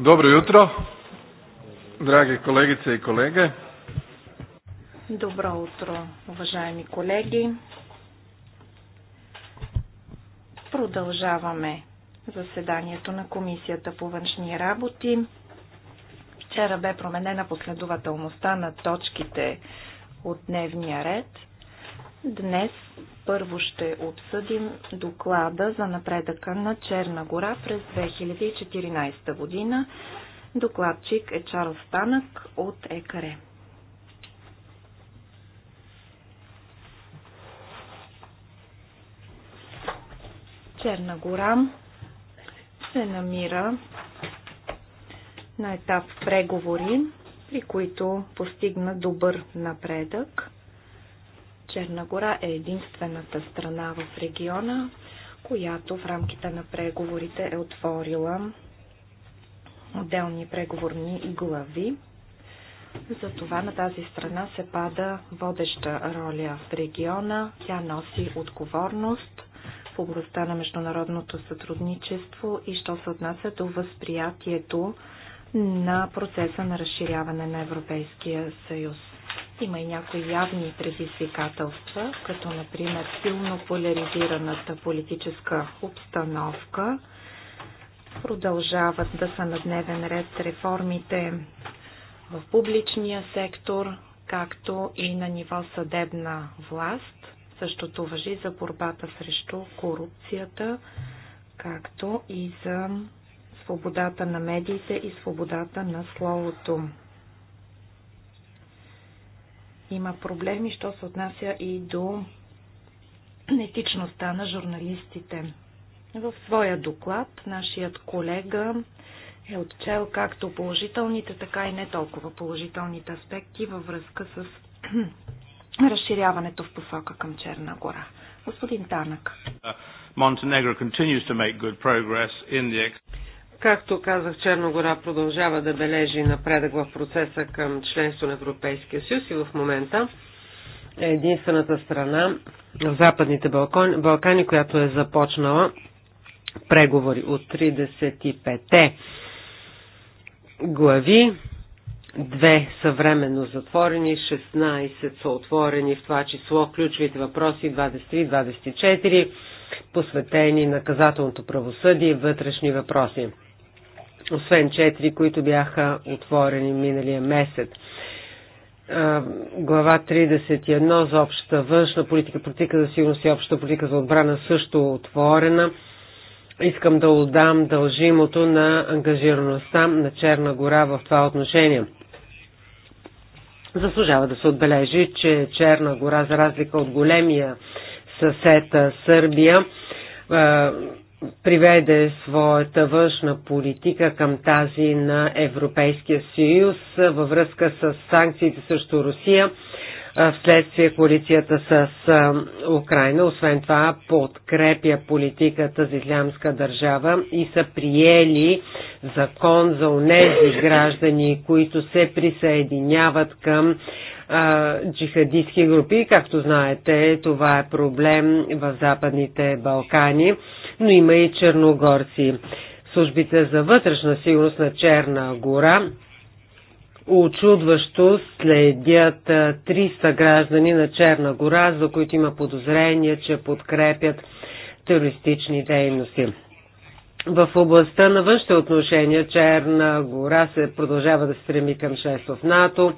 Dobro jutro, dragi kolegice и колеги. Добро утро, уважаеми колеги. Продължаваме заседанието на Комисията по външни работи. Вчера бе променена последователността на точките от дневния ред. Днес първо ще обсъдим доклада за напредъка на Черна гора през 2014 година. Докладчик е Чарлз Танък от ЕКАРЕ. Черна гора се намира на етап преговори, при които постигна добър напредък. Черна гора е единствената страна в региона, която в рамките на преговорите е отворила отделни преговорни глави. Затова на тази страна се пада водеща роля в региона. Тя носи отговорност в областта на международното сътрудничество и що се отнася до възприятието на процеса на разширяване на Европейския съюз. Има и някои явни предизвикателства, като например силно поляризираната политическа обстановка. Продължават да са на дневен ред реформите в публичния сектор, както и на ниво съдебна власт. Същото въжи за борбата срещу корупцията, както и за свободата на медиите и свободата на словото има проблеми, що се отнася и до етичността на журналистите. В своя доклад нашият колега е отчел както положителните, така и не толкова положителните аспекти във връзка с разширяването в посока към Черна гора. Господин Танък. Montenegro continues to make good progress in the Както казах, Черногора продължава да бележи напредък в процеса към членство на Европейския съюз и в момента е единствената страна в Западните Балкани, Балкани която е започнала преговори от 35-те глави. Две са временно затворени, 16 са отворени, в това число ключовите въпроси 23-24, посветени наказателното правосъдие и вътрешни въпроси освен четири, които бяха отворени миналия месец. Глава 31 за общата външна политика, политика за сигурност и общата политика за отбрана също отворена. Искам да отдам дължимото на ангажираността на Черна гора в това отношение. Заслужава да се отбележи, че Черна гора, за разлика от големия съсед Сърбия, приведе своята външна политика към тази на Европейския съюз във връзка с санкциите срещу Русия вследствие коалицията с Украина. Освен това подкрепя политиката за Ислямска държава и са приели закон за унези граждани, които се присъединяват към а, джихадистски групи. Както знаете, това е проблем в Западните Балкани но има и черногорци. Службите за вътрешна сигурност на Черна гора очудващо следят 300 граждани на Черна гора, за които има подозрение, че подкрепят терористични дейности. В областта на външните отношения Черна гора се продължава да стреми към членство в НАТО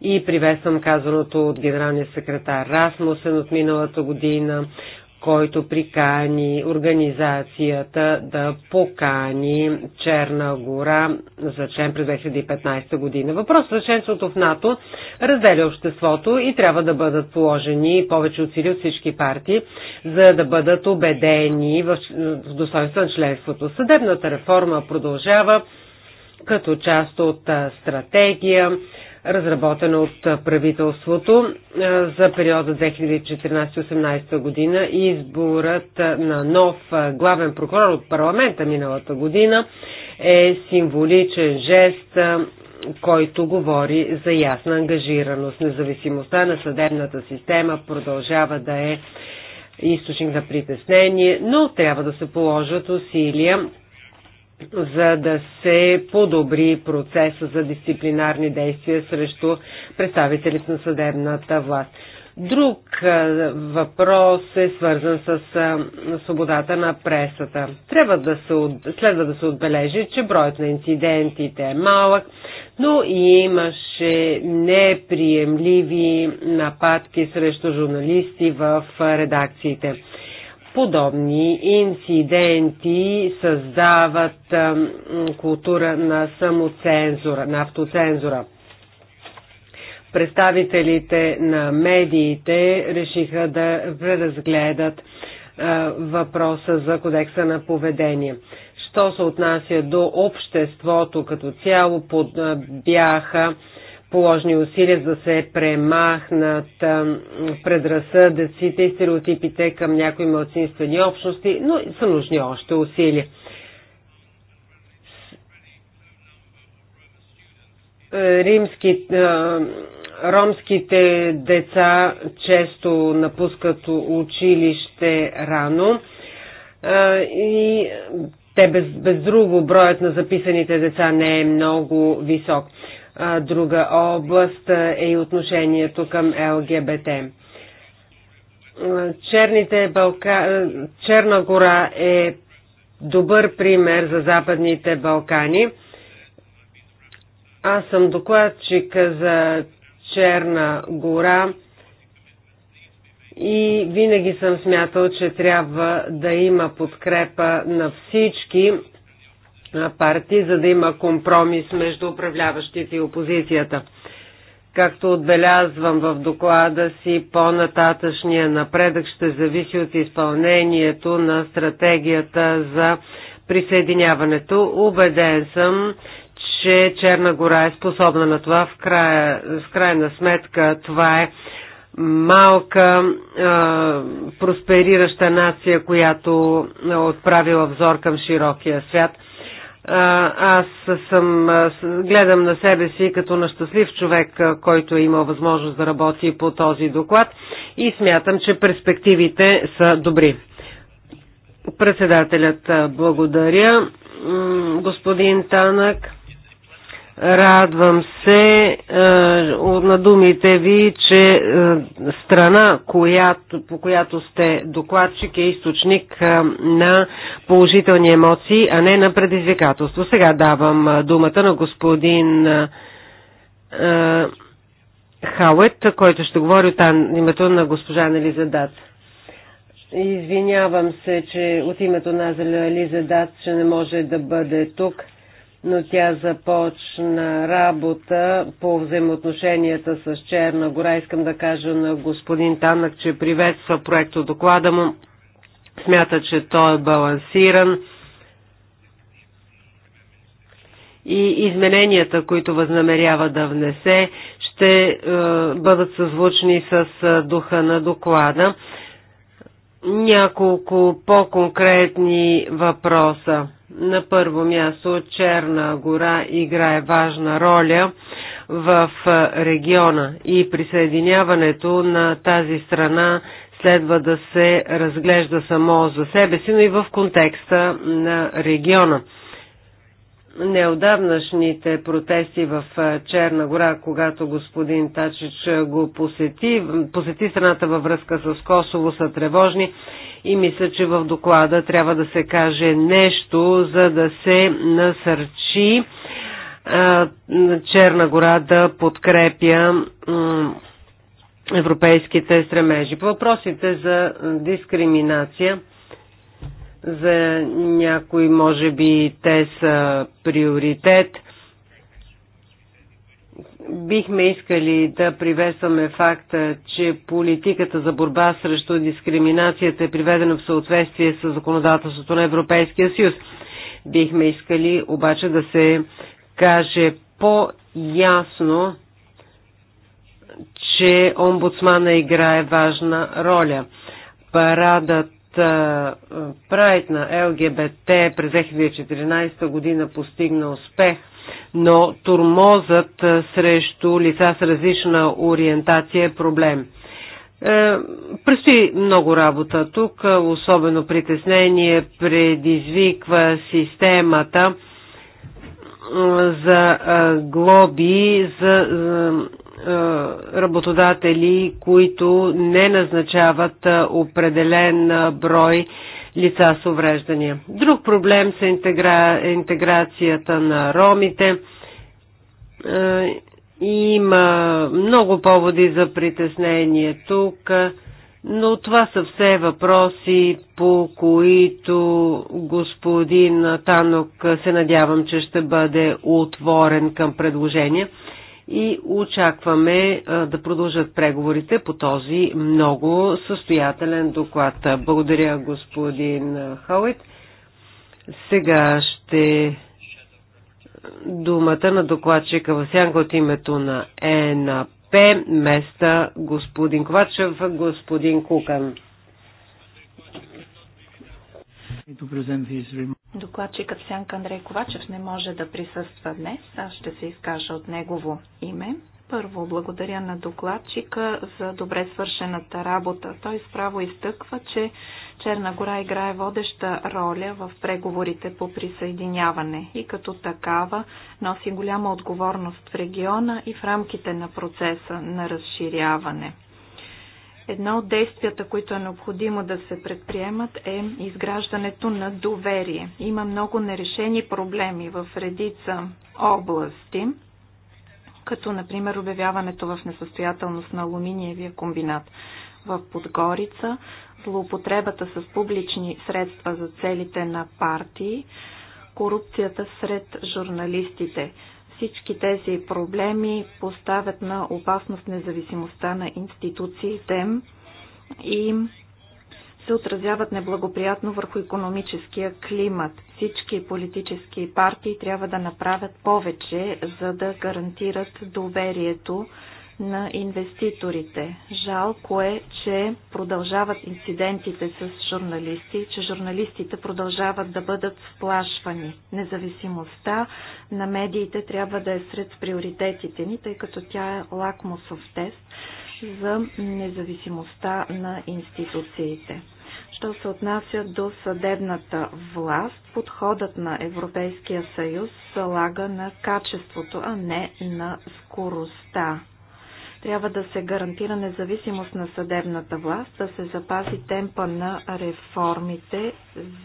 и приветствам казаното от генералния секретар Расмусен от миналата година който прикани организацията да покани Черна гора за член през 2015 година. Въпросът за членството в НАТО разделя обществото и трябва да бъдат положени повече усилия от всички партии, за да бъдат убедени в, в достоинство на членството. Съдебната реформа продължава като част от стратегия разработена от правителството е, за периода 2014-2018 година и изборът на нов е, главен прокурор от парламента миналата година е символичен жест, е, който говори за ясна ангажираност. Независимостта на съдебната система продължава да е източник на притеснение, но трябва да се положат усилия за да се подобри процеса за дисциплинарни действия срещу представителите на съдебната власт. Друг въпрос е свързан с свободата на пресата. Трябва да се, следва да се отбележи, че броят на инцидентите е малък, но и имаше неприемливи нападки срещу журналисти в редакциите. Подобни инциденти създават култура на самоцензура, на автоцензура. Представителите на медиите решиха да преразгледат въпроса за кодекса на поведение. Що се отнася до обществото като цяло, бяха положени усилия за да се премахнат предразсъдъците и стереотипите към някои младсинствени общности, но са нужни още усилия. Римски, ромските деца често напускат училище рано и те без, без друго броят на записаните деца не е много висок друга област е и отношението към ЛГБТ. Черните Балка... Черна гора е добър пример за Западните Балкани. Аз съм докладчик за Черна гора и винаги съм смятал, че трябва да има подкрепа на всички партии, за да има компромис между управляващите и опозицията. Както отбелязвам в доклада си, по-нататъчния напредък ще зависи от изпълнението на стратегията за присъединяването. Убеден съм, че Черна гора е способна на това. В, края, в крайна сметка това е малка е, просперираща нация, която е отправила взор към широкия свят – аз съм, гледам на себе си като на щастлив човек, който е имал възможност да работи по този доклад и смятам, че перспективите са добри. Председателят благодаря. Господин Танък. Радвам се е, на думите ви, че е, страна, която, по която сте докладчик, е източник е, на положителни емоции, а не на предизвикателство. Сега давам е, думата на господин е, е Хаует, който ще говори от името на госпожа Нелиза Дат. Извинявам се, че от името на Лиза Дат, че не може да бъде тук но тя започна работа по взаимоотношенията с Черна гора. Искам да кажа на господин Танък, че приветства проекто доклада му. Смята, че той е балансиран и измененията, които възнамерява да внесе, ще е, бъдат съзвучни с е, духа на доклада. Няколко по-конкретни въпроса. На първо място Черна гора играе важна роля в региона и присъединяването на тази страна следва да се разглежда само за себе си, но и в контекста на региона. Неодавнашните протести в Черна гора, когато господин Тачич го посети, посети страната във връзка с Косово, са тревожни и мисля, че в доклада трябва да се каже нещо, за да се насърчи Черна гора да подкрепя европейските стремежи. По въпросите за дискриминация, за някои може би те са приоритет – бихме искали да приветстваме факта, че политиката за борба срещу дискриминацията е приведена в съответствие с законодателството на Европейския съюз. Бихме искали обаче да се каже по-ясно, че омбудсмана играе важна роля. Парадът Прайт на ЛГБТ през 2014 година постигна успех но турмозът срещу лица с различна ориентация е проблем. Е, предстои много работа тук, особено притеснение предизвиква системата за глоби за работодатели, които не назначават определен брой лица с увреждания. Друг проблем са интегра... интеграцията на ромите. Е, има много поводи за притеснение тук, но това са все въпроси, по които господин Танок се надявам, че ще бъде отворен към предложения и очакваме да продължат преговорите по този много състоятелен доклад. Благодаря господин Хауит. Сега ще думата на докладчика Васянка от името на ЕНП, места господин Ковачев, господин Кукан. Докладчикът Сянка Андрей Ковачев не може да присъства днес. Аз ще се изкажа от негово име. Първо, благодаря на докладчика за добре свършената работа. Той справо изтъква, че Черна гора играе водеща роля в преговорите по присъединяване и като такава носи голяма отговорност в региона и в рамките на процеса на разширяване. Едно от действията, които е необходимо да се предприемат е изграждането на доверие. Има много нерешени проблеми в редица области, като например обявяването в несъстоятелност на алуминиевия комбинат в Подгорица, злоупотребата с публични средства за целите на партии, корупцията сред журналистите. Всички тези проблеми поставят на опасност независимостта на институциите и се отразяват неблагоприятно върху економическия климат. Всички политически партии трябва да направят повече, за да гарантират доверието на инвеститорите. Жалко е, че продължават инцидентите с журналисти, че журналистите продължават да бъдат сплашвани. Независимостта на медиите трябва да е сред приоритетите ни, тъй като тя е лакмусов тест за независимостта на институциите. Що се отнася до съдебната власт, подходът на Европейския съюз залага на качеството, а не на скоростта. Трябва да се гарантира независимост на съдебната власт, да се запази темпа на реформите,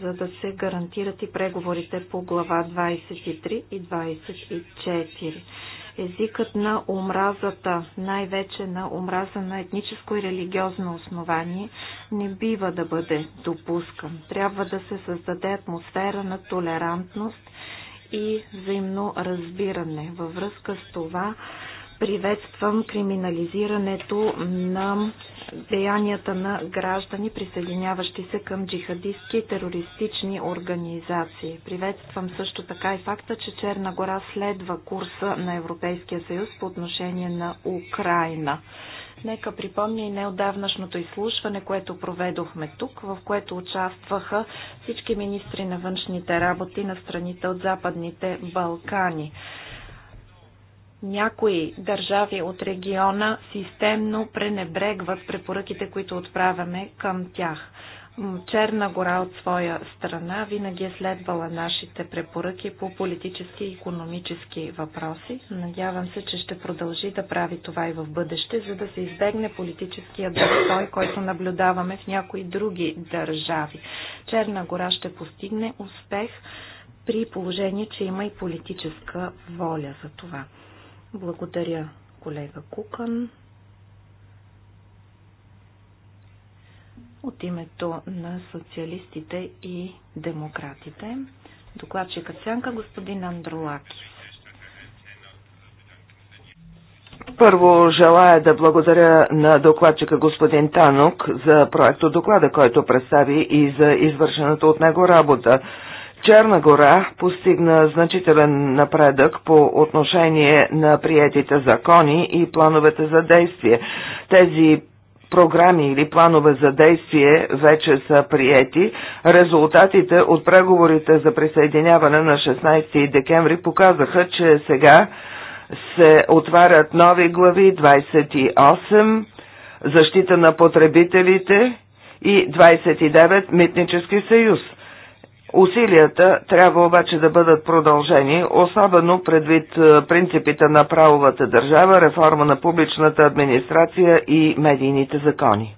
за да се гарантират и преговорите по глава 23 и 24 езикът на омразата, най-вече на омраза на етническо и религиозно основание, не бива да бъде допускан. Трябва да се създаде атмосфера на толерантност и взаимно разбиране. Във връзка с това Приветствам криминализирането на деянията на граждани, присъединяващи се към джихадистски терористични организации. Приветствам също така и факта, че Черна гора следва курса на Европейския съюз по отношение на Украина. Нека припомня и неодавнашното изслушване, което проведохме тук, в което участваха всички министри на външните работи на страните от Западните Балкани. Някои държави от региона системно пренебрегват препоръките, които отправяме към тях. Черна гора от своя страна винаги е следвала нашите препоръки по политически и економически въпроси. Надявам се, че ще продължи да прави това и в бъдеще, за да се избегне политическия достой, който наблюдаваме в някои други държави. Черна гора ще постигне успех при положение, че има и политическа воля за това. Благодаря, колега Кукан. От името на социалистите и демократите, докладчика Цянка, господин Андролакис. Първо желая да благодаря на докладчика господин Танок за проекто доклада, който представи и за извършената от него работа. Черна гора постигна значителен напредък по отношение на приетите закони и плановете за действие. Тези програми или планове за действие вече са приети. Резултатите от преговорите за присъединяване на 16 декември показаха, че сега се отварят нови глави 28 защита на потребителите и 29 митнически съюз. Усилията трябва обаче да бъдат продължени, особено предвид е, принципите на правовата държава, реформа на публичната администрация и медийните закони.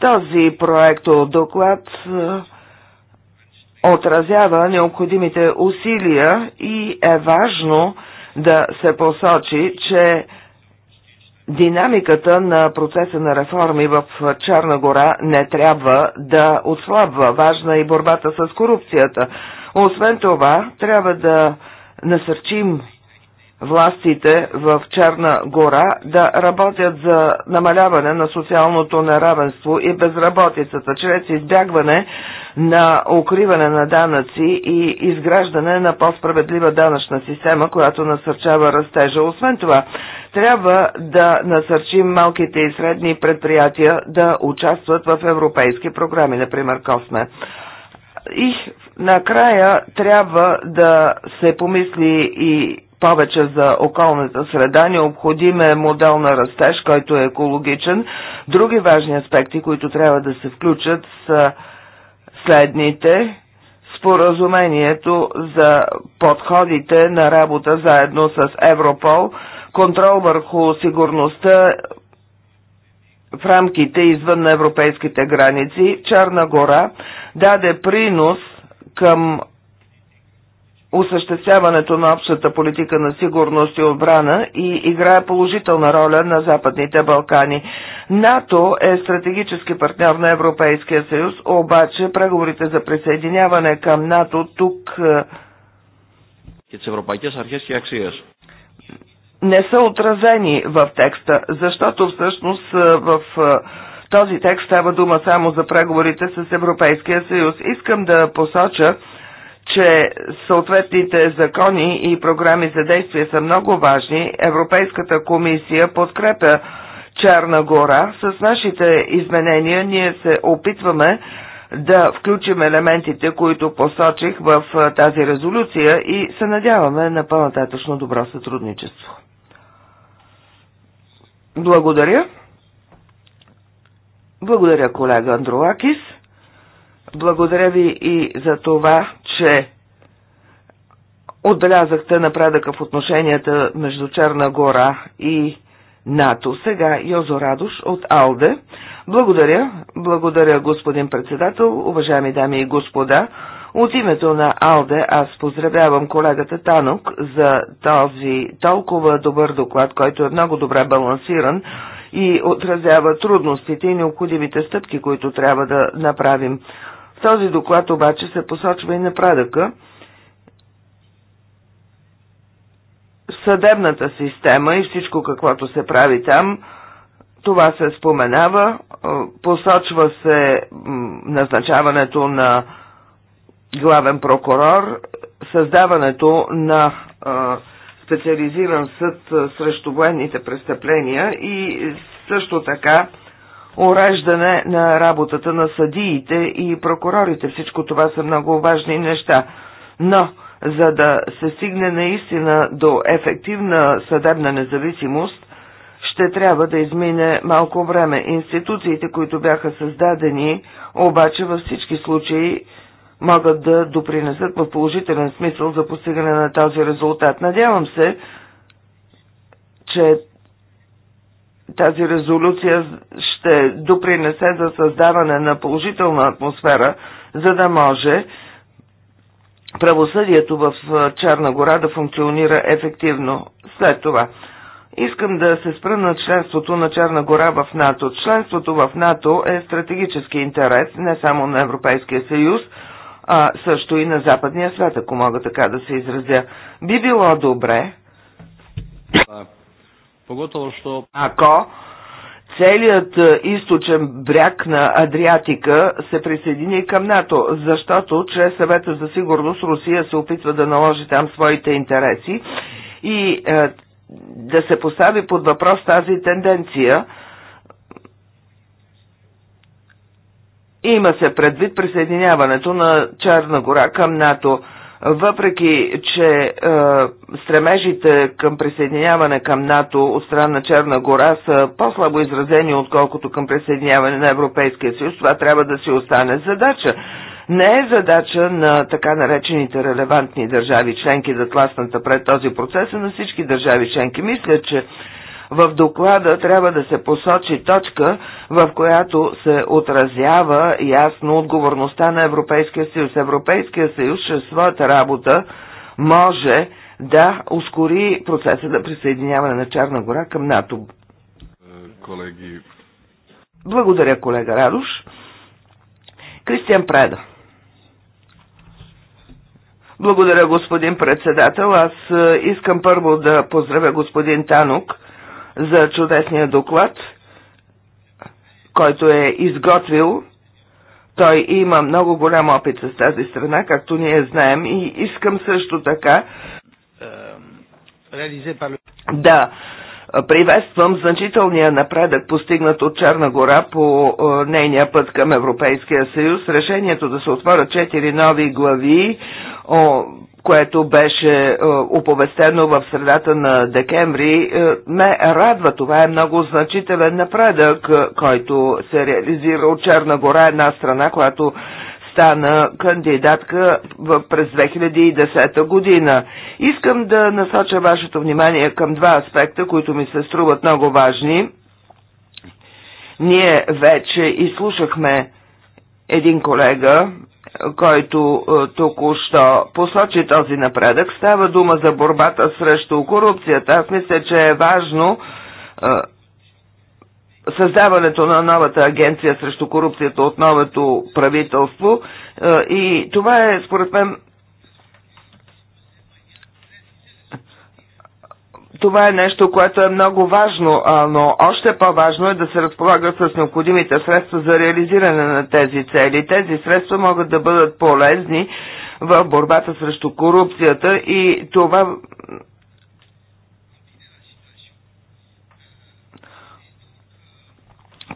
Този проект доклад е, отразява необходимите усилия и е важно да се посочи, че Динамиката на процеса на реформи в Черна гора не трябва да отслабва. Важна е и борбата с корупцията. Освен това, трябва да насърчим властите в Черна гора да работят за намаляване на социалното неравенство и безработицата чрез избягване на укриване на данъци и изграждане на по-справедлива данъчна система, която насърчава растежа. Освен това, трябва да насърчим малките и средни предприятия да участват в европейски програми, например Косме. И накрая трябва да се помисли и повече за околната среда, необходим е модел на растеж, който е екологичен. Други важни аспекти, които трябва да се включат са следните споразумението за подходите на работа заедно с Европол, контрол върху сигурността в рамките извън на европейските граници, Черна гора даде принос към осъществяването на общата политика на сигурност и отбрана и играе положителна роля на Западните Балкани. НАТО е стратегически партньор на Европейския съюз, обаче преговорите за присъединяване към НАТО тук е, не са отразени в текста, защото всъщност е, в е, този текст става дума само за преговорите с Европейския съюз. Искам да посоча, че съответните закони и програми за действие са много важни. Европейската комисия подкрепя Черна гора. С нашите изменения ние се опитваме да включим елементите, които посочих в тази резолюция и се надяваме на по-нататъчно добро сътрудничество. Благодаря. Благодаря, колега Андролакис. Благодаря ви и за това, че отбелязахте напредъка в отношенията между Черна гора и НАТО. Сега Йозо Радош от АЛДЕ. Благодаря, благодаря господин председател, уважаеми дами и господа. От името на АЛДЕ аз поздравявам колегата Танок за този толкова добър доклад, който е много добре балансиран и отразява трудностите и необходимите стъпки, които трябва да направим. В този доклад обаче се посочва и напредъка съдебната система и всичко каквото се прави там. Това се споменава, е, посочва се назначаването на главен прокурор, създаването на е, специализиран съд е, срещу военните престъпления и също така уреждане на работата на съдиите и прокурорите. Всичко това са много важни неща. Но, за да се стигне наистина до ефективна съдебна независимост, ще трябва да измине малко време. Институциите, които бяха създадени, обаче във всички случаи могат да допринесат в положителен смисъл за постигане на този резултат. Надявам се, че тази резолюция ще допринесе за създаване на положителна атмосфера, за да може правосъдието в Черна гора да функционира ефективно. След това искам да се спра на членството на Черна гора в НАТО. Членството в НАТО е стратегически интерес не само на Европейския съюз, а също и на западния свят, ако мога така да се изразя. Би било добре ако целият е, източен бряг на Адриатика се присъедини към НАТО, защото чрез съвета за сигурност Русия се опитва да наложи там своите интереси и е, да се постави под въпрос тази тенденция. Има се предвид присъединяването на Черна гора към НАТО. Въпреки, че е, стремежите към присъединяване към НАТО от страна на Черна гора са по-слабо изразени, отколкото към присъединяване на Европейския съюз, това трябва да си остане задача. Не е задача на така наречените релевантни държави членки да тласнат пред този процес, а на всички държави членки. Мисля, че в доклада трябва да се посочи точка, в която се отразява ясно отговорността на Европейския съюз. Европейския съюз чрез своята работа може да ускори процеса на присъединяване на Черна гора към НАТО. Колеги. Благодаря, колега Радуш. Кристиан Преда. Благодаря, господин председател. Аз е, искам първо да поздравя господин Танук за чудесния доклад, който е изготвил. Той има много голям опит с тази страна, както ние знаем, и искам също така да приветствам значителния напредък, постигнат от Черна гора по е, нейния път към Европейския съюз. Решението да се отворят четири нови глави което беше е, оповестено в средата на декември, е, ме радва. Това е много значителен напредък, е, който се реализира от Черна гора, една страна, която стана кандидатка през 2010 година. Искам да насоча вашето внимание към два аспекта, които ми се струват много важни. Ние вече изслушахме един колега, който е, току-що посочи този напредък. Става дума за борбата срещу корупцията. Аз мисля, че е важно е, създаването на новата агенция срещу корупцията от новото правителство е, и това е според мен Това е нещо, което е много важно, но още по-важно е да се разполагат с необходимите средства за реализиране на тези цели. Тези средства могат да бъдат полезни в борбата срещу корупцията и това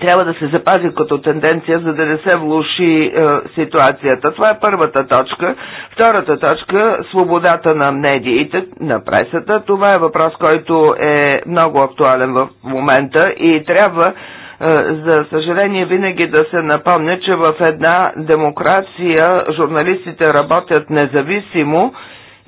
трябва да се запази като тенденция, за да не се влуши е, ситуацията. Това е първата точка. Втората точка – свободата на медиите, на пресата. Това е въпрос, който е много актуален в момента и трябва е, за съжаление винаги да се напомня, че в една демокрация журналистите работят независимо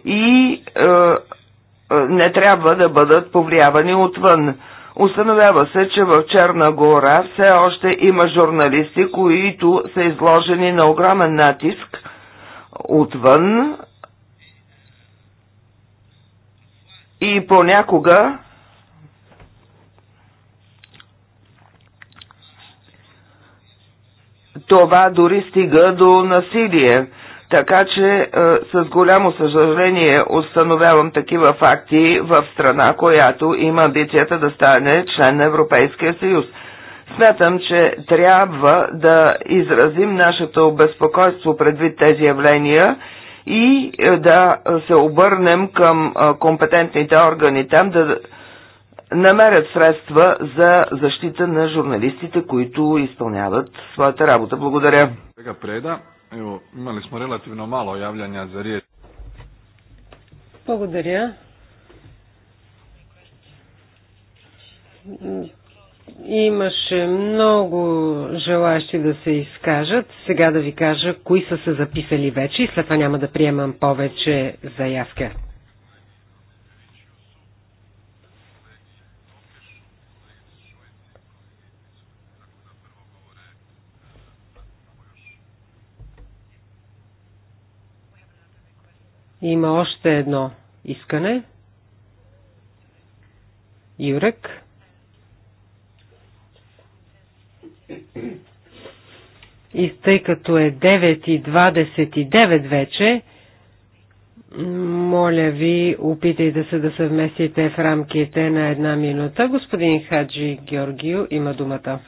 и е, е не трябва да бъдат повлиявани отвън. Установява се, че в Черна гора все още има журналисти, които са изложени на огромен натиск отвън и понякога това дори стига до насилие. Така че е, с голямо съжаление установявам такива факти в страна, която има амбицията да стане член на Европейския съюз. Смятам, че трябва да изразим нашето безпокойство предвид тези явления и е, да се обърнем към е, компетентните органи там да намерят средства за защита на журналистите, които изпълняват своята работа. Благодаря. преда. Evo, imali smo relativno malo javljanja za riječ. Благодаря. Имаше много желащи да се изкажат. Сега да ви кажа кои са се записали вече и след това няма да приемам повече заявка. Има още едно искане. Юрек. И тъй като е 9.29 вече, моля ви, опитайте се да се вместите в рамките на една минута. Господин Хаджи Георгио има думата.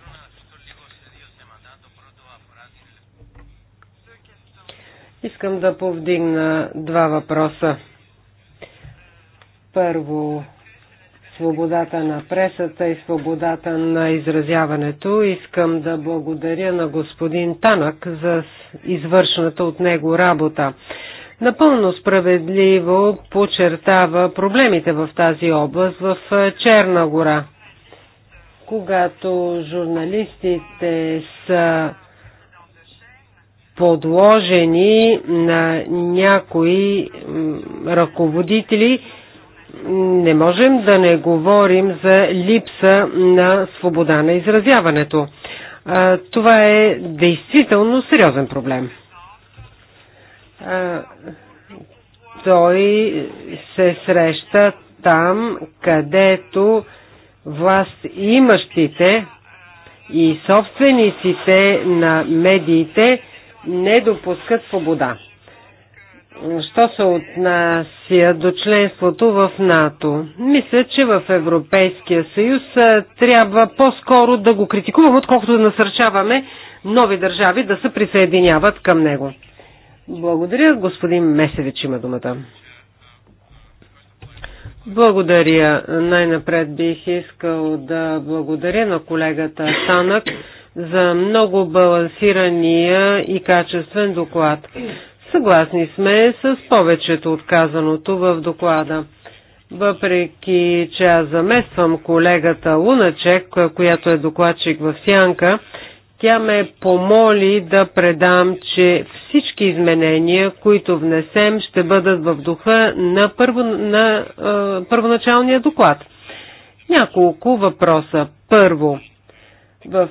Искам да повдигна два въпроса. Първо, свободата на пресата и свободата на изразяването. Искам да благодаря на господин Танък за извършната от него работа. Напълно справедливо подчертава проблемите в тази област в Черна гора. Когато журналистите са подложени на някои ръководители. Не можем да не говорим за липса на свобода на изразяването. Това е действително сериозен проблем. Той се среща там, където власт имащите и собствениците на медиите не допускат свобода. Що се отнася до членството в НАТО? Мисля, че в Европейския съюз трябва по-скоро да го критикуваме, отколкото да насърчаваме нови държави да се присъединяват към него. Благодаря. Господин Месевич има думата. Благодаря. Най-напред бих искал да благодаря на колегата Танък за много балансирания и качествен доклад. Съгласни сме с повечето отказаното в доклада. Въпреки, че аз замествам колегата Луначек, която е докладчик в Сянка, тя ме помоли да предам, че всички изменения, които внесем, ще бъдат в духа на, първо, на е, първоначалния доклад. Няколко въпроса. Първо, в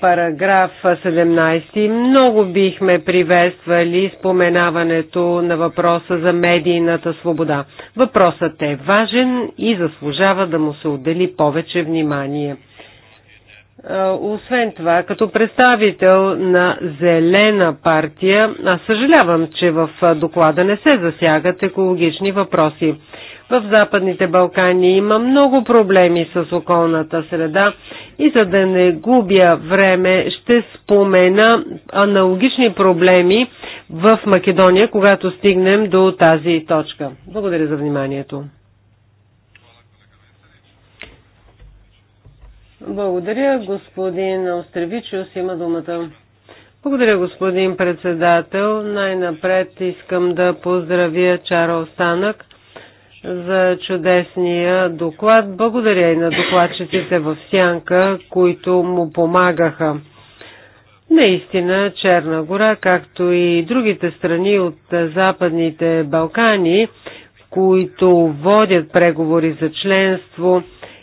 параграф 17 много бихме приветствали споменаването на въпроса за медийната свобода. Въпросът е важен и заслужава да му се отдели повече внимание. Освен това, като представител на Зелена партия, аз съжалявам, че в доклада не се засягат екологични въпроси. В Западните Балкани има много проблеми с околната среда и за да не губя време ще спомена аналогични проблеми в Македония, когато стигнем до тази точка. Благодаря за вниманието. Благодаря, господин Остревичус. има думата. Благодаря, господин председател. Най-напред искам да поздравя Чарл Станък за чудесния доклад. Благодаря и на докладчиците в Сянка, които му помагаха. Наистина Черна гора, както и другите страни от Западните Балкани, които водят преговори за членство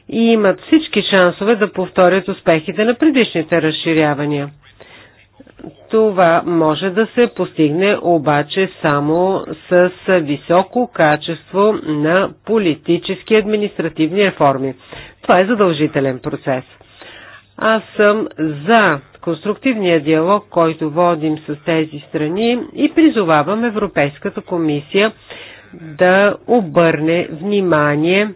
и имат всички шансове да повторят успехите на предишните разширявания. Това може да се постигне обаче само с високо качество на политически и административни реформи. Това е задължителен процес. Аз съм за конструктивния диалог, който водим с тези страни и призовавам Европейската комисия да обърне внимание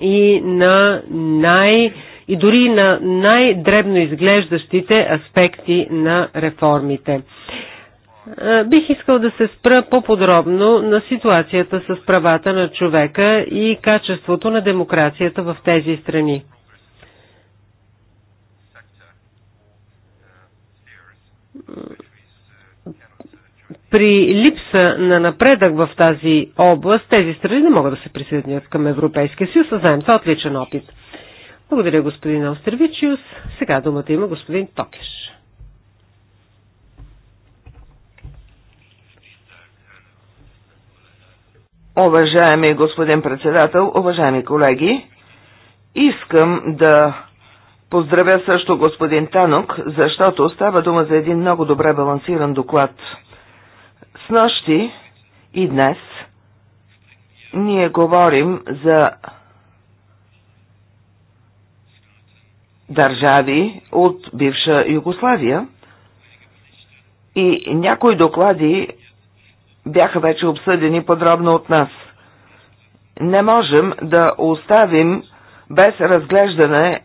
и на най- и дори на най-дребно изглеждащите аспекти на реформите. Бих искал да се спра по-подробно на ситуацията с правата на човека и качеството на демокрацията в тези страни. При липса на напредък в тази област, тези страни не могат да се присъединят към Европейския съюз, а знаем това е отличен опит. Благодаря, господин Остервичиус. Сега думата има господин Токеш. Уважаеми господин председател, уважаеми колеги, искам да поздравя също господин Танок, защото става дума за един много добре балансиран доклад. С нощи и днес ние говорим за държави от бивша Югославия и някои доклади бяха вече обсъдени подробно от нас. Не можем да оставим без разглеждане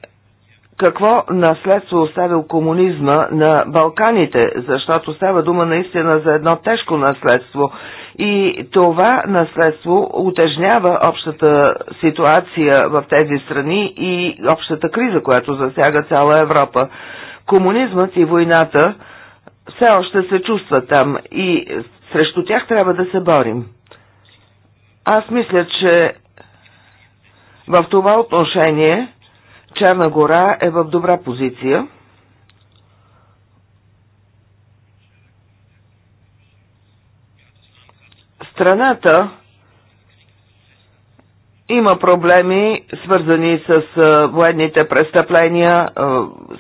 какво наследство оставил комунизма на Балканите, защото става дума наистина за едно тежко наследство. И това наследство утежнява общата ситуация в тези страни и общата криза, която засяга цяла Европа. Комунизмът и войната все още се чувства там и срещу тях трябва да се борим. Аз мисля, че в това отношение Черна гора е в добра позиция. Страната има проблеми, свързани с военните престъпления,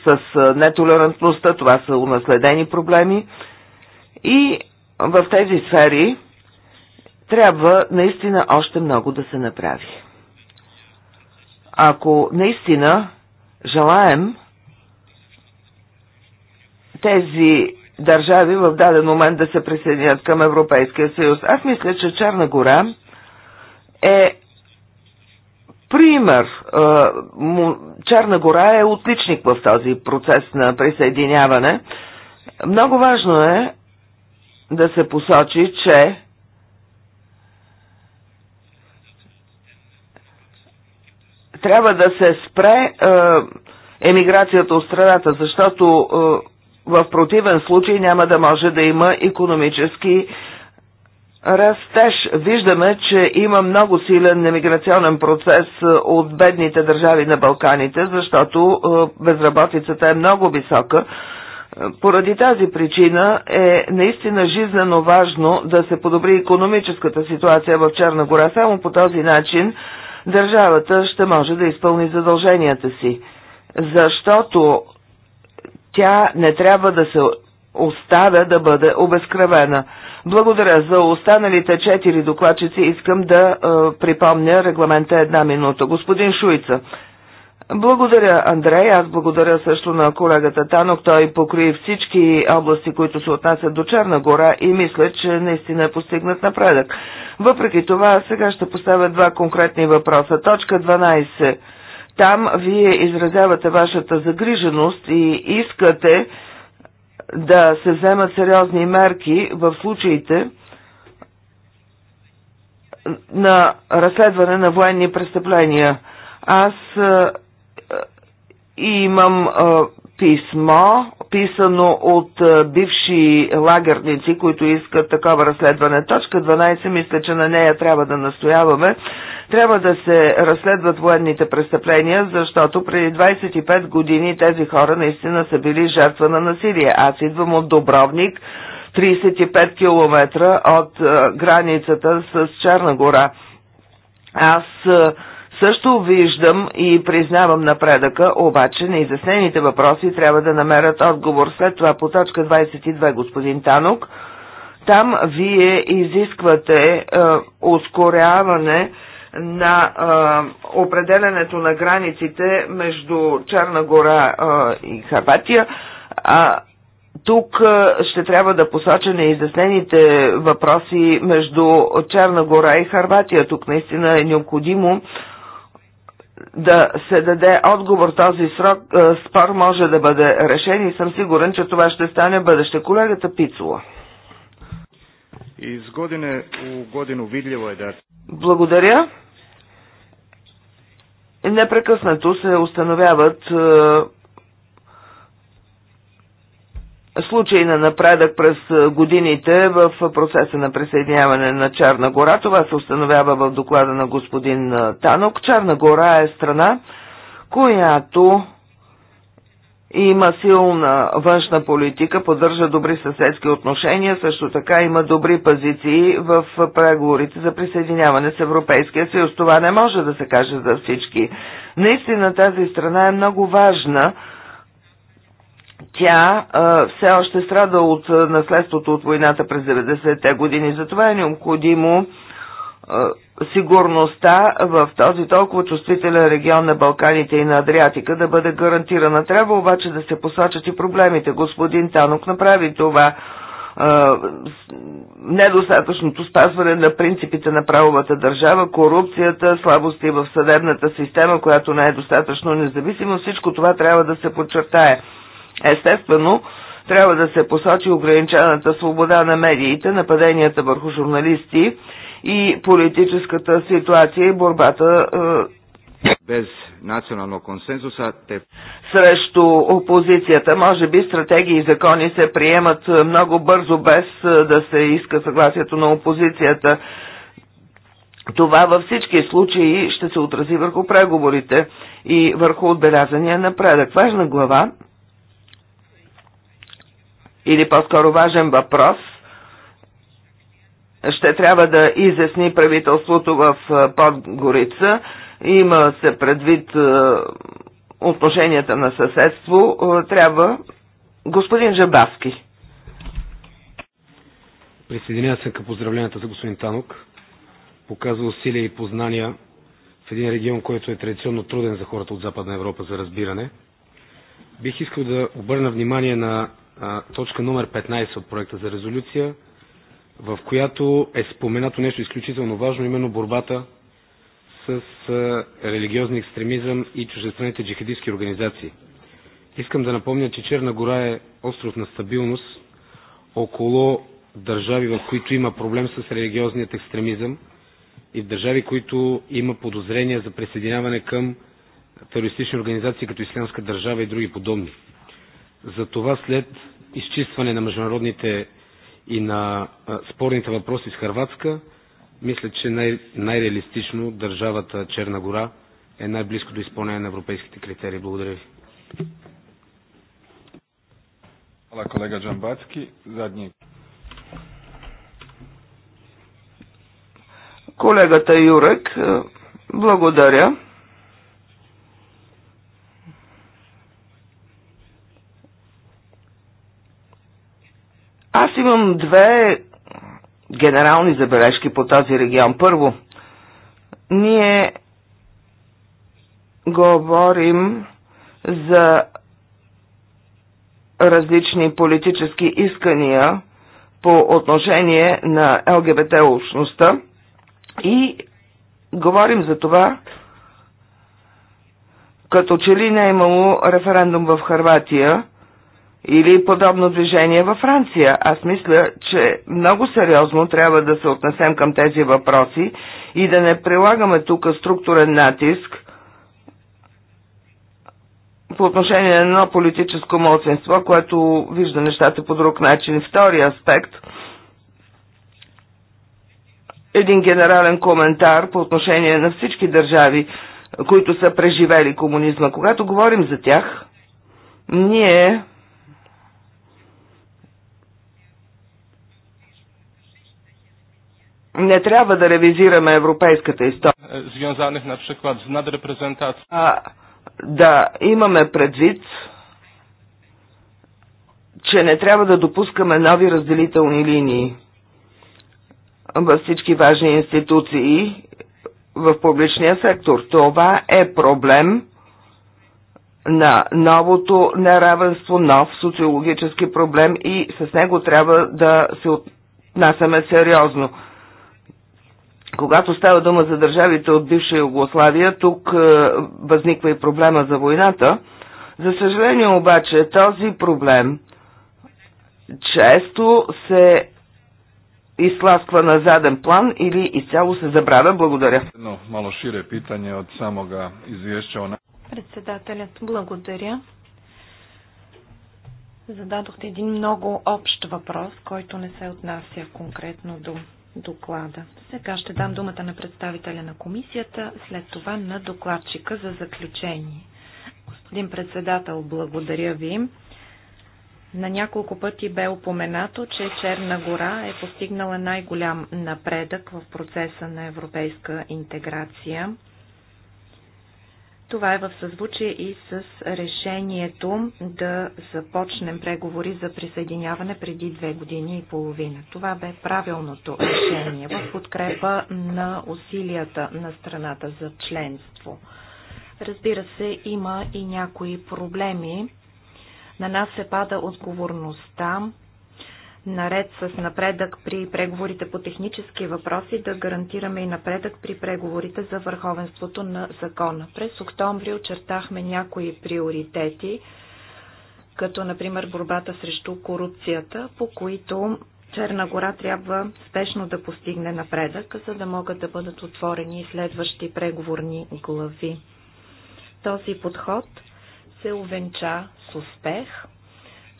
с нетолерантността, това са унаследени проблеми. И в тези сфери трябва наистина още много да се направи. Ако наистина желаем тези държави в даден момент да се присъединят към Европейския съюз. Аз мисля, че Черна гора е пример. Черна гора е отличник в този процес на присъединяване. Много важно е да се посочи, че трябва да се спре е, емиграцията от страната, защото е, в противен случай няма да може да има економически растеж. Виждаме, че има много силен емиграционен процес е, от бедните държави на Балканите, защото безработицата е много висока. Поради тази причина е наистина жизнено важно да се подобри економическата ситуация в Черна гора. Само по този начин държавата ще може да изпълни задълженията си, защото тя не трябва да се оставя да бъде обезкръвена. Благодаря за останалите четири докладчици. Искам да е, припомня регламента една минута. Господин Шуйца, благодаря, Андрей. Аз благодаря също на колегата Танок. Той покри всички области, които се отнасят до Черна гора и мисля, че наистина е постигнат напредък. Въпреки това, сега ще поставя два конкретни въпроса. Точка 12. Там вие изразявате вашата загриженост и искате да се вземат сериозни мерки в случаите, на разследване на военни престъпления. Аз Имам писмо, писано от бивши лагерници, които искат такова разследване. Точка 12, мисля, че на нея трябва да настояваме. Трябва да се разследват военните престъпления, защото преди 25 години тези хора наистина са били жертва на насилие. Аз идвам от Добровник, 35 км от границата с Черна гора. Аз също виждам и признавам напредъка, обаче неизяснените въпроси трябва да намерят отговор. След това по точка 22, господин Танок, там вие изисквате е, ускоряване на е, определенето на границите между Черна гора е, и Харватия. А, тук е, ще трябва да посоча неизяснените въпроси между Черна гора и Харватия. Тук наистина е необходимо да се даде отговор този срок, е, спор може да бъде решен и съм сигурен, че това ще стане бъдеще. Колегата Пицула. Из године у годину видливо е да... Благодаря. Непрекъснато се установяват е, случаи на напредък през годините в процеса на присъединяване на Черна гора. Това се установява в доклада на господин Танок. Черна гора е страна, която има силна външна политика, поддържа добри съседски отношения, също така има добри позиции в преговорите за присъединяване с Европейския съюз. Това не може да се каже за всички. Наистина тази страна е много важна тя а, все още страда от наследството от войната през 90-те години. Затова е необходимо а, сигурността в този толкова чувствителен регион на Балканите и на Адриатика да бъде гарантирана. Трябва обаче да се посочат и проблемите. Господин Танок направи това недостатъчното спазване на принципите на правовата държава, корупцията, слабости в съдебната система, която не е достатъчно независима, всичко това трябва да се подчертае. Естествено, трябва да се посочи ограничената свобода на медиите, нападенията върху журналисти и политическата ситуация и борбата е, без национално консенсуса те... Срещу опозицията, може би, стратегии и закони се приемат много бързо, без е, да се иска съгласието на опозицията. Това във всички случаи ще се отрази върху преговорите и върху отбелязания напредък. Важна глава или по-скоро важен въпрос ще трябва да изясни правителството в Подгорица. Има се предвид отношенията на съседство. Трябва господин Жабавски. Присъединя се към поздравленията за господин Танок. Показва усилия и познания в един регион, който е традиционно труден за хората от Западна Европа за разбиране. Бих искал да обърна внимание на точка номер 15 от проекта за резолюция, в която е споменато нещо изключително важно, именно борбата с а, религиозни екстремизъм и чуждестранните джихадистски организации. Искам да напомня, че Черна гора е остров на стабилност около държави, в които има проблем с религиозният екстремизъм и в държави, които има подозрения за присъединяване към терористични организации като Исламска държава и други подобни. Затова след изчистване на международните и на спорните въпроси с Харватска, мисля, че най- най-реалистично държавата Черна гора е най-близко до изпълнение на европейските критерии. Благодаря ви. Hvala kolega Džambacki. Zadnji. Колегата Юрек, благодаря. Аз имам две генерални забележки по този регион. Първо, ние говорим за различни политически искания по отношение на ЛГБТ общността и говорим за това, като че ли не е имало референдум в Харватия или подобно движение във Франция. Аз мисля, че много сериозно трябва да се отнесем към тези въпроси и да не прилагаме тук структурен натиск по отношение на едно политическо младсенство, което вижда нещата по друг начин. Втори аспект един генерален коментар по отношение на всички държави, които са преживели комунизма. Когато говорим за тях, ние не трябва да ревизираме европейската история. Związanych na przykład z nadreprezentacją. Да, имаме предвид, че не трябва да допускаме нови разделителни линии във всички важни институции в публичния сектор. Това е проблем на новото неравенство, нов социологически проблем и с него трябва да се отнасяме сериозно когато става дума за държавите от бивша Югославия, тук е, възниква и проблема за войната. За съжаление обаче този проблем често се изтласква на заден план или изцяло се забравя. Благодаря. Едно мало шире питание от самога извеща. Председателят, благодаря. Зададохте един много общ въпрос, който не се отнася конкретно до доклада. Сега ще дам думата на представителя на комисията, след това на докладчика за заключение. Господин председател, благодаря ви. На няколко пъти бе упоменато, че Черна гора е постигнала най-голям напредък в процеса на европейска интеграция. Това е в съзвучие и с решението да започнем преговори за присъединяване преди две години и половина. Това бе правилното решение в подкрепа на усилията на страната за членство. Разбира се, има и някои проблеми. На нас се пада отговорността наред с напредък при преговорите по технически въпроси, да гарантираме и напредък при преговорите за върховенството на закона. През октомври очертахме някои приоритети, като например борбата срещу корупцията, по които Черна гора трябва спешно да постигне напредък, за да могат да бъдат отворени следващи преговорни глави. Този подход се увенча с успех.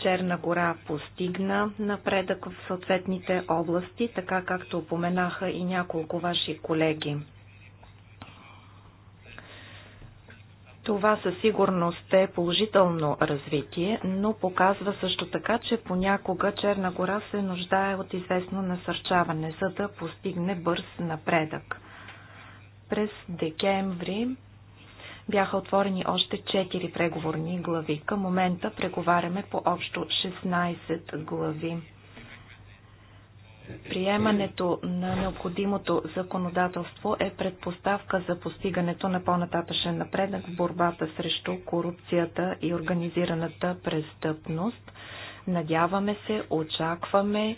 Черна гора постигна напредък в съответните области, така както упоменаха и няколко ваши колеги. Това със сигурност е положително развитие, но показва също така, че понякога Черна гора се нуждае от известно насърчаване, за да постигне бърз напредък. През декември бяха отворени още 4 преговорни глави. Към момента преговаряме по общо 16 глави. Приемането на необходимото законодателство е предпоставка за постигането на по-нататъчен напредък в борбата срещу корупцията и организираната престъпност. Надяваме се, очакваме,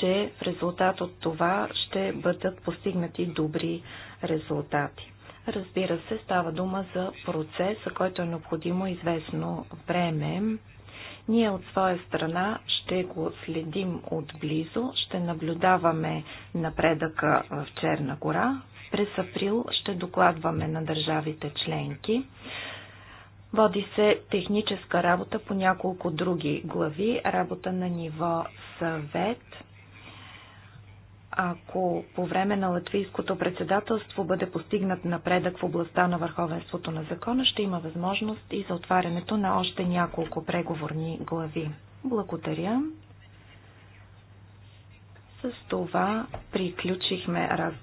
че в резултат от това ще бъдат постигнати добри резултати. Разбира се, става дума за процес, за който е необходимо известно време. Ние от своя страна ще го следим отблизо, ще наблюдаваме напредъка в Черна гора. През април ще докладваме на държавите членки. Води се техническа работа по няколко други глави, работа на ниво съвет – ако по време на латвийското председателство бъде постигнат напредък в областта на върховенството на закона, ще има възможност и за отварянето на още няколко преговорни глави. Благодаря. С това приключихме раз...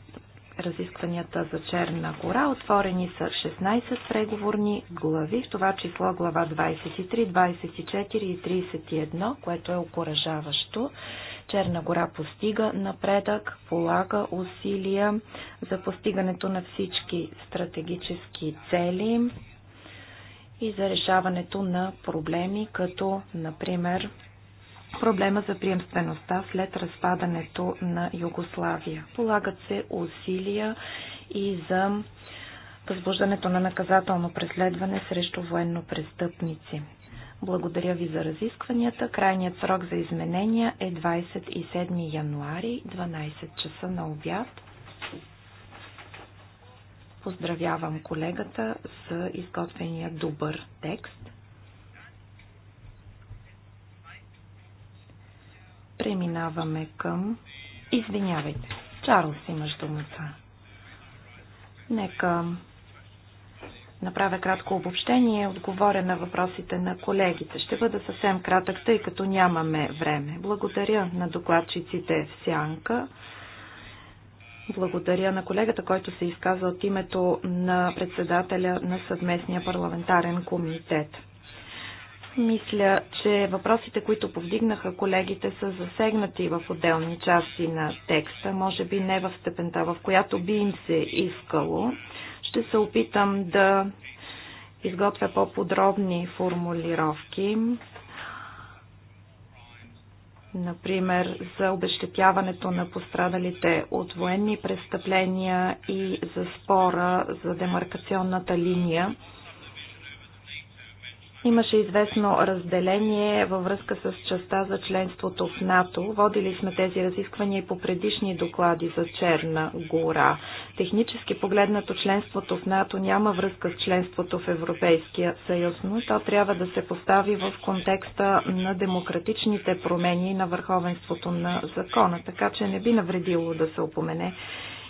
разискванията за Черна гора. Отворени са 16 преговорни глави, в това число глава 23, 24 и 31, което е окоръжаващо. Черна гора постига напредък, полага усилия за постигането на всички стратегически цели и за решаването на проблеми, като, например, проблема за приемствеността след разпадането на Югославия. Полагат се усилия и за възбуждането на наказателно преследване срещу военно престъпници. Благодаря ви за разискванията. Крайният срок за изменения е 27 януари, 12 часа на обяд. Поздравявам колегата за изготвения добър текст. Преминаваме към... Извинявайте, Чарлз имаш думата. Нека направя кратко обобщение и отговоря на въпросите на колегите. Ще бъда съвсем кратък, тъй като нямаме време. Благодаря на докладчиците в Сянка. Благодаря на колегата, който се изказа от името на председателя на съвместния парламентарен комитет. Мисля, че въпросите, които повдигнаха колегите, са засегнати в отделни части на текста, може би не в степента, в която би им се искало. Ще се опитам да изготвя по-подробни формулировки, например за обещетяването на пострадалите от военни престъпления и за спора за демаркационната линия Имаше известно разделение във връзка с частта за членството в НАТО. Водили сме тези разисквания и по предишни доклади за Черна гора. Технически погледнато членството в НАТО няма връзка с членството в Европейския съюз, но то трябва да се постави в контекста на демократичните промени на върховенството на закона, така че не би навредило да се опомене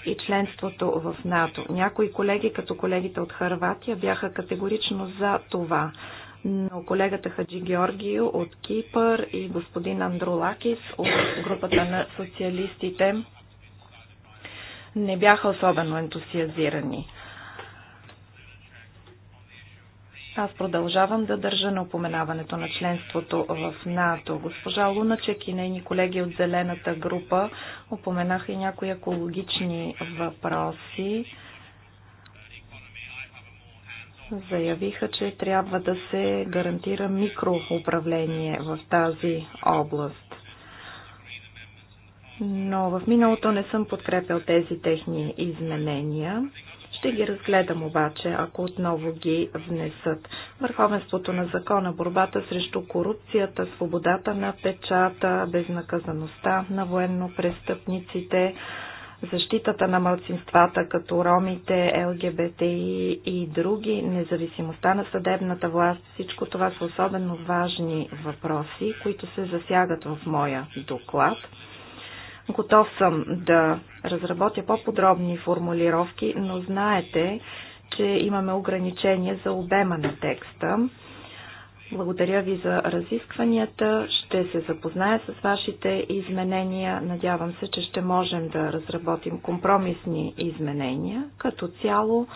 и членството в НАТО. Някои колеги, като колегите от Харватия, бяха категорично за това но колегата Хаджи Георгио от Кипър и господин Андролакис от групата на социалистите не бяха особено ентусиазирани. Аз продължавам да държа на упоменаването на членството в НАТО. Госпожа Луначек и нейни колеги от зелената група упоменаха и някои екологични въпроси заявиха, че трябва да се гарантира микроуправление в тази област. Но в миналото не съм подкрепил тези техни изменения. Ще ги разгледам обаче, ако отново ги внесат. Върховенството на закона, борбата срещу корупцията, свободата на печата, безнаказаността на военно престъпниците, защитата на мълцинствата, като ромите, ЛГБТИ и други, независимостта на съдебната власт, всичко това са особено важни въпроси, които се засягат в моя доклад. Готов съм да разработя по-подробни формулировки, но знаете, че имаме ограничения за обема на текста. Благодаря ви за разискванията. Ще се запозная с вашите изменения. Надявам се, че ще можем да разработим компромисни изменения. Като цяло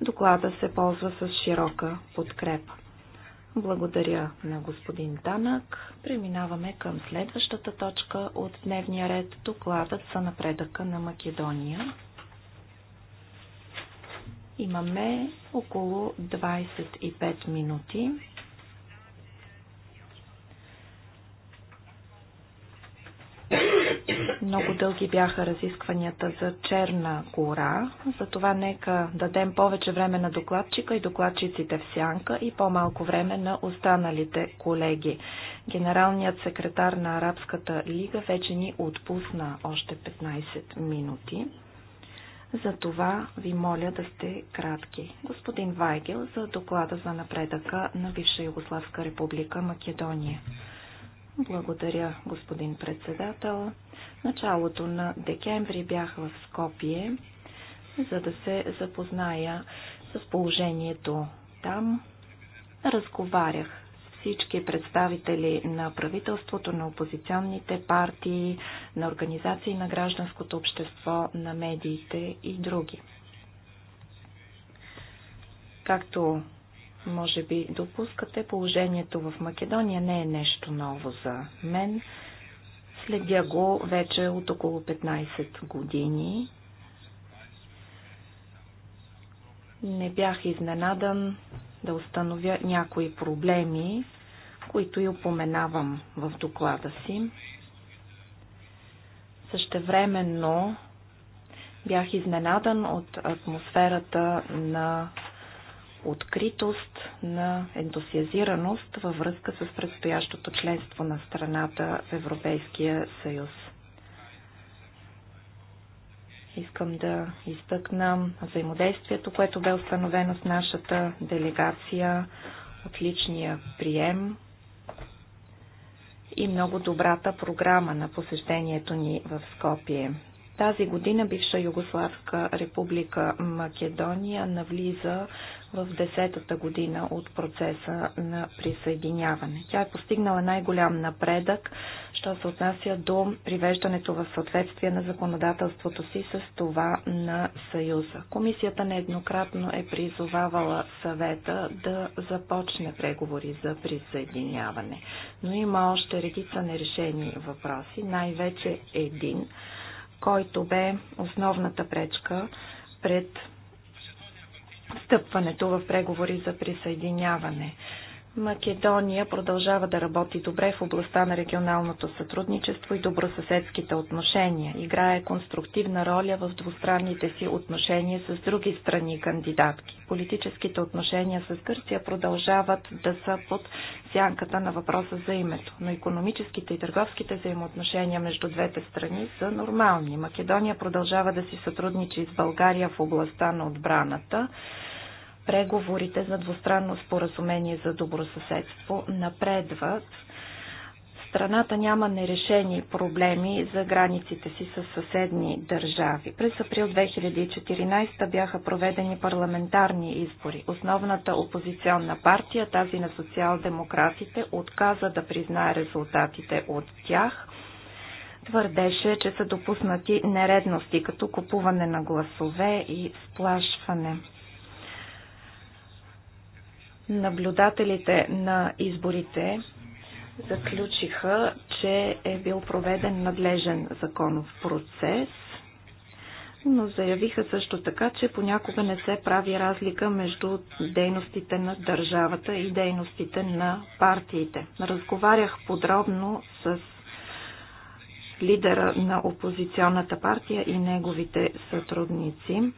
доклада се ползва с широка подкрепа. Благодаря на господин Данък. Преминаваме към следващата точка от дневния ред. Докладът за напредъка на Македония. Имаме около 25 минути. Много дълги бяха разискванията за Черна гора, затова нека дадем повече време на докладчика и докладчиците в сянка и по-малко време на останалите колеги. Генералният секретар на Арабската лига вече ни отпусна още 15 минути. За това ви моля да сте кратки. Господин Вайгел за доклада за напредъка на бивша Югославска република Македония. Благодаря, господин председател. Началото на декември бях в Скопие, за да се запозная с положението там. Разговарях с всички представители на правителството, на опозиционните партии, на организации на гражданското общество, на медиите и други. Както може би допускате, положението в Македония не е нещо ново за мен. Следя го вече от около 15 години. Не бях изненадан да установя някои проблеми, които и упоменавам в доклада си. Същевременно бях изненадан от атмосферата на откритост, на ентусиазираност във връзка с предстоящото членство на страната в Европейския съюз. Искам да изтъкна взаимодействието, което бе установено с нашата делегация, отличния прием и много добрата програма на посещението ни в Скопие. Тази година бивша Югославска република Македония навлиза в десетата година от процеса на присъединяване. Тя е постигнала най-голям напредък, що се отнася до привеждането в съответствие на законодателството си с това на Съюза. Комисията нееднократно е призовавала съвета да започне преговори за присъединяване, но има още редица нерешени въпроси, най-вече един – който бе основната пречка пред стъпването в преговори за присъединяване. Македония продължава да работи добре в областта на регионалното сътрудничество и добросъседските отношения. Играе конструктивна роля в двустранните си отношения с други страни кандидатки. Политическите отношения с Гърция продължават да са под сянката на въпроса за името, но економическите и търговските взаимоотношения между двете страни са нормални. Македония продължава да си сътрудничи с България в областта на отбраната преговорите за двустранно споразумение за добросъседство напредват. Страната няма нерешени проблеми за границите си с съседни държави. През април 2014 бяха проведени парламентарни избори. Основната опозиционна партия, тази на социал-демократите, отказа да признае резултатите от тях твърдеше, че са допуснати нередности, като купуване на гласове и сплашване. Наблюдателите на изборите заключиха, че е бил проведен надлежен законов процес, но заявиха също така, че понякога не се прави разлика между дейностите на държавата и дейностите на партиите. Разговарях подробно с лидера на опозиционната партия и неговите сътрудници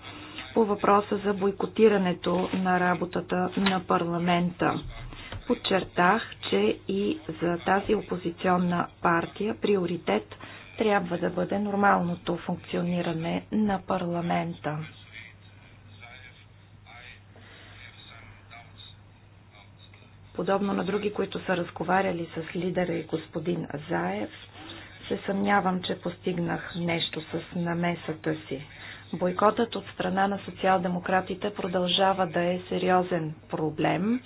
по въпроса за бойкотирането на работата на парламента. Подчертах, че и за тази опозиционна партия приоритет трябва да бъде нормалното функциониране на парламента. Подобно на други, които са разговаряли с лидера и господин Заев, се съмнявам, че постигнах нещо с намесата си. Бойкотът от страна на социал-демократите продължава да е сериозен проблем.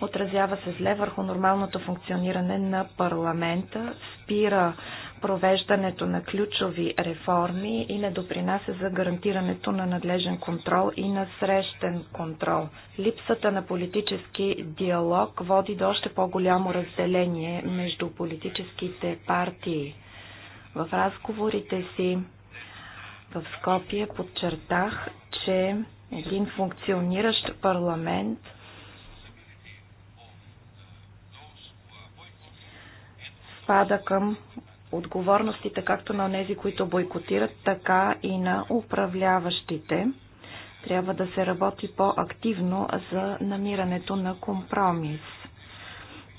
Отразява се зле върху нормалното функциониране на парламента, спира провеждането на ключови реформи и не допринася за гарантирането на надлежен контрол и на срещен контрол. Липсата на политически диалог води до още по-голямо разделение между политическите партии. В разговорите си в Скопие подчертах, че един функциониращ парламент спада към отговорностите както на тези, които бойкотират, така и на управляващите. Трябва да се работи по-активно за намирането на компромис.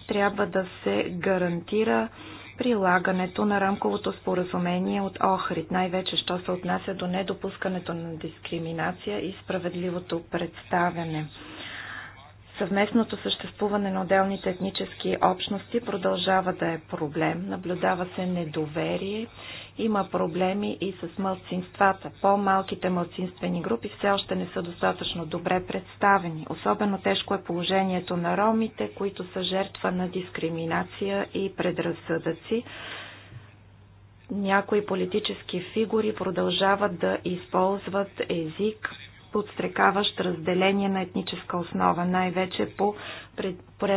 Трябва да се гарантира прилагането на рамковото споразумение от Охрид, най-вече що се отнася до недопускането на дискриминация и справедливото представяне. Съвместното съществуване на отделните етнически общности продължава да е проблем. Наблюдава се недоверие. Има проблеми и с мълцинствата. По-малките мълцинствени групи все още не са достатъчно добре представени. Особено тежко е положението на ромите, които са жертва на дискриминация и предразсъдъци. Някои политически фигури продължават да използват език, подстрекаващ разделение на етническа основа, най-вече по пред,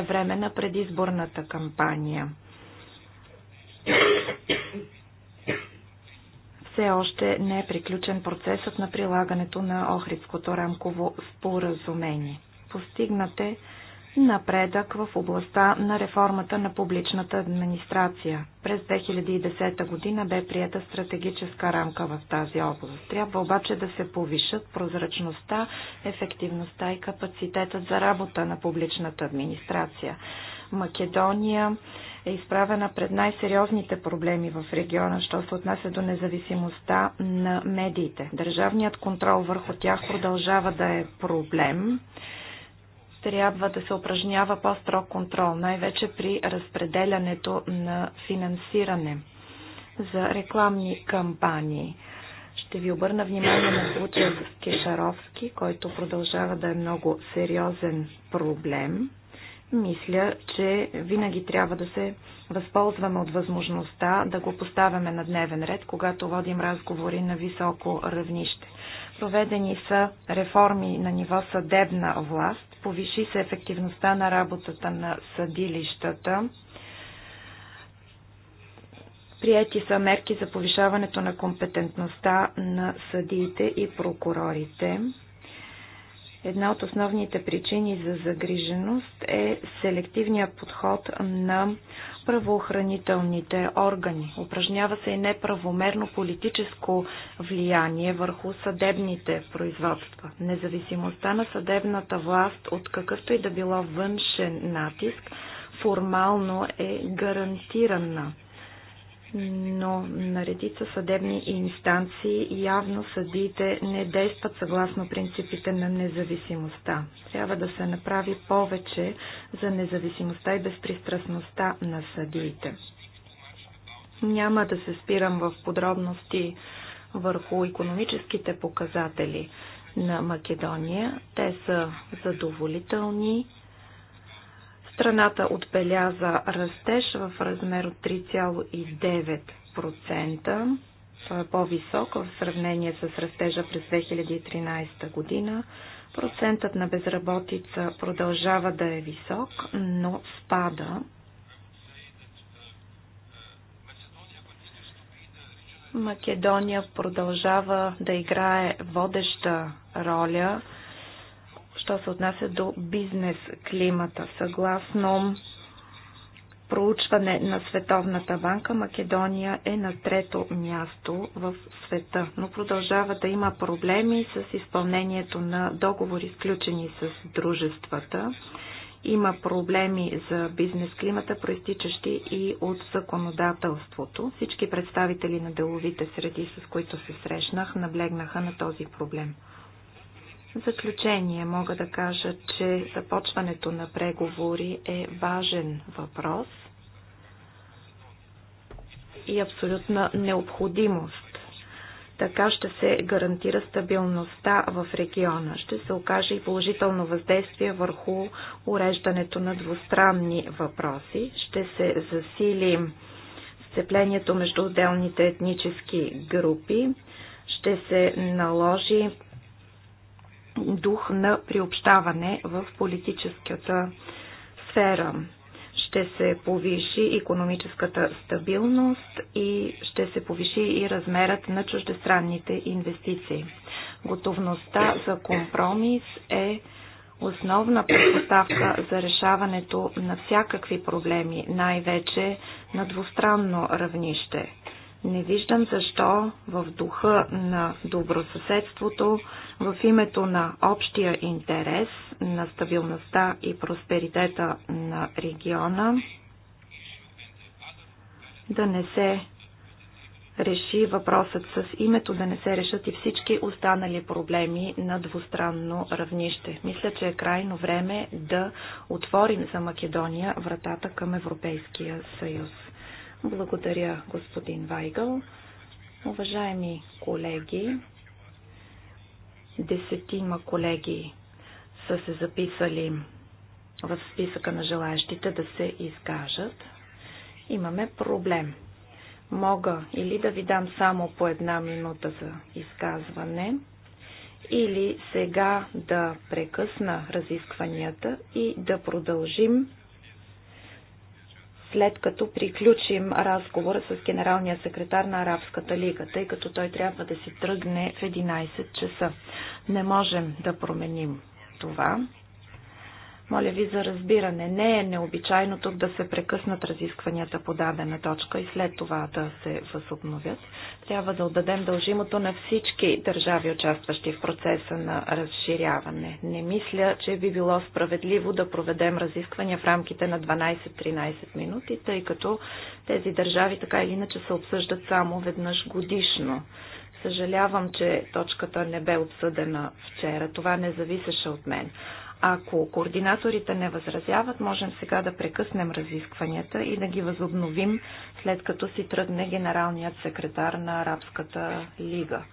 време на предизборната кампания. Все още не е приключен процесът на прилагането на Охридското рамково споразумение. Постигнате. е напредък в областта на реформата на публичната администрация. През 2010 година бе прията стратегическа рамка в тази област. Трябва обаче да се повишат прозрачността, ефективността и капацитетът за работа на публичната администрация. Македония е изправена пред най-сериозните проблеми в региона, що се отнася до независимостта на медиите. Държавният контрол върху тях продължава да е проблем трябва да се упражнява по-строг контрол, най-вече при разпределянето на финансиране за рекламни кампании. Ще ви обърна внимание на случая с Кешаровски, който продължава да е много сериозен проблем. Мисля, че винаги трябва да се възползваме от възможността да го поставяме на дневен ред, когато водим разговори на високо равнище. Проведени са реформи на ниво съдебна власт, повиши се ефективността на работата на съдилищата. Прияти са мерки за повишаването на компетентността на съдиите и прокурорите. Една от основните причини за загриженост е селективният подход на правоохранителните органи. Упражнява се и неправомерно политическо влияние върху съдебните производства. Независимостта на съдебната власт от какъвто и да било външен натиск формално е гарантирана но на редица съдебни инстанции явно съдиите не действат съгласно принципите на независимостта. Трябва да се направи повече за независимостта и безпристрастността на съдиите. Няма да се спирам в подробности върху економическите показатели на Македония. Те са задоволителни, Страната отбеляза растеж в размер от 3,9%. Той е по-висок в сравнение с растежа през 2013 година. Процентът на безработица продължава да е висок, но спада. Македония продължава да играе водеща роля що се отнася до бизнес климата. Съгласно проучване на Световната банка, Македония е на трето място в света, но продължава да има проблеми с изпълнението на договори, сключени с дружествата. Има проблеми за бизнес климата, проистичащи и от законодателството. Всички представители на деловите среди, с които се срещнах, наблегнаха на този проблем заключение мога да кажа, че започването на преговори е важен въпрос и абсолютна необходимост така ще се гарантира стабилността в региона. Ще се окаже и положително въздействие върху уреждането на двустранни въпроси. Ще се засили сцеплението между отделните етнически групи. Ще се наложи дух на приобщаване в политическата сфера. Ще се повиши економическата стабилност и ще се повиши и размерът на чуждестранните инвестиции. Готовността за компромис е основна предпоставка за решаването на всякакви проблеми, най-вече на двустранно равнище. Не виждам защо в духа на добросъседството, в името на общия интерес, на стабилността и просперитета на региона, да не се реши въпросът с името, да не се решат и всички останали проблеми на двустранно равнище. Мисля, че е крайно време да отворим за Македония вратата към Европейския съюз. Благодаря, господин Вайгъл. Уважаеми колеги, десетима колеги са се записали в списъка на желаящите да се изкажат. Имаме проблем. Мога или да ви дам само по една минута за изказване, или сега да прекъсна разискванията и да продължим след като приключим разговора с генералния секретар на Арабската лига, тъй като той трябва да си тръгне в 11 часа. Не можем да променим това. Моля ви за разбиране. Не е необичайно тук да се прекъснат разискванията по дадена точка и след това да се възобновят. Трябва да отдадем дължимото на всички държави, участващи в процеса на разширяване. Не мисля, че би било справедливо да проведем разисквания в рамките на 12-13 минути, тъй като тези държави така или иначе се обсъждат само веднъж годишно. Съжалявам, че точката не бе обсъдена вчера. Това не зависеше от мен. Ако координаторите не възразяват, можем сега да прекъснем разискванията и да ги възобновим след като си тръгне генералният секретар на Арабската лига.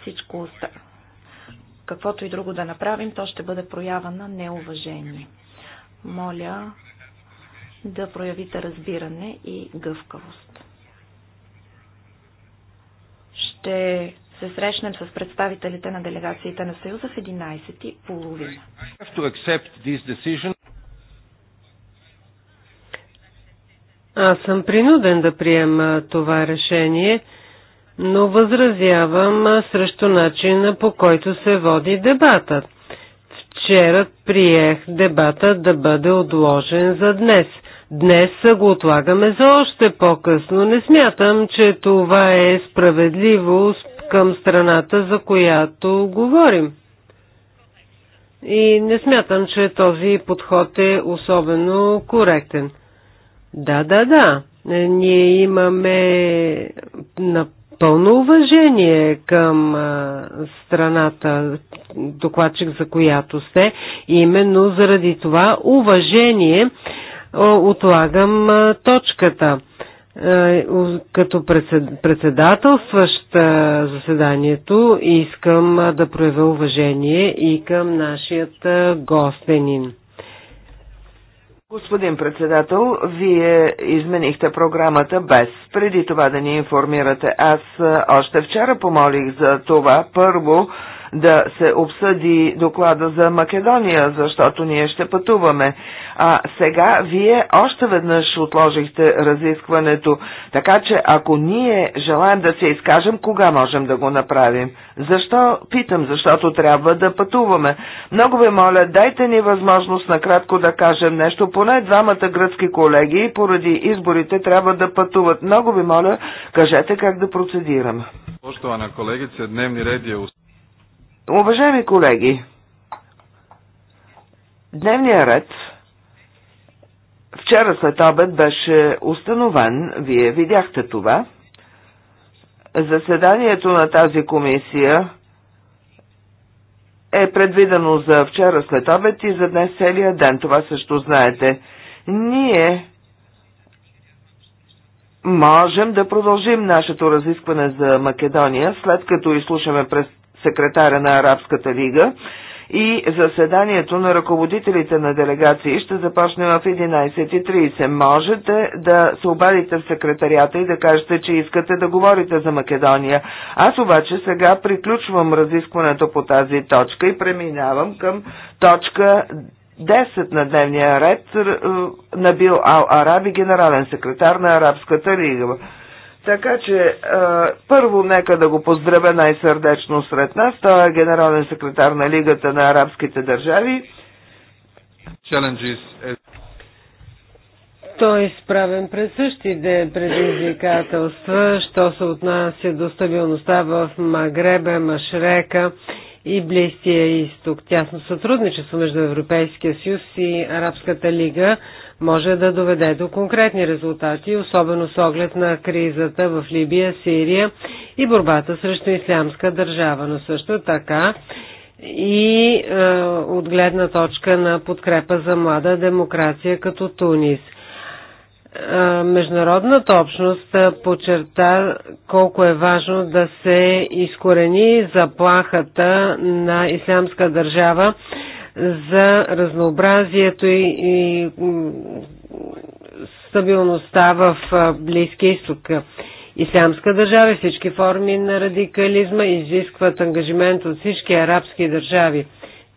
Всичко остава. Каквото и друго да направим, то ще бъде проява на неуважение. Моля да проявите разбиране и гъвкавост. Ще се срещнем с представителите на делегациите на Съюза в 11.30. Аз съм принуден да приема това решение, но възразявам срещу начина по който се води дебатът. Вчера приех дебата да бъде отложен за днес. Днес го отлагаме за още по-късно. Не смятам, че това е справедливо към страната, за която говорим. И не смятам, че този подход е особено коректен. Да, да, да. Ние имаме напълно уважение към страната, докладчик за която сте. Именно заради това уважение отлагам точката. Е, като председателстващ е, заседанието искам е, да проявя уважение и към нашият гостенин. Господин председател, вие изменихте програмата без преди това да ни информирате. Аз още вчера помолих за това. Първо, да се обсъди доклада за Македония, защото ние ще пътуваме. А сега вие още веднъж отложихте разискването, така че ако ние желаем да се изкажем, кога можем да го направим? Защо? Питам, защото трябва да пътуваме. Много ви моля, дайте ни възможност накратко да кажем нещо. Поне двамата гръцки колеги поради изборите трябва да пътуват. Много ви моля, кажете как да процедираме. Poštovana kolegice, dnevni red je u Уважаеми колеги, дневният ред вчера след обед беше установен, вие видяхте това. Заседанието на тази комисия е предвидено за вчера след обед и за днес целия ден. Това също знаете. Ние можем да продължим нашето разискване за Македония, след като изслушаме през секретаря на Арабската лига и заседанието на ръководителите на делегации ще започне в 11.30. Можете да се обадите в секретарията и да кажете, че искате да говорите за Македония. Аз обаче сега приключвам разискването по тази точка и преминавам към точка 10 на дневния ред е, на Бил Ал Араби, генерален секретар на Арабската лига. Така че, първо нека да го поздравя най-сърдечно сред нас. Той е генерален секретар на Лигата на арабските държави. Той е изправен през същите предизвикателства, що се отнася до стабилността в Магребе, Машрека и Близкия изток. Тясно сътрудничество между Европейския съюз и Арабската лига може да доведе до конкретни резултати, особено с оглед на кризата в Либия, Сирия и борбата срещу ислямска държава. Но също така и е, от гледна точка на подкрепа за млада демокрация като Тунис. Е, международната общност подчерта колко е важно да се изкорени заплахата на ислямска държава за разнообразието и, и стабилността в Близкия изток. Исламска държава и всички форми на радикализма изискват ангажимент от всички арабски държави.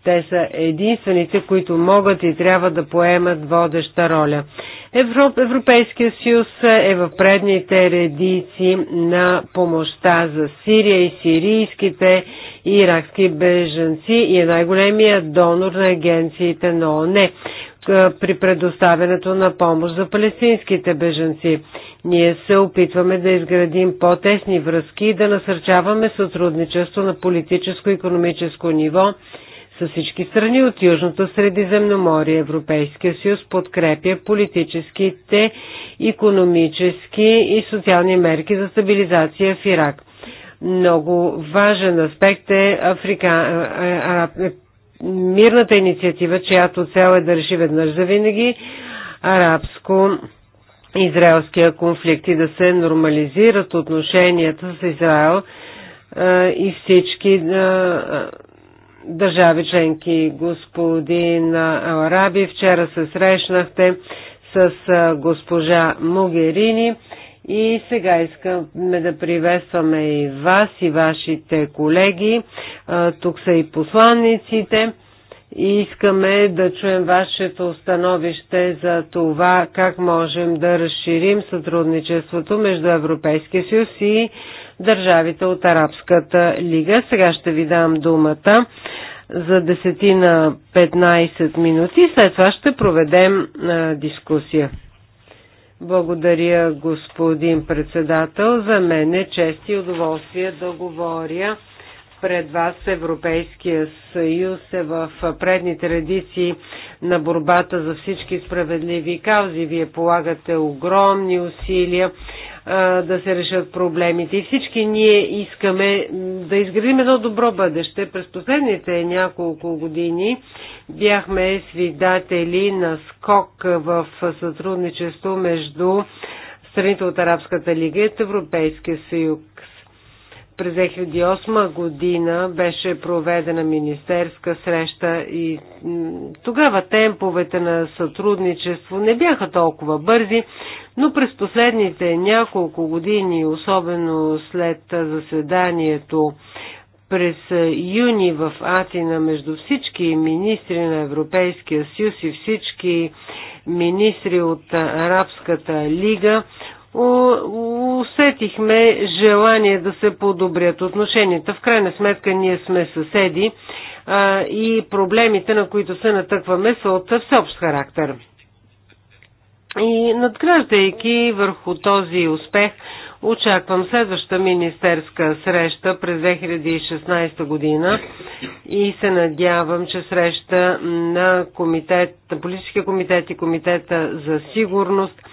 Те са единствените, които могат и трябва да поемат водеща роля. Европ, Европейския съюз е в предните редици на помощта за Сирия и сирийските иракски беженци и е най-големия донор на агенциите на ОНЕ при предоставянето на помощ за палестинските беженци. Ние се опитваме да изградим по-тесни връзки и да насърчаваме сътрудничество на политическо-економическо ниво с всички страни от Южното Средиземноморие. Европейския съюз подкрепя политическите, економически и социални мерки за стабилизация в Ирак. Много важен аспект е Африка, а, а, мирната инициатива, чиято цел е да реши веднъж за винаги арабско израелския конфликт и да се нормализират отношенията с Израел а, и всички а, държави членки. Господин Алараби, вчера се срещнахте с а, госпожа Могерини. И сега искаме да приветстваме и вас и вашите колеги. Тук са и посланниците. И искаме да чуем вашето становище за това как можем да разширим сътрудничеството между Европейския съюз и държавите от Арабската лига. Сега ще ви дам думата за 10 на 15 минути. След това ще проведем дискусия. Благодаря, господин председател. За мен е чест и удоволствие да говоря пред вас. Европейския съюз е в предни традиции на борбата за всички справедливи каузи. Вие полагате огромни усилия да се решат проблемите. И всички ние искаме да изградим едно добро бъдеще. През последните няколко години бяхме свидатели на скок в сътрудничество между страните от Арабската лига и Европейския съюз. През 2008 година беше проведена министерска среща и тогава темповете на сътрудничество не бяха толкова бързи, но през последните няколко години, особено след заседанието през юни в Атина между всички министри на Европейския съюз и всички министри от Арабската лига усетихме желание да се подобрят отношенията. В крайна сметка ние сме съседи а, и проблемите, на които се натъкваме, са от всеобщ характер. И надграждайки върху този успех, очаквам следваща министерска среща през 2016 година и се надявам, че среща на, комитет, на политическия комитет и комитета за сигурност –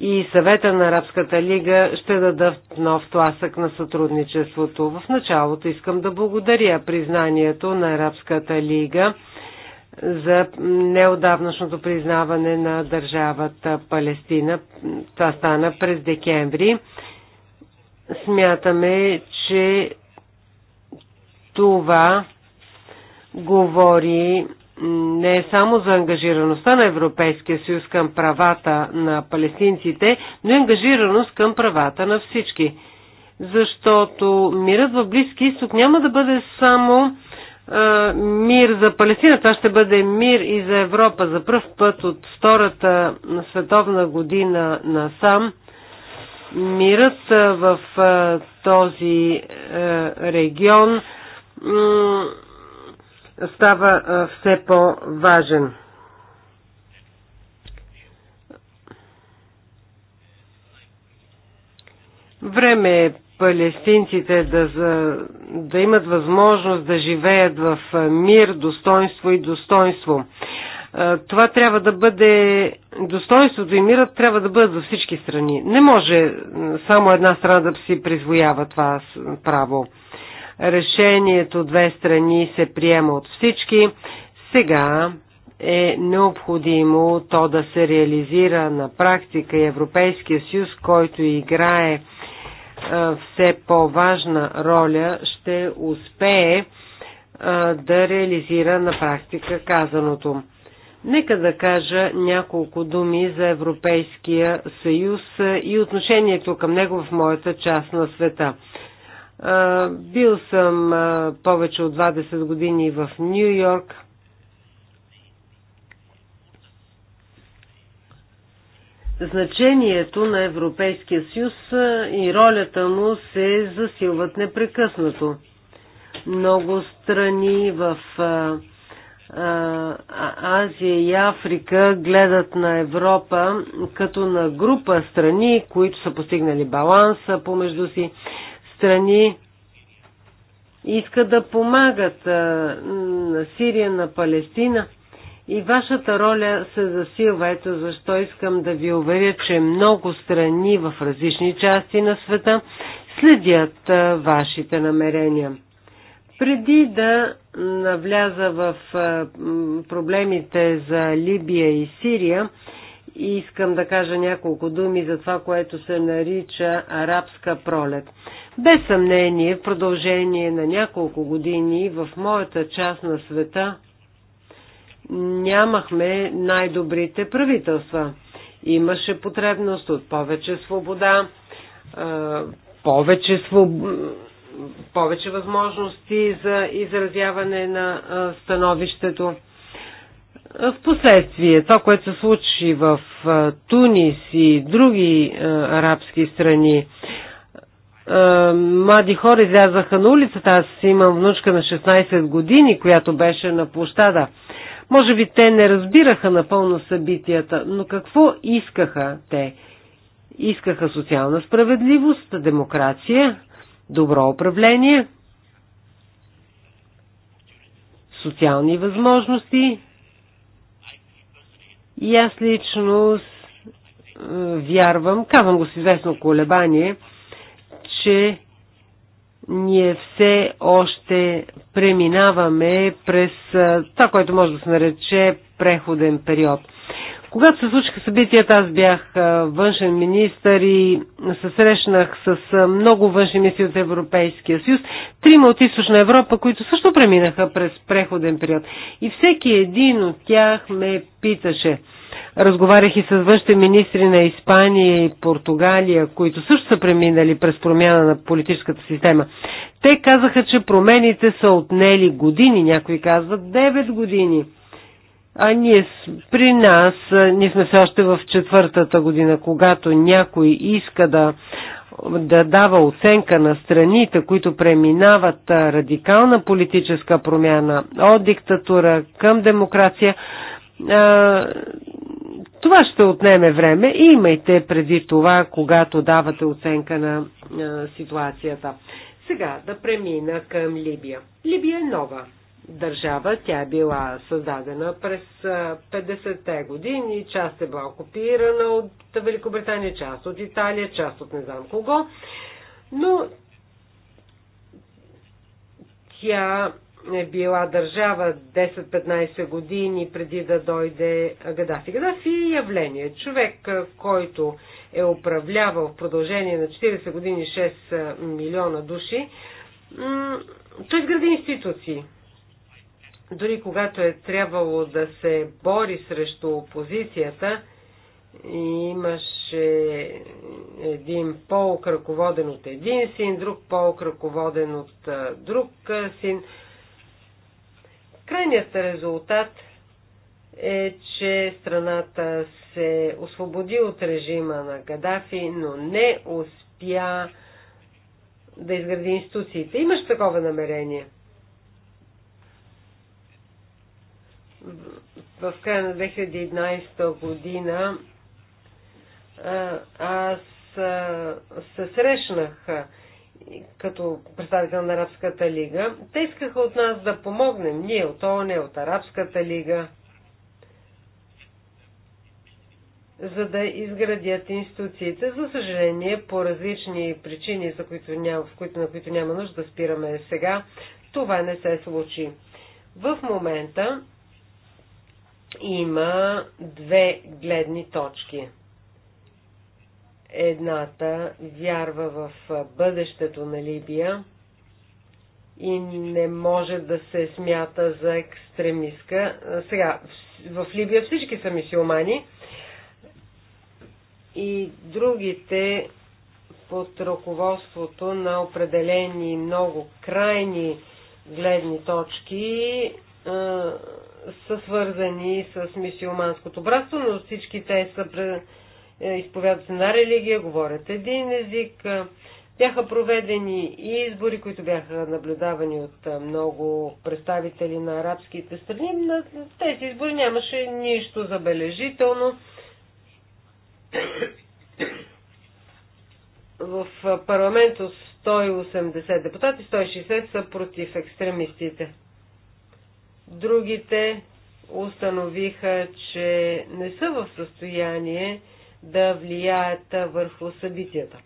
и съвета на Арабската лига ще дадат нов тласък на сътрудничеството. В началото искам да благодаря признанието на Арабската лига за неодавнашното признаване на държавата Палестина. Това стана през декември. Смятаме, че това говори не е само за ангажираността на Европейския съюз към правата на палестинците, но и ангажираност към правата на всички. Защото мирът в Близки изток няма да бъде само а, мир за Палестина, това ще бъде мир и за Европа. За първ път от Втората световна година насам мирът в а, този а, регион става все по-важен. Време е палестинците да, за, да имат възможност да живеят в мир, достоинство и достоинство. Това трябва да бъде, достоинството и мирът трябва да бъдат за всички страни. Не може само една страна да си призвоява това право. Решението две страни се приема от всички. Сега е необходимо то да се реализира на практика и Европейския съюз, който играе е, все по-важна роля, ще успее е, да реализира на практика казаното. Нека да кажа няколко думи за Европейския съюз е, и отношението към него в моята част на света. Бил съм повече от 20 години в Нью Йорк. Значението на Европейския съюз и ролята му се засилват непрекъснато. Много страни в Азия и Африка гледат на Европа като на група страни, които са постигнали баланса помежду си страни искат да помагат на Сирия, на Палестина. И вашата роля се засилва. Ето защо искам да ви уверя, че много страни в различни части на света следят вашите намерения. Преди да навляза в проблемите за Либия и Сирия, искам да кажа няколко думи за това, което се нарича арабска пролет. Без съмнение, в продължение на няколко години в моята част на света нямахме най-добрите правителства. Имаше потребност от повече свобода, повече, своб... повече възможности за изразяване на становището. В последствие, това, което се случи в Тунис и други арабски страни, е, млади хора излязаха на улицата. Аз имам внучка на 16 години, която беше на площада. Може би те не разбираха напълно събитията, но какво искаха те? Искаха социална справедливост, демокрация, добро управление, социални възможности. И аз лично вярвам, казвам го с известно колебание, че ние все още преминаваме през това, което може да се нарече преходен период. Когато се случиха събитията, аз бях външен министр и се срещнах с много външни мисли от Европейския съюз. Трима от Източна Европа, които също преминаха през преходен период. И всеки един от тях ме питаше – Разговарях и с външните министри на Испания и Португалия, които също са преминали през промяна на политическата система. Те казаха, че промените са отнели години, някои казват 9 години. А ние при нас, ние сме все още в четвъртата година, когато някой иска да, да дава оценка на страните, които преминават радикална политическа промяна от диктатура към демокрация, това ще отнеме време и имайте преди това, когато давате оценка на а, ситуацията. Сега да премина към Либия. Либия е нова държава. Тя е била създадена през 50-те години. Част е била окупирана от Великобритания, част от Италия, част от не знам кого. Но тя е била държава 10-15 години преди да дойде Гадафи. Гадафи е явление. Човек, който е управлявал в продължение на 40 години 6 милиона души, той изгради институции. Дори когато е трябвало да се бори срещу опозицията, имаше един полк ръководен от един син, друг полк ръководен от друг син. Крайният резултат е, че страната се освободи от режима на Гадафи, но не успя да изгради институциите. Имаш такова намерение. В края на 2011 година аз се срещнах като представител на Арабската лига. Те искаха от нас да помогнем, ние от ООН, от Арабската лига, за да изградят институциите. За съжаление, по различни причини, за които няма, в които, на които няма нужда да спираме сега, това не се случи. В момента има две гледни точки – Едната вярва в бъдещето на Либия и не може да се смята за екстремистка. Сега, в Либия всички са мисиомани и другите под ръководството на определени много крайни гледни точки са свързани с мисиоманското братство, но всички те са е, изповядат една религия, говорят един език. Е, бяха проведени и избори, които бяха наблюдавани от е, много представители на арабските страни. На тези избори нямаше нищо забележително. В от 180 депутати, 160 са против екстремистите. Другите установиха, че не са в състояние да влияят върху събитията.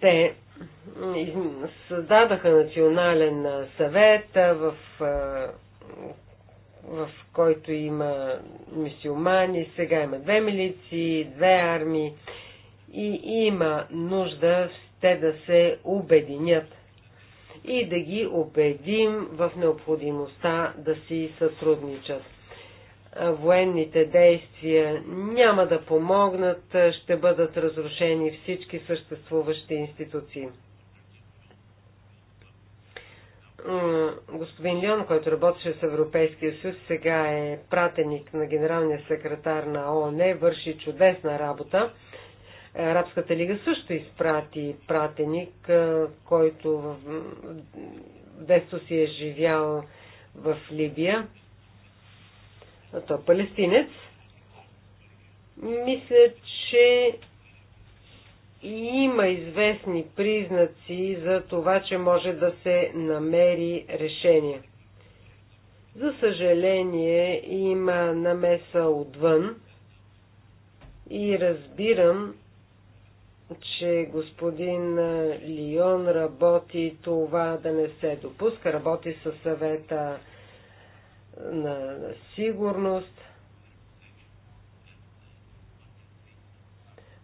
Те създадаха национален съвет, в, в който има мисиомани, сега има две милиции, две армии и има нужда те да се обединят и да ги убедим в необходимостта да си сътрудничат военните действия няма да помогнат, ще бъдат разрушени всички съществуващи институции. Господин Леон, който работеше с Европейския съюз, сега е пратеник на генералния секретар на ООН, върши чудесна работа. Арабската лига също изпрати пратеник, който в детство си е живял в Либия той е палестинец, мисля, че има известни признаци за това, че може да се намери решение. За съжаление, има намеса отвън и разбирам, че господин Лион работи това да не се допуска, работи със съвета на, на сигурност.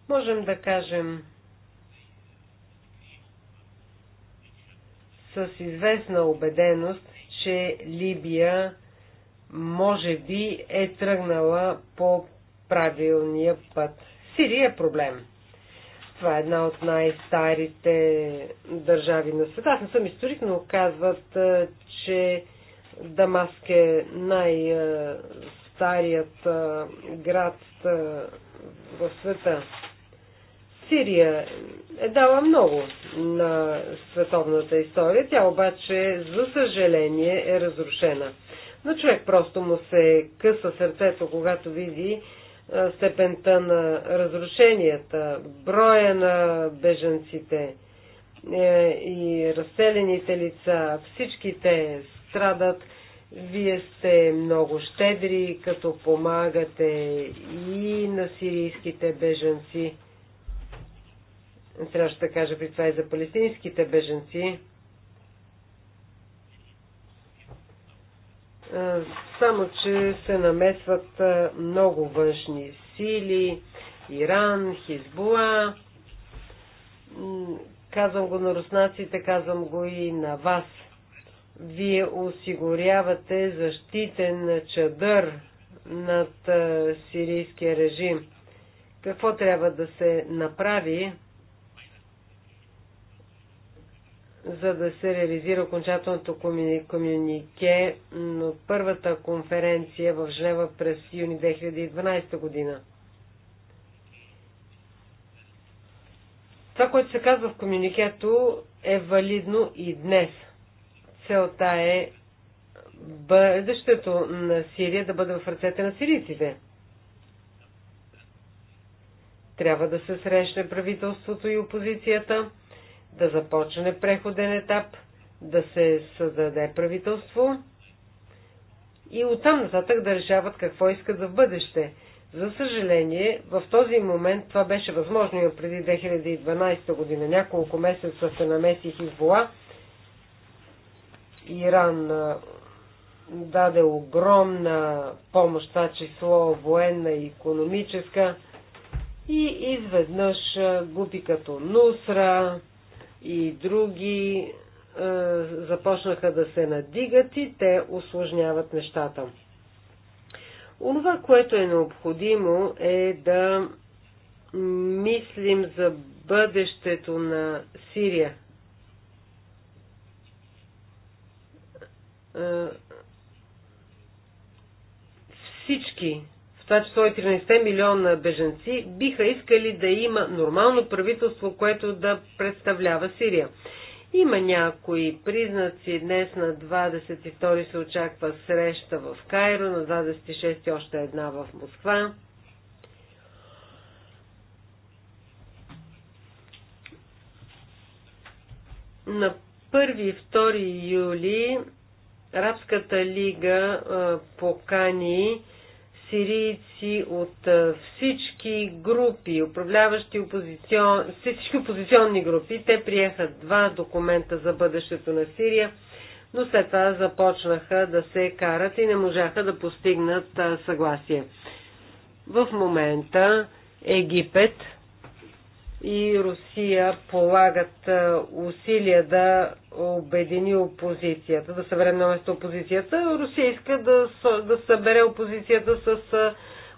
Можем да кажем с известна убеденост, че Либия може би е тръгнала по правилния път. Сирия е проблем. Това е една от най-старите държави на света. Аз не съм историк, но казват, е, че Дамаск е най-старият град в света. Сирия е дала много на световната история, тя обаче, за съжаление, е разрушена. Но човек просто му се къса сърцето, когато види степента на разрушенията, броя на беженците е, и разселените лица, всичките страдат. Вие сте много щедри, като помагате и на сирийските беженци. Трябва ще кажа при това и за палестинските беженци. Само, че се намесват много външни сили, Иран, Хизбула. Казвам го на руснаците, казвам го и на вас – вие осигурявате защитен чадър над сирийския режим. Какво трябва да се направи, за да се реализира окончателното комюнике на първата конференция в Женева през юни 2012 година? Това, което се казва в комюникето, е валидно и днес – Целта е бъдещето на Сирия да бъде в ръцете на сирийците. Трябва да се срещне правителството и опозицията, да започне преходен етап, да се създаде правителство и оттам нататък да решават какво искат за бъдеще. За съжаление, в този момент това беше възможно и преди 2012 година. Няколко месеца се намесих и вола, Иран даде огромна помощ, това число военна и економическа, и изведнъж групи като Нусра и други е, започнаха да се надигат и те осложняват нещата. Онова, което е необходимо е да мислим за бъдещето на Сирия – Е, всички, в това число и 13 милиона беженци, биха искали да има нормално правителство, което да представлява Сирия. Има някои признаци. Днес на 22 се очаква среща в Кайро, на 26 още една в Москва. На 1 и 2 юли Арабската лига покани сирийци от всички групи, управляващи опозицион... всички опозиционни групи. Те приеха два документа за бъдещето на Сирия, но след това започнаха да се карат и не можаха да постигнат съгласие. В момента Египет и Русия полагат е, усилия да обедини опозицията, да събере на место опозицията. Русия иска да, да събере опозицията с е,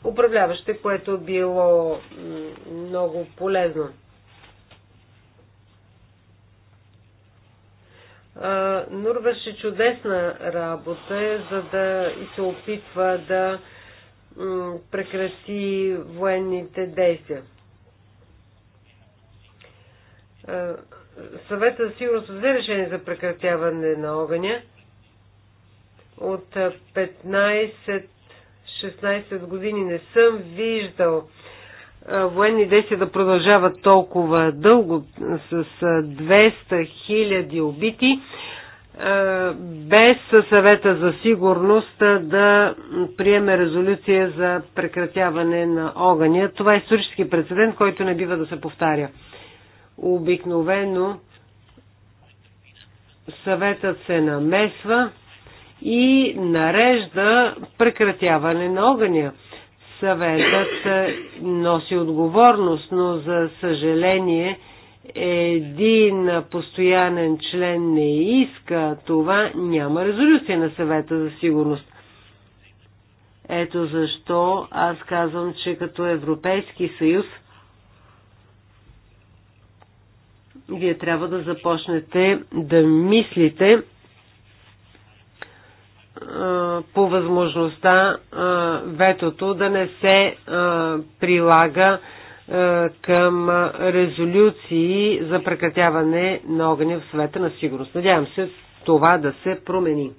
управляващите, което било много полезно. Е, нурваше чудесна работа, за да и се опитва да прекрати военните действия съвета за сигурност взе решение за прекратяване на огъня. От 15-16 години не съм виждал военни действия да продължават толкова дълго с 200 хиляди убити, без съвета за сигурност да приеме резолюция за прекратяване на огъня. Това е исторически прецедент, който не бива да се повтаря. Обикновено съветът се намесва и нарежда прекратяване на огъня. Съветът носи отговорност, но за съжаление един постоянен член не иска това, няма резолюция на съвета за сигурност. Ето защо аз казвам, че като Европейски съюз – вие трябва да започнете да мислите по възможността ветото да не се прилага към резолюции за прекратяване на огъня в света на сигурност. Надявам се това да се промени.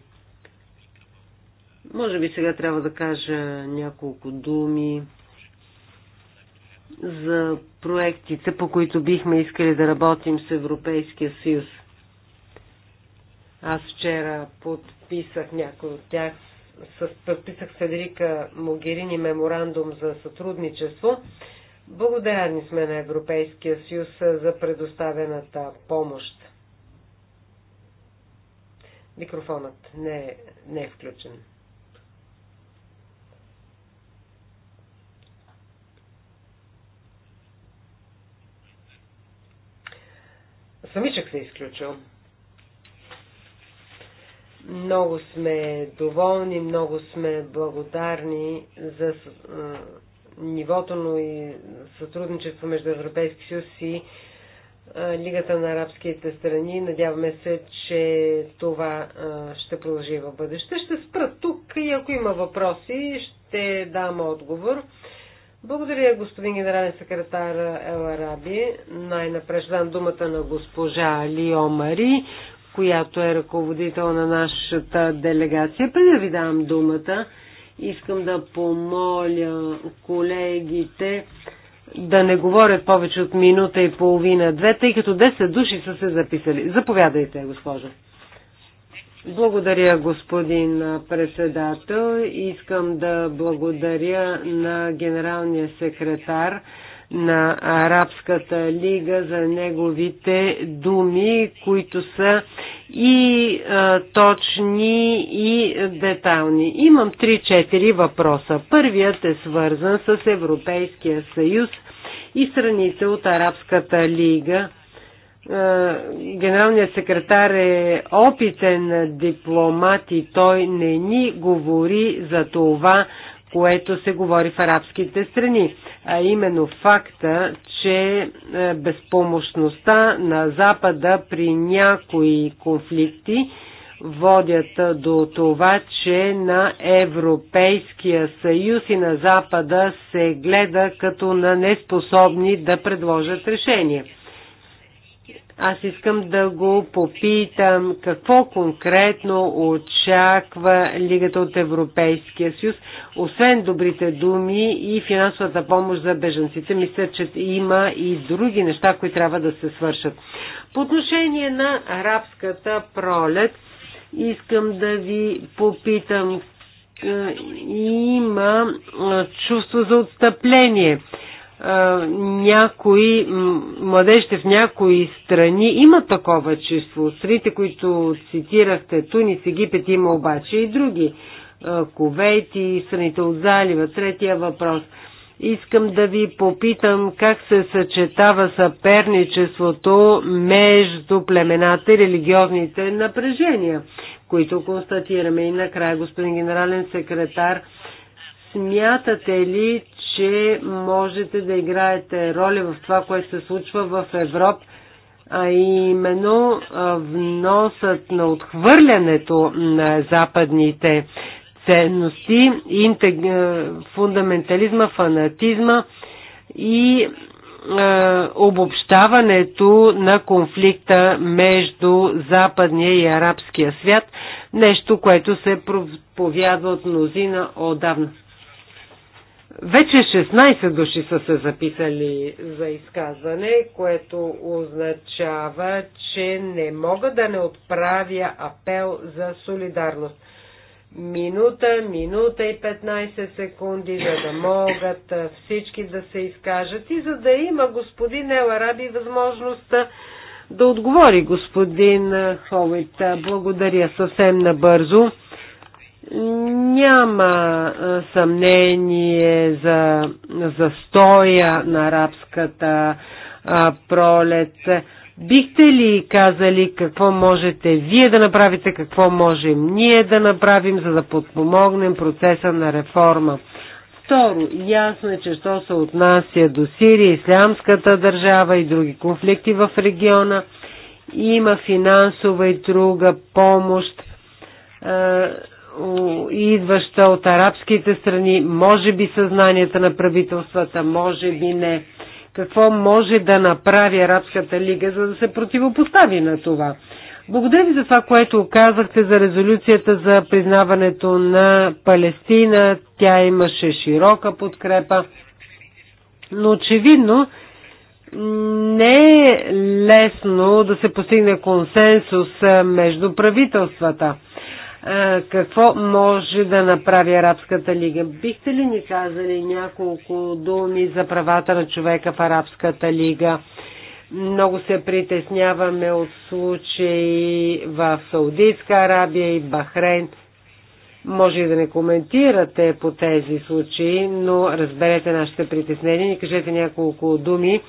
Може би сега трябва да кажа няколко думи за проектите, по които бихме искали да работим с Европейския съюз. Аз вчера подписах някой от тях, с, подписах Федерика Могерини меморандум за сътрудничество. Благодарни сме на Европейския съюз за предоставената помощ. Микрофонът не е, не е включен. самичък се е изключил. Много сме доволни, много сме благодарни за нивото, но и сътрудничество между Европейски съюз и Лигата на арабските страни. Надяваме се, че това ще продължи в бъдеще. Ще спра тук и ако има въпроси, ще дам отговор. Благодаря, господин генерален секретар Елараби. Най-напред дам думата на госпожа Лио Мари, която е ръководител на нашата делегация. Преди да ви дам думата, искам да помоля колегите да не говорят повече от минута и половина, две, тъй като 10 души са се записали. Заповядайте, госпожо. Благодаря, господин председател. Искам да благодаря на генералния секретар на Арабската лига за неговите думи, които са и а, точни, и детални. Имам 3-4 въпроса. Първият е свързан с Европейския съюз и страните от Арабската лига – е, генералният секретар е опитен дипломат и той не ни говори за това, което се говори в арабските страни, а именно факта, че е, безпомощността на Запада при някои конфликти водят до това, че на Европейския съюз и на Запада се гледа като на неспособни да предложат решения. Аз искам да го попитам какво конкретно очаква Лигата от Европейския съюз, освен добрите думи и финансовата помощ за беженците. Мисля, че има и други неща, които трябва да се свършат. По отношение на арабската пролет, искам да ви попитам е, има е, чувство за отстъпление някои, младежите в някои страни има такова чувство. Страните, които цитирахте, Тунис, Египет има обаче и други. ковети, страните от залива. Третия въпрос. Искам да ви попитам как се съчетава съперничеството между племената и религиозните напрежения, които констатираме. И накрая, господин генерален секретар, смятате ли, че можете да играете роля в това, което се случва в Европа, а именно вносът на отхвърлянето на западните ценности, интег... фундаментализма, фанатизма и обобщаването на конфликта между западния и арабския свят, нещо, което се проповядва от мнозина отдавна. Вече 16 души са се записали за изказване, което означава, че не мога да не отправя апел за солидарност. Минута, минута и 15 секунди, за да могат всички да се изкажат и за да има господин Елараби възможността да отговори господин Ховит. Благодаря съвсем набързо. Няма съмнение за застоя на арабската а, пролет. Бихте ли казали какво можете вие да направите, какво можем ние да направим, за да подпомогнем процеса на реформа? Второ, ясно е, че що се отнася до Сирия, Ислямската държава и други конфликти в региона, има финансова и друга помощ идваща от арабските страни, може би съзнанията на правителствата, може би не. Какво може да направи Арабската лига, за да се противопостави на това? Благодаря ви за това, което казахте за резолюцията за признаването на Палестина. Тя имаше широка подкрепа. Но очевидно не е лесно да се постигне консенсус между правителствата какво може да направи Арабската лига. Бихте ли ни казали няколко думи за правата на човека в Арабската лига? Много се притесняваме от случаи в Саудитска Арабия и Бахрейн – може и да не коментирате по тези случаи, но разберете нашите притеснения и кажете няколко думи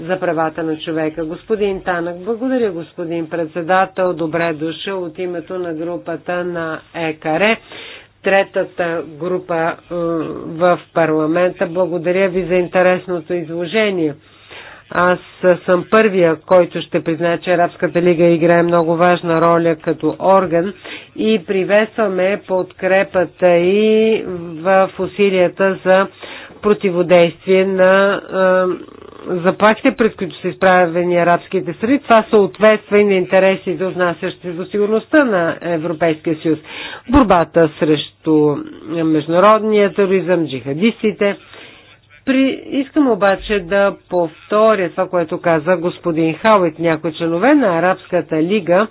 за правата на човека. Господин Танък, благодаря господин председател, добре дошъл от името на групата на ЕКАРЕ третата група в парламента. Благодаря ви за интересното изложение. Аз съм първия, който ще признае, че Арабската лига играе много важна роля като орган и приветстваме подкрепата и в усилията за противодействие на е, заплахите, пред които са изправени арабските страни. Това съответства и на интересите, отнасящи до сигурността на Европейския съюз. Борбата срещу международния тероризъм, джихадистите при... Искам обаче да повторя това, което каза господин Хауит. Някои членове на Арабската лига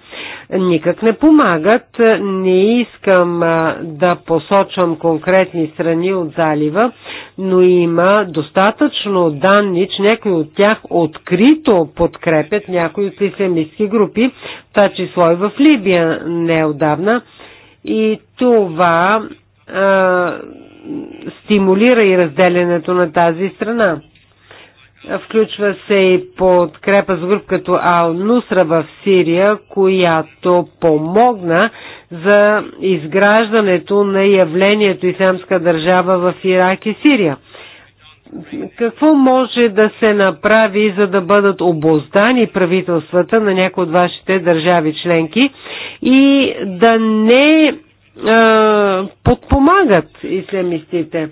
никак не помагат. Не искам да посочвам конкретни страни от залива, но има достатъчно данни, че някои от тях открито подкрепят някои от ислямистски групи, това число и в Либия неодавна. И това стимулира и разделянето на тази страна. Включва се и подкрепа с груп като Ал-Нусра в Сирия, която помогна за изграждането на явлението Исламска държава в Ирак и Сирия. Какво може да се направи, за да бъдат обоздани правителствата на някои от вашите държави членки и да не подпомагат ислямистите.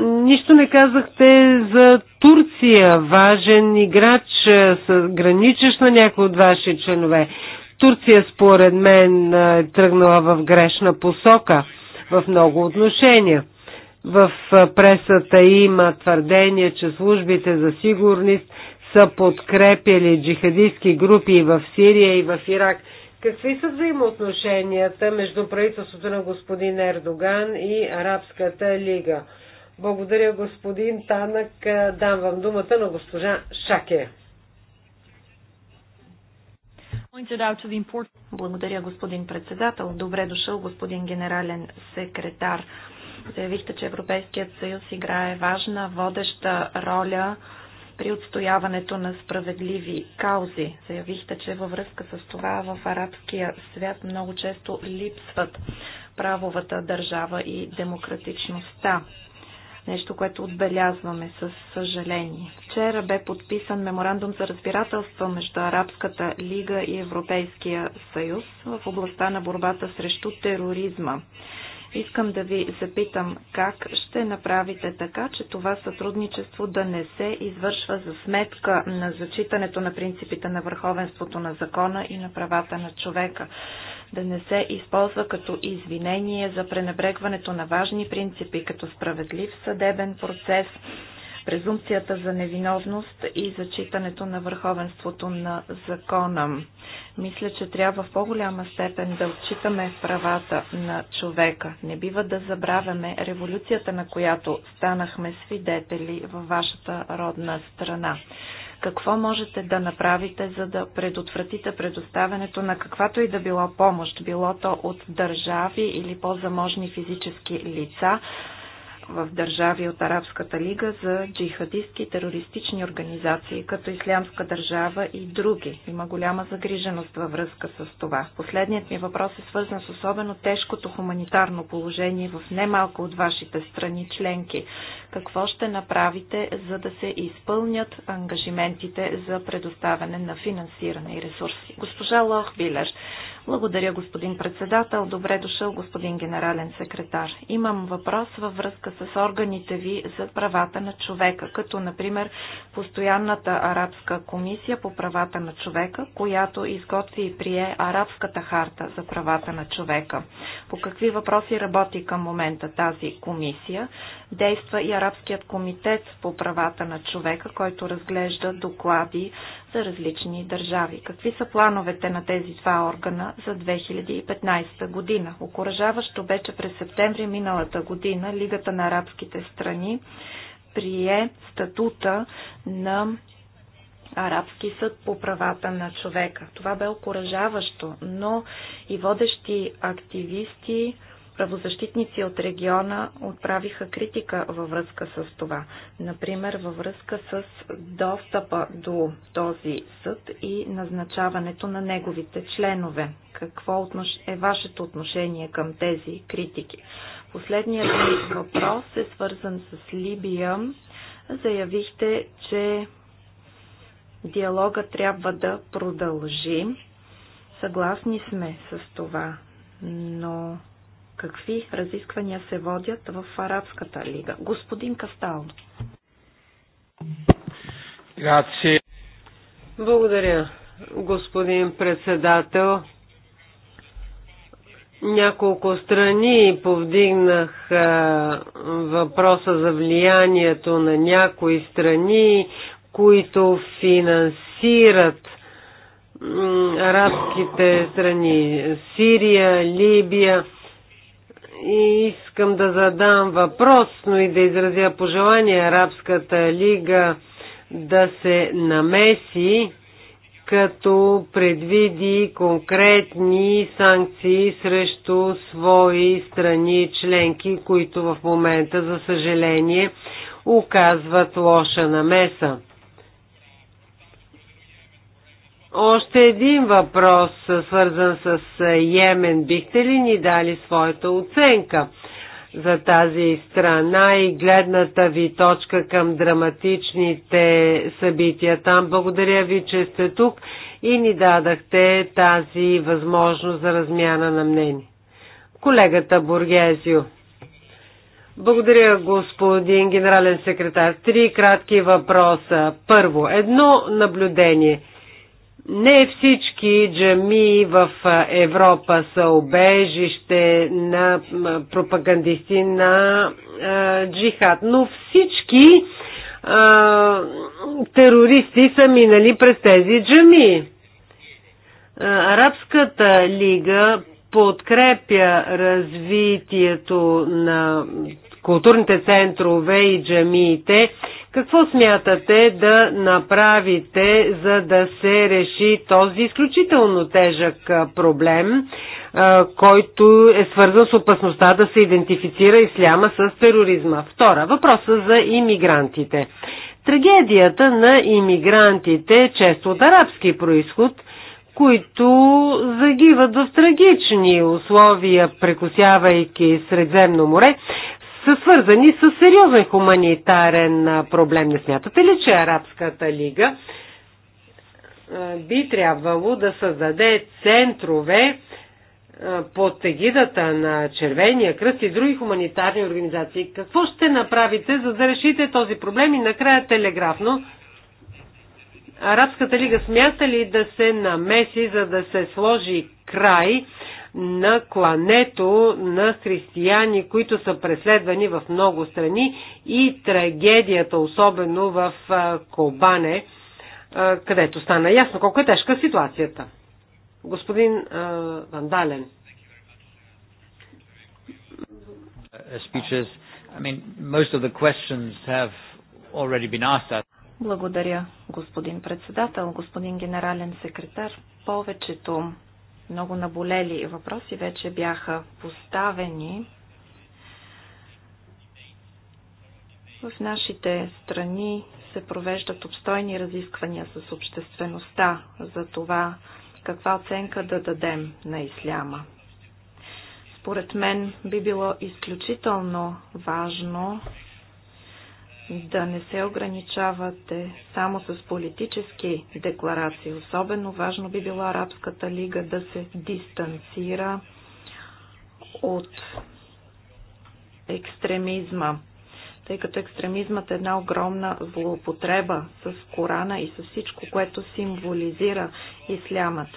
Нищо не казахте за Турция, важен играч, граничещ на някои от ваши членове. Турция, според мен, е тръгнала в грешна посока в много отношения. В пресата има твърдение, че службите за сигурност са подкрепили джихадистски групи и в Сирия, и в Ирак – Какви са взаимоотношенията между правителството на господин Ердоган и Арабската лига? Благодаря, господин Танък. Дам вам думата на госпожа Шаке. Благодаря, господин председател. Добре дошъл, господин генерален секретар. Заявихте, че Европейският съюз играе важна, водеща роля при отстояването на справедливи каузи. Заявихте, че във връзка с това в арабския свят много често липсват правовата държава и демократичността. Нещо, което отбелязваме с съжаление. Вчера бе подписан меморандум за разбирателство между Арабската лига и Европейския съюз в областта на борбата срещу тероризма. Искам да ви запитам как ще направите така, че това сътрудничество да не се извършва за сметка на зачитането на принципите на върховенството на закона и на правата на човека. Да не се използва като извинение за пренебрегването на важни принципи, като справедлив съдебен процес, презумпцията за невиновност и зачитането на върховенството на закона. Мисля, че трябва в по-голяма степен да отчитаме правата на човека. Не бива да забравяме революцията, на която станахме свидетели във вашата родна страна какво можете да направите, за да предотвратите предоставянето на каквато и да било помощ, било то от държави или по-заможни физически лица, в държави от Арабската лига за джихадистки терористични организации, като Ислямска държава и други. Има голяма загриженост във връзка с това. Последният ми въпрос е свързан с особено тежкото хуманитарно положение в немалко от вашите страни членки. Какво ще направите, за да се изпълнят ангажиментите за предоставяне на финансиране и ресурси? Госпожа Лох, Билер, благодаря, господин председател. Добре дошъл, господин генерален секретар. Имам въпрос във връзка с органите ви за правата на човека, като например Постоянната арабска комисия по правата на човека, която изготви и прие Арабската харта за правата на човека. По какви въпроси работи към момента тази комисия? действа и Арабският комитет по правата на човека, който разглежда доклади за различни държави. Какви са плановете на тези два органа за 2015 година? Окоръжаващо бе, че през септември миналата година Лигата на арабските страни прие статута на Арабски съд по правата на човека. Това бе окоръжаващо, но и водещи активисти правозащитници от региона отправиха критика във връзка с това. Например, във връзка с достъпа до този съд и назначаването на неговите членове. Какво е вашето отношение към тези критики? Последният ми въпрос е свързан с Либия. Заявихте, че диалога трябва да продължи. Съгласни сме с това, но какви разисквания се водят в Арабската лига. Господин Кастал. Грация. Благодаря, господин председател. Няколко страни повдигнах а, въпроса за влиянието на някои страни, които финансират арабските страни Сирия, Либия. И искам да задам въпрос, но и да изразя пожелание Арабската лига да се намеси, като предвиди конкретни санкции срещу свои страни членки, които в момента, за съжаление, оказват лоша намеса. Още един въпрос, свързан с Йемен. Бихте ли ни дали своята оценка за тази страна и гледната ви точка към драматичните събития там? Благодаря ви, че сте тук и ни дадахте тази възможност за размяна на мнение. Колегата Бургезио. Благодаря, господин генерален секретар. Три кратки въпроса. Първо, едно наблюдение – не всички джами в Европа са обежище на пропагандисти на джихад, но всички а, терористи са минали през тези джами. Арабската лига подкрепя развитието на културните центрове и джамиите. Какво смятате да направите, за да се реши този изключително тежък проблем, който е свързан с опасността да се идентифицира исляма с тероризма? Втора, въпроса за иммигрантите. Трагедията на иммигрантите, е често от арабски происход – които загиват в трагични условия, прекусявайки Средземно море, са свързани с сериозен хуманитарен проблем. Не смятате ли, че Арабската лига би трябвало да създаде центрове под егидата на Червения кръст и други хуманитарни организации? Какво ще направите, за да решите този проблем и накрая телеграфно? Арабската лига смята ли да се намеси, за да се сложи край на клането на християни, които са преследвани в много страни и трагедията, особено в Кобане, където стана ясно колко е тежка ситуацията. Господин Вандален. Uh, Благодаря, господин председател, господин генерален секретар. Повечето много наболели въпроси вече бяха поставени. В нашите страни се провеждат обстойни разисквания с обществеността за това каква оценка да дадем на исляма. Според мен би било изключително важно да не се ограничавате само с политически декларации. Особено важно би била Арабската лига да се дистанцира от екстремизма, тъй като екстремизмът е една огромна злоупотреба с Корана и с всичко, което символизира ислямът.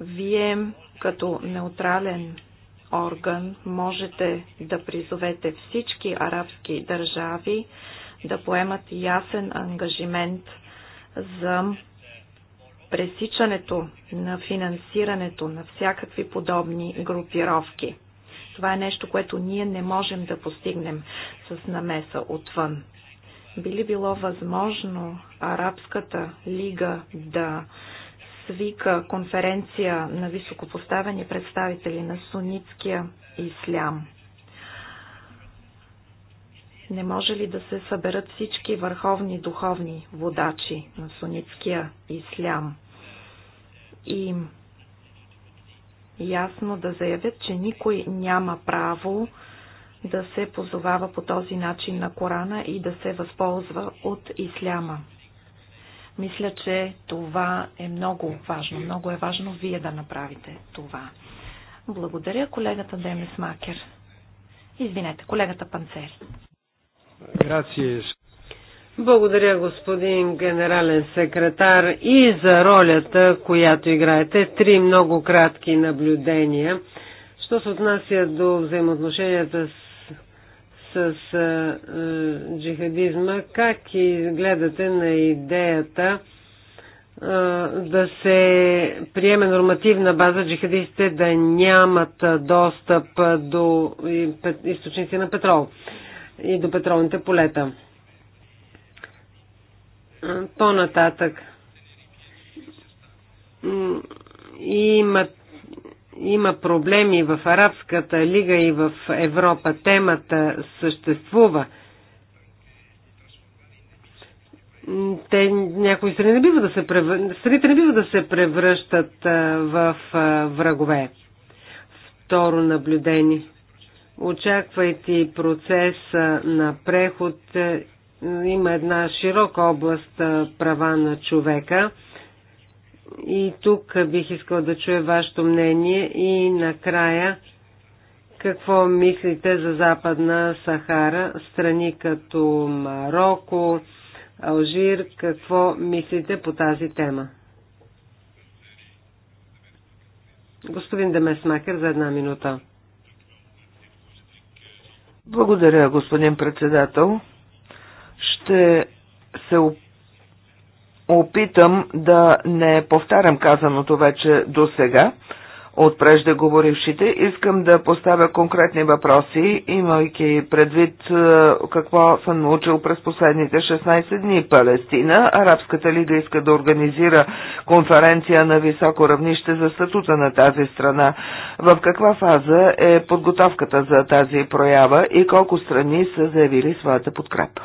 Вие като неутрален орган можете да призовете всички арабски държави да поемат ясен ангажимент за пресичането на финансирането на всякакви подобни групировки. Това е нещо, което ние не можем да постигнем с намеса отвън. Би ли било възможно Арабската лига да свика конференция на високопоставени представители на сунитския ислям. Не може ли да се съберат всички върховни духовни водачи на сунитския ислям и ясно да заявят, че никой няма право да се позовава по този начин на Корана и да се възползва от исляма. Мисля, че това е много важно. Много е важно вие да направите това. Благодаря колегата Демис Макер. Извинете, колегата Панцери. Грация. Благодаря, господин генерален секретар, и за ролята, която играете. Три много кратки наблюдения. Що се отнася до взаимоотношенията с а, джихадизма. Как изгледате на идеята а, да се приеме нормативна база джихадистите да нямат достъп до източници на петрол и до петролните полета? По-нататък имат има проблеми в Арабската лига и в Европа, темата съществува. Те, някои страни не бива да се превър... страните не бива да се превръщат в врагове. Второ наблюдение. Очаквайки процеса на преход, е, има една широка област права на човека – и тук бих искал да чуя вашето мнение и накрая какво мислите за Западна Сахара, страни като Марокко, Алжир, какво мислите по тази тема? Господин Демесмакер за една минута. Благодаря, господин председател. Ще се опитам опитам да не повтарям казаното вече до сега от преждеговорившите. Искам да поставя конкретни въпроси, имайки предвид е, какво съм научил през последните 16 дни. Палестина, Арабската лига иска да организира конференция на високо равнище за статута на тази страна. В каква фаза е подготовката за тази проява и колко страни са заявили своята подкрепа?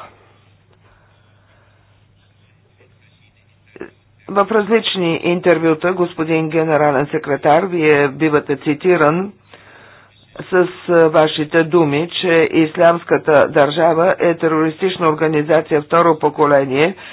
В различни интервюта, господин генерален секретар, вие бивате цитиран с вашите думи, че Ислямската държава е терористична организация второ поколение –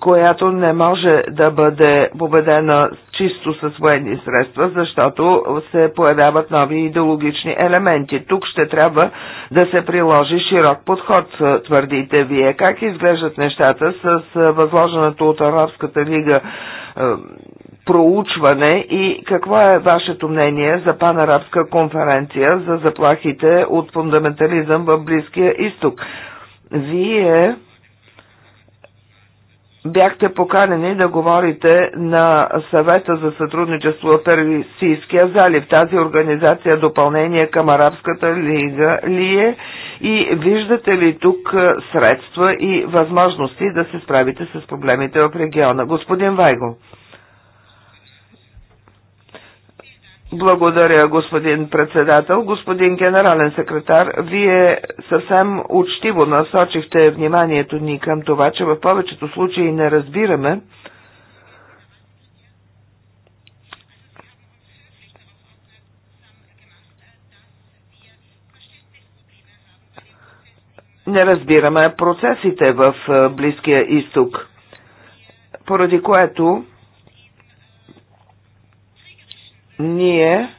която не може да бъде победена чисто с военни средства, защото се появяват нови идеологични елементи. Тук ще трябва да се приложи широк подход, твърдите вие. Как изглеждат нещата с възложеното от Арабската лига проучване и какво е вашето мнение за панарабска конференция за заплахите от фундаментализъм в Близкия изток? Вие бяхте поканени да говорите на съвета за сътрудничество в Персийския залив. Тази организация е допълнение към Арабската лига ли е и виждате ли тук средства и възможности да се справите с проблемите в региона? Господин Вайго. Благодаря, господин председател. Господин генерален секретар, вие съвсем учтиво насочихте вниманието ни към това, че в повечето случаи не разбираме не разбираме процесите в Близкия изток, поради което ние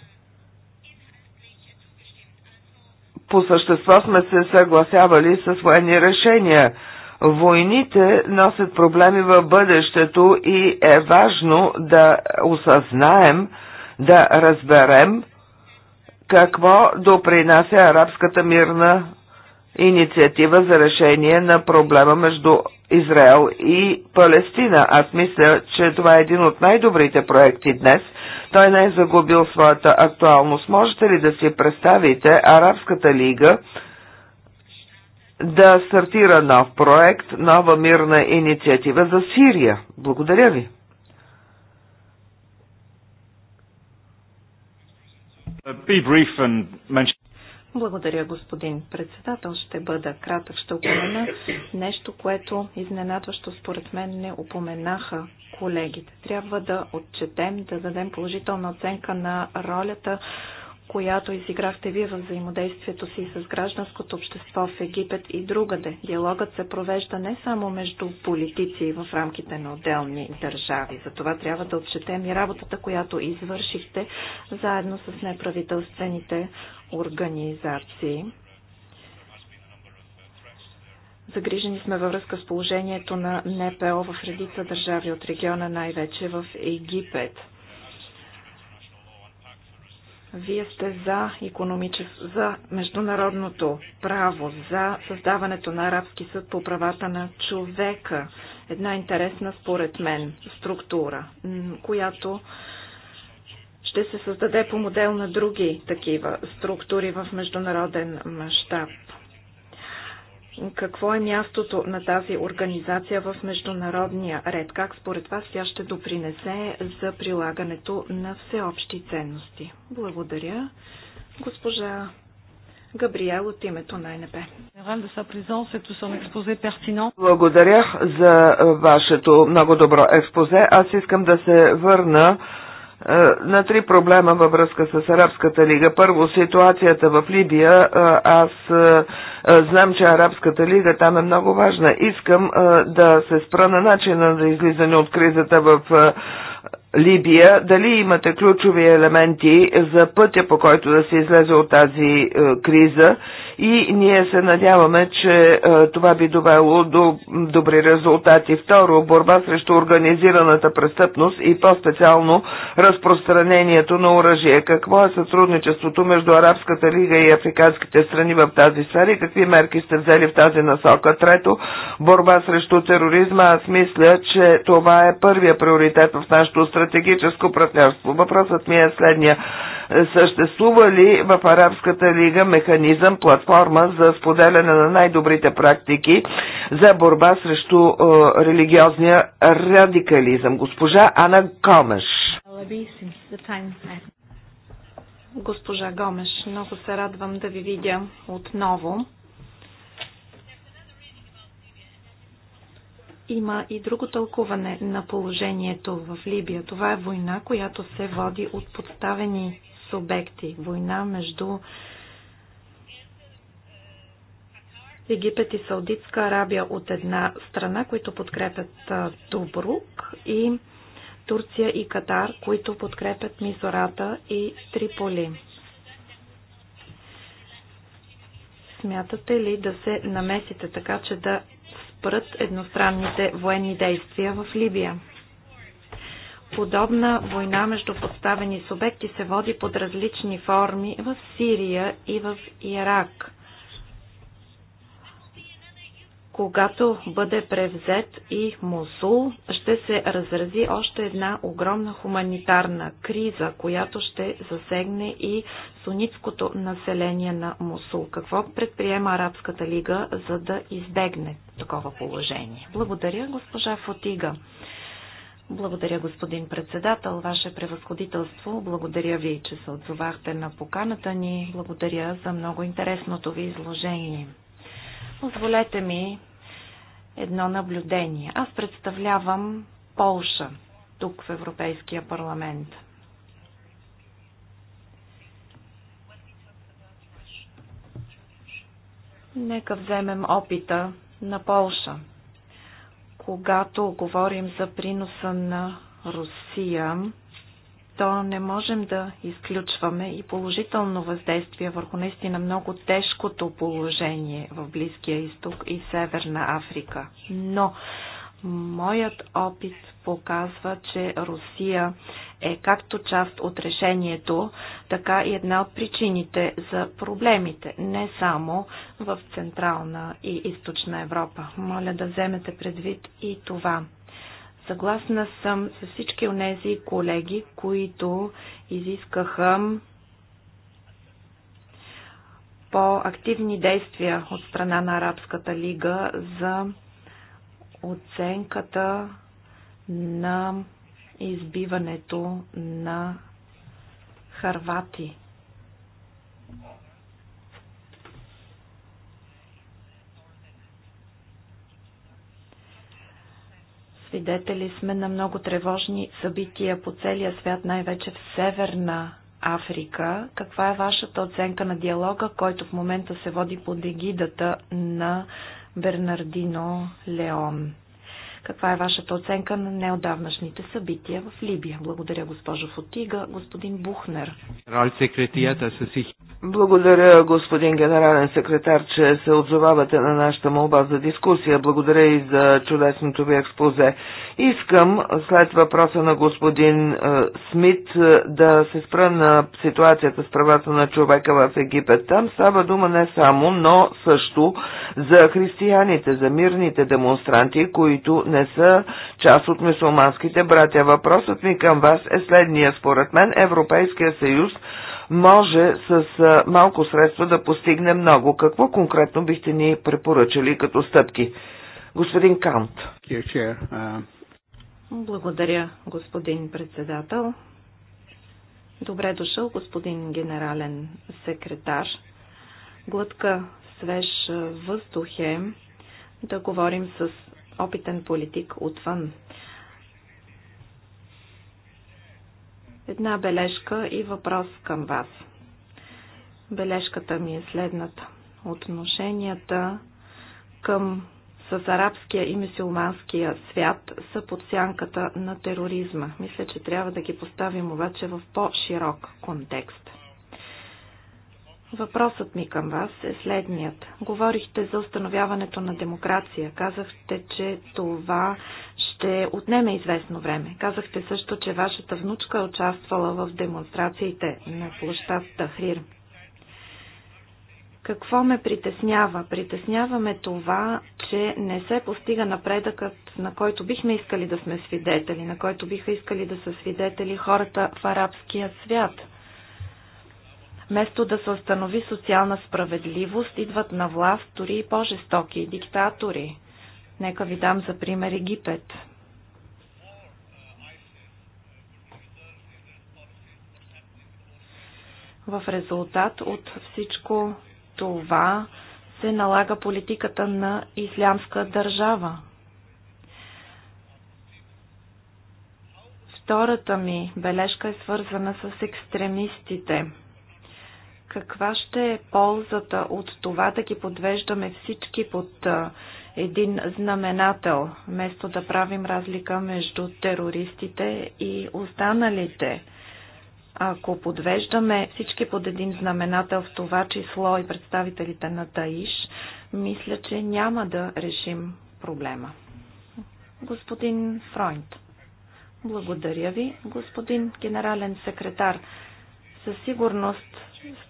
по същество сме се съгласявали с военни решения. Войните носят проблеми в бъдещето и е важно да осъзнаем, да разберем какво допринася арабската мирна инициатива за решение на проблема между Израел и Палестина. Аз мисля, че това е един от най-добрите проекти днес – той не е загубил своята актуалност. Можете ли да си представите Арабската лига да стартира нов проект, нова мирна инициатива за Сирия? Благодаря ви. Be brief and mention благодаря, господин председател. Ще бъда кратък. Ще упомена нещо, което изненадващо според мен не упоменаха колегите. Трябва да отчетем, да дадем положителна оценка на ролята, която изиграхте вие в взаимодействието си с гражданското общество в Египет и другаде. Диалогът се провежда не само между политици в рамките на отделни държави. Затова трябва да отчетем и работата, която извършихте заедно с неправителствените организации. Загрижени сме във връзка с положението на НПО в редица държави от региона, най-вече в Египет. Вие сте за, економичес... за международното право, за създаването на Арабски съд по правата на човека. Една интересна, според мен, структура, която ще се създаде по модел на други такива структури в международен мащаб. Какво е мястото на тази организация в международния ред? Как според вас тя ще допринесе за прилагането на всеобщи ценности? Благодаря. Госпожа Габриел от името на НП. Благодаря за вашето много добро експозе. Аз искам да се върна е, на три проблема във връзка с Арабската лига. Първо, ситуацията в Либия. Е, аз е, знам, че Арабската лига там е много важна. Искам да се спра на начина за излизане от кризата в Либия. Дали имате ключови елементи за пътя, по който да се излезе от тази криза? и ние се надяваме, че е, това би довело до добри резултати. Второ, борба срещу организираната престъпност и по-специално разпространението на оръжие. Какво е сътрудничеството между Арабската лига и африканските страни в тази сфера и какви мерки сте взели в тази насока? Трето, борба срещу тероризма. Аз мисля, че това е първия приоритет в нашето стратегическо партньорство. Въпросът ми е следния. Съществува ли в Арабската лига механизъм, платформа за споделяне на най-добрите практики за борба срещу е, религиозния радикализъм? Госпожа Ана Комеш. Госпожа Гомеш, много се радвам да ви видя отново. Има и друго тълкуване на положението в Либия. Това е война, която се води от подставени субекти. Война между Египет и Саудитска Арабия от една страна, които подкрепят Тубрук, и Турция и Катар, които подкрепят Мисората и Триполи. Смятате ли да се намесите така, че да спрат едностранните военни действия в Либия? Подобна война между подставени субекти се води под различни форми в Сирия и в Ирак. Когато бъде превзет и Мусул, ще се разрази още една огромна хуманитарна криза, която ще засегне и сунитското население на Мусул. Какво предприема Арабската лига, за да избегне такова положение? Благодаря, госпожа Фотига. Благодаря, господин председател. Ваше превъзходителство, благодаря ви, че се отзовахте на поканата ни. Благодаря за много интересното ви изложение. Позволете ми едно наблюдение. Аз представлявам Полша тук в Европейския парламент. Нека вземем опита на Полша когато говорим за приноса на Русия, то не можем да изключваме и положително въздействие върху наистина много тежкото положение в Близкия изток и Северна Африка. Но Моят опит показва, че Русия е както част от решението, така и една от причините за проблемите, не само в Централна и Източна Европа. Моля да вземете предвид и това. Съгласна съм с всички от тези колеги, които изискаха по-активни действия от страна на Арабската лига за оценката на избиването на харвати. Свидетели сме на много тревожни събития по целия свят, най-вече в Северна Африка. Каква е вашата оценка на диалога, който в момента се води под егидата на Бернардино Леон? Каква е вашата оценка на неодавнашните събития в Либия? Благодаря, госпожо Фотига. Господин Бухнер. Благодаря, господин генерален секретар, че се отзовавате на нашата молба за дискусия. Благодаря и за чудесното ви експозе. Искам, след въпроса на господин е, Смит, е, да се спра на ситуацията с правата на човека в Египет. Там става дума не само, но също за християните, за мирните демонстранти, които не не са част от мусулманските братя. Въпросът ми към вас е следния. Според мен Европейския съюз може с малко средства да постигне много. Какво конкретно бихте ни препоръчали като стъпки? Господин Кант. Благодаря, господин председател. Добре дошъл, господин генерален секретар. Глътка свеж въздух е да говорим с опитен политик отвън. Една бележка и въпрос към вас. Бележката ми е следната. Отношенията към с арабския и мусулманския свят са под сянката на тероризма. Мисля, че трябва да ги поставим обаче в по-широк контекст. Въпросът ми към вас е следният. Говорихте за установяването на демокрация. Казахте, че това ще отнеме известно време. Казахте също, че вашата внучка е участвала в демонстрациите на площад Тахрир. Какво ме притеснява? Притесняваме това, че не се постига напредъкът, на който бихме искали да сме свидетели, на който биха искали да са свидетели хората в арабския свят – Вместо да се установи социална справедливост, идват на власт дори и по-жестоки диктатори. Нека ви дам за пример Египет. В резултат от всичко това се налага политиката на ислямска държава. Втората ми бележка е свързана с екстремистите – каква ще е ползата от това да ги подвеждаме всички под един знаменател, вместо да правим разлика между терористите и останалите. Ако подвеждаме всички под един знаменател в това число и представителите на Таиш, мисля, че няма да решим проблема. Господин Фройнт. Благодаря ви, господин генерален секретар. Със сигурност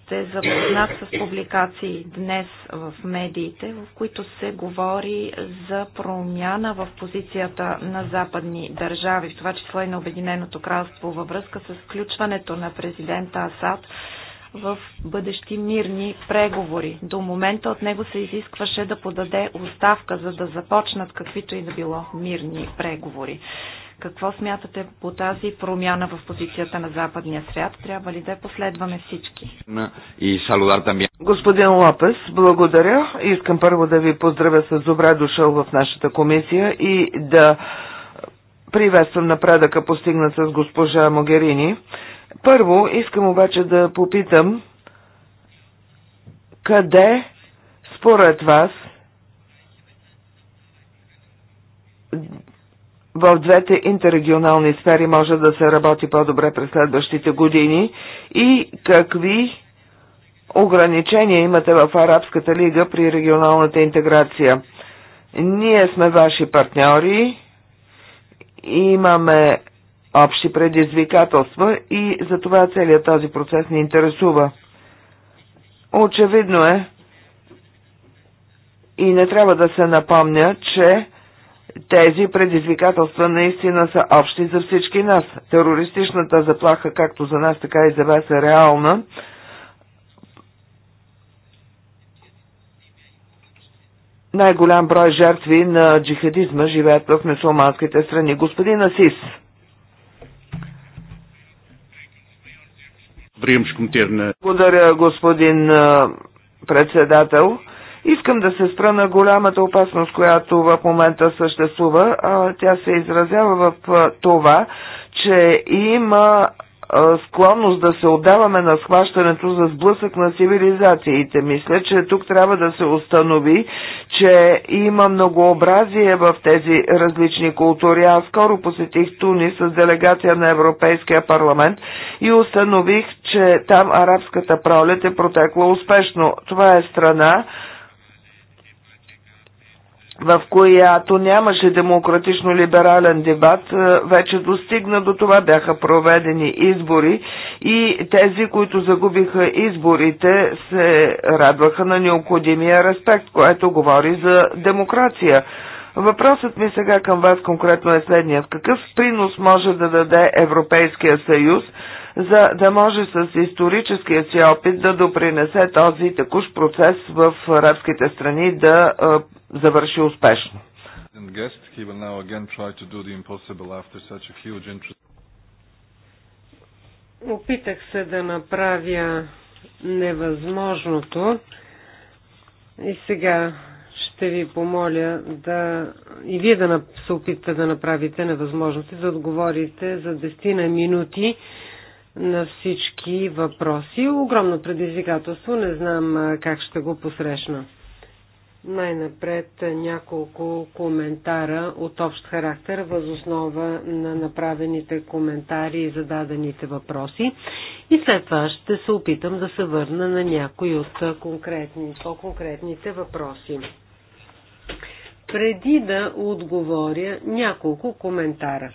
сте запознат с публикации днес в медиите, в които се говори за промяна в позицията на западни държави, в това число и на Обединеното кралство, във връзка с включването на президента Асад в бъдещи мирни преговори. До момента от него се изискваше да подаде оставка, за да започнат каквито и да било мирни преговори. Какво смятате по тази промяна в позицията на западния свят? Трябва ли да я последваме всички? И Господин Лопес, благодаря. Искам първо да ви поздравя с добре дошъл в нашата комисия и да приветствам напредъка постигнат с госпожа Могерини. Първо искам обаче да попитам къде според вас в двете интеррегионални сфери може да се работи по-добре през следващите години и какви ограничения имате в Арабската лига при регионалната интеграция. Ние сме ваши партньори, имаме общи предизвикателства и за това целият този процес ни интересува. Очевидно е и не трябва да се напомня, че тези предизвикателства наистина са общи за всички нас. Терористичната заплаха, както за нас, така и за вас, е реална. Най-голям брой жертви на джихадизма живеят в мусулманските страни. Господин Асис. Благодаря, господин председател. Искам да се спра на голямата опасност, която в момента съществува. Тя се изразява в това, че има склонност да се отдаваме на схващането за сблъсък на цивилизациите. Мисля, че тук трябва да се установи, че има многообразие в тези различни култури. Аз скоро посетих Туни с делегация на Европейския парламент и установих, че там арабската пролет е протекла успешно. Това е страна, в която нямаше демократично-либерален дебат, е, вече достигна до това, бяха проведени избори и тези, които загубиха изборите, се радваха на необходимия респект, което говори за демокрация. Въпросът ми сега към вас конкретно е следният. Какъв принос може да даде Европейския съюз за да може с историческия си опит да допринесе този текущ процес в арабските страни да завърши успешно. Опитах се да направя невъзможното и сега ще ви помоля да и вие да се опитате да направите невъзможности, да отговорите за 10 на минути на всички въпроси. Огромно предизвикателство, не знам как ще го посрещна. Най-напред няколко коментара от общ характер, възоснова на направените коментари и зададените въпроси. И след това ще се опитам да се върна на някои от конкретни, по-конкретните въпроси. Преди да отговоря няколко коментара.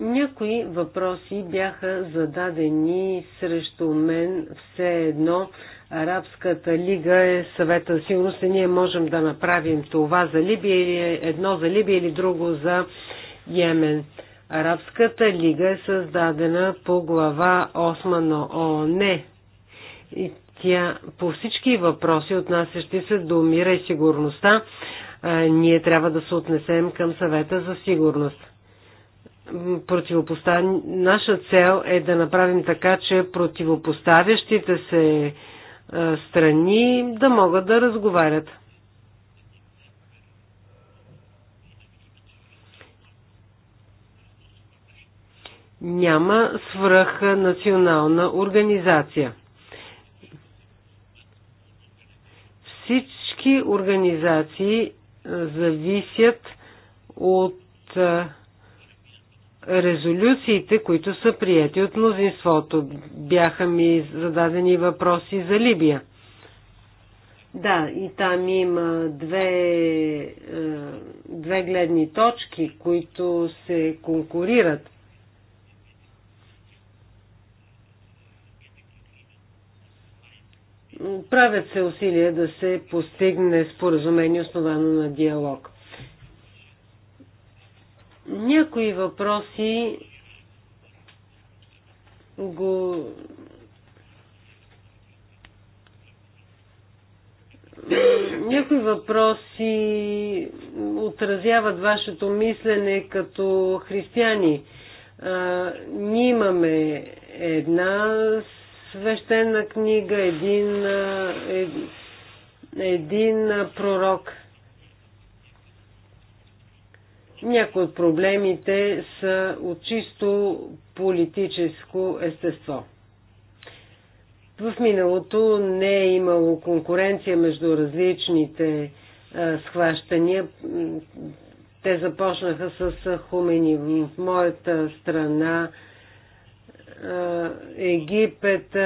Някои въпроси бяха зададени срещу мен все едно. Арабската лига е съвета сигурност и ние можем да направим това за Либия или едно за Либия или друго за Йемен. Арабската лига е създадена по глава 8 на ООН. И тя по всички въпроси, отнасящи се до мира и сигурността, ние трябва да се отнесем към съвета за сигурност противопоставя... Наша цел е да направим така, че противопоставящите се страни да могат да разговарят. Няма свръх национална организация. Всички организации зависят от резолюциите, които са прияти от мнозинството. Бяха ми зададени въпроси за Либия. Да, и там има две, е, две гледни точки, които се конкурират. Правят се усилия да се постигне споразумение, основано на диалог. Някои въпроси го някои въпроси отразяват вашето мислене като християни. А, ние имаме една свещена книга, един, един пророк – някои от проблемите са от чисто политическо естество. В миналото не е имало конкуренция между различните а, е, схващания. Те започнаха с е, хумени. В моята страна а, е, Египет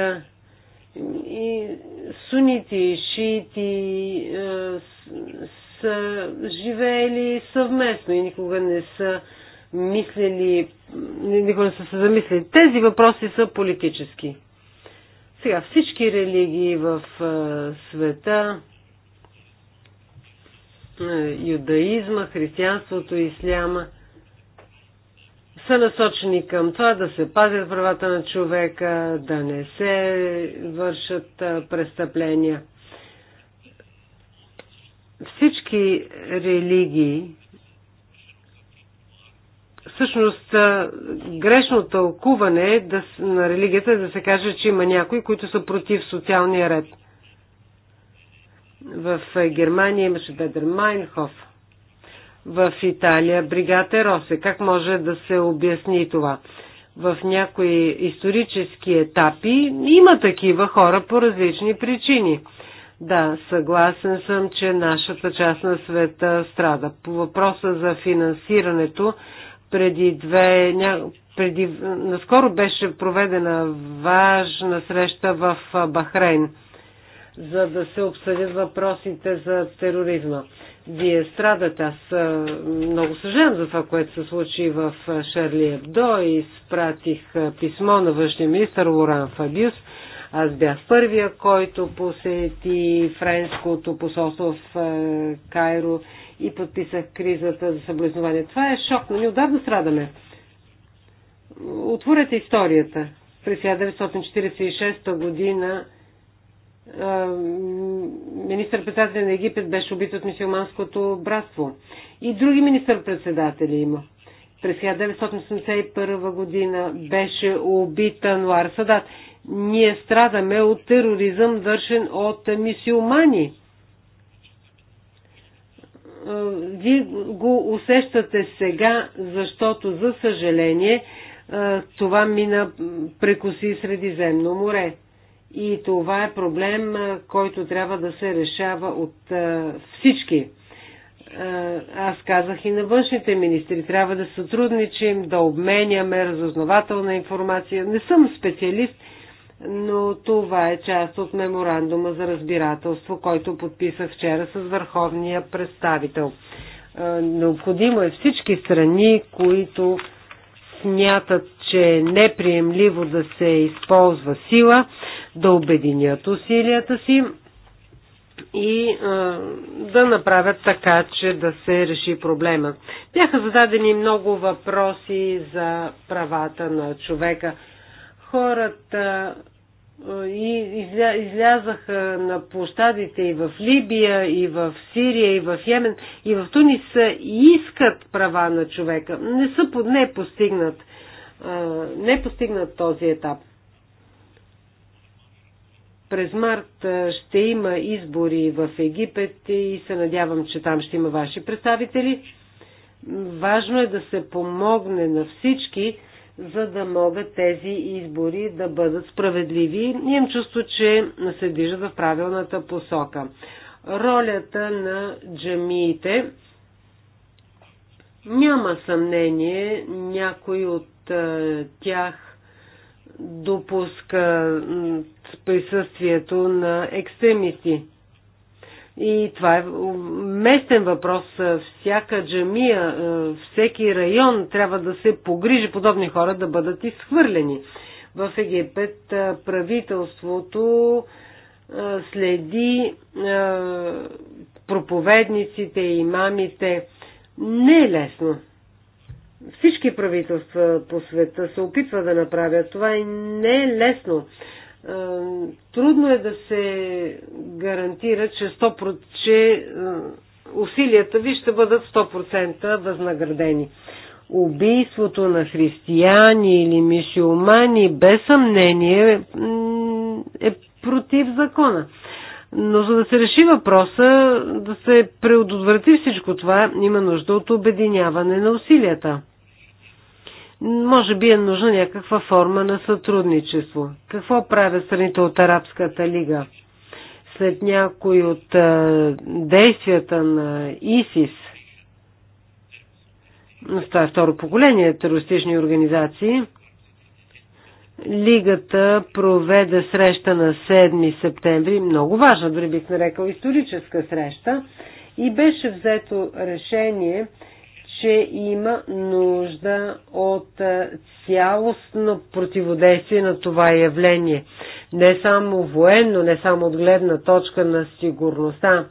и сунити, шиити, са живеели съвместно и никога не са мислили, никога не са се замислили. Тези въпроси са политически. Сега всички религии в света, юдаизма, християнството, исляма, са насочени към това да се пазят правата на човека, да не се вършат престъпления – всички религии всъщност грешно тълкуване е да, на религията е да се каже, че има някои, които са против социалния ред. В Германия имаше Бедер Майнхоф. В Италия бригата Росе. Как може да се обясни това? В някои исторически етапи има такива хора по различни причини. Да, съгласен съм, че нашата част на света страда. По въпроса за финансирането, преди две, ня... преди... наскоро беше проведена важна среща в Бахрейн, за да се обсъдят въпросите за тероризма. Вие страдате. Аз много съжалявам за това, което се случи в Шерли Ебдо и спратих писмо на външния министр Лоран Фабиус – аз бях първия, който посети френското посолство в е, Кайро и подписах кризата за съблизнование. Това е шок, но ни отдавна страдаме. Отворете историята. През 1946 година е, министър председател на Египет беше убит от мисиоманското братство. И други министър-председатели има. През 1981 година беше убит Ануар Садат ние страдаме от тероризъм, вършен от мисиомани. Вие го усещате сега, защото, за съжаление, това мина прекоси Средиземно море. И това е проблем, който трябва да се решава от всички. Аз казах и на външните министри, трябва да сътрудничим, да обменяме разузнавателна информация. Не съм специалист, но това е част от меморандума за разбирателство, който подписах вчера с върховния представител. Е, необходимо е всички страни, които смятат, че е неприемливо да се използва сила, да обединят усилията си и а, е, да направят така, че да се реши проблема. Бяха зададени много въпроси за правата на човека. Хората и изля, излязаха на площадите и в Либия, и в Сирия, и в Йемен, и в Тунис искат права на човека. Не са под, не е постигнат, не е постигнат този етап. През март ще има избори в Египет и се надявам, че там ще има ваши представители. Важно е да се помогне на всички, за да могат тези избори да бъдат справедливи. Имам чувство, че се движат в правилната посока. Ролята на джамиите няма съмнение, някой от тях допуска присъствието на екстремисти. И това е местен въпрос. Всяка джамия, е, всеки район трябва да се погрижи подобни хора да бъдат изхвърлени. В Египет е, правителството е, следи проповедниците, имамите. Не е лесно. Всички правителства по света се опитват да направят това и не е лесно. Е, трудно е да се гарантира, че, 100%, че е, усилията ви ще бъдат 100% възнаградени. Убийството на християни или мисиомани, без съмнение, е против закона. Но за да се реши въпроса, да се преодотврати всичко това, има нужда от обединяване на усилията може би е нужна някаква форма на сътрудничество. Какво правят страните от Арабската лига? След някои от действията на ИСИС, това е второ поколение терористични организации, Лигата проведе среща на 7 септември, много важна, дори бих нарекал историческа среща, и беше взето решение, че има нужда от цялостно противодействие на това явление. Не само военно, не само от гледна точка на сигурността.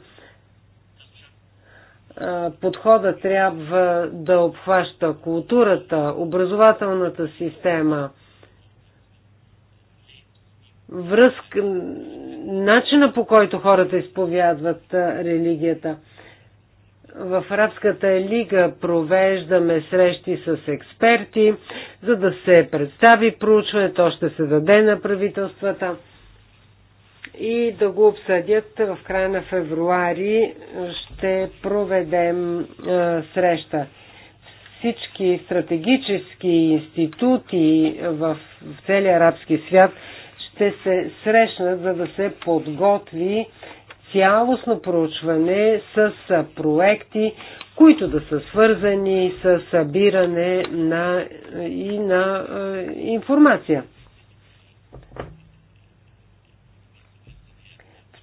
Подходът трябва да обхваща културата, образователната система, връзка, начина по който хората изповядват религията – в Арабската лига провеждаме срещи с експерти, за да се представи проучване, то ще се даде на правителствата и да го обсъдят в края на февруари. Ще проведем е, среща. Всички стратегически институти в, в целия арабски свят ще се срещнат, за да се подготви цялостно проучване с проекти, които да са свързани с събиране на, и на информация.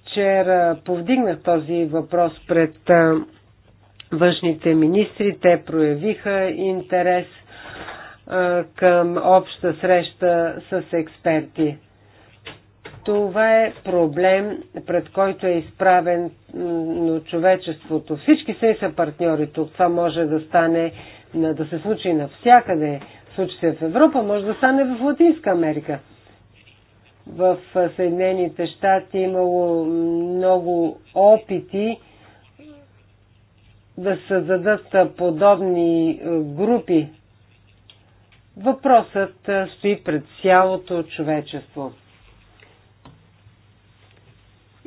Вчера повдигнах този въпрос пред външните министри. Те проявиха интерес към обща среща с експерти. Това е проблем, пред който е изправен човечеството. Всички се са партньори тук. Това може да стане, да се случи навсякъде. Случи се в Европа, може да стане в Латинска Америка. В Съединените щати е имало много опити да създадат подобни е, групи. Въпросът е, стои пред цялото човечество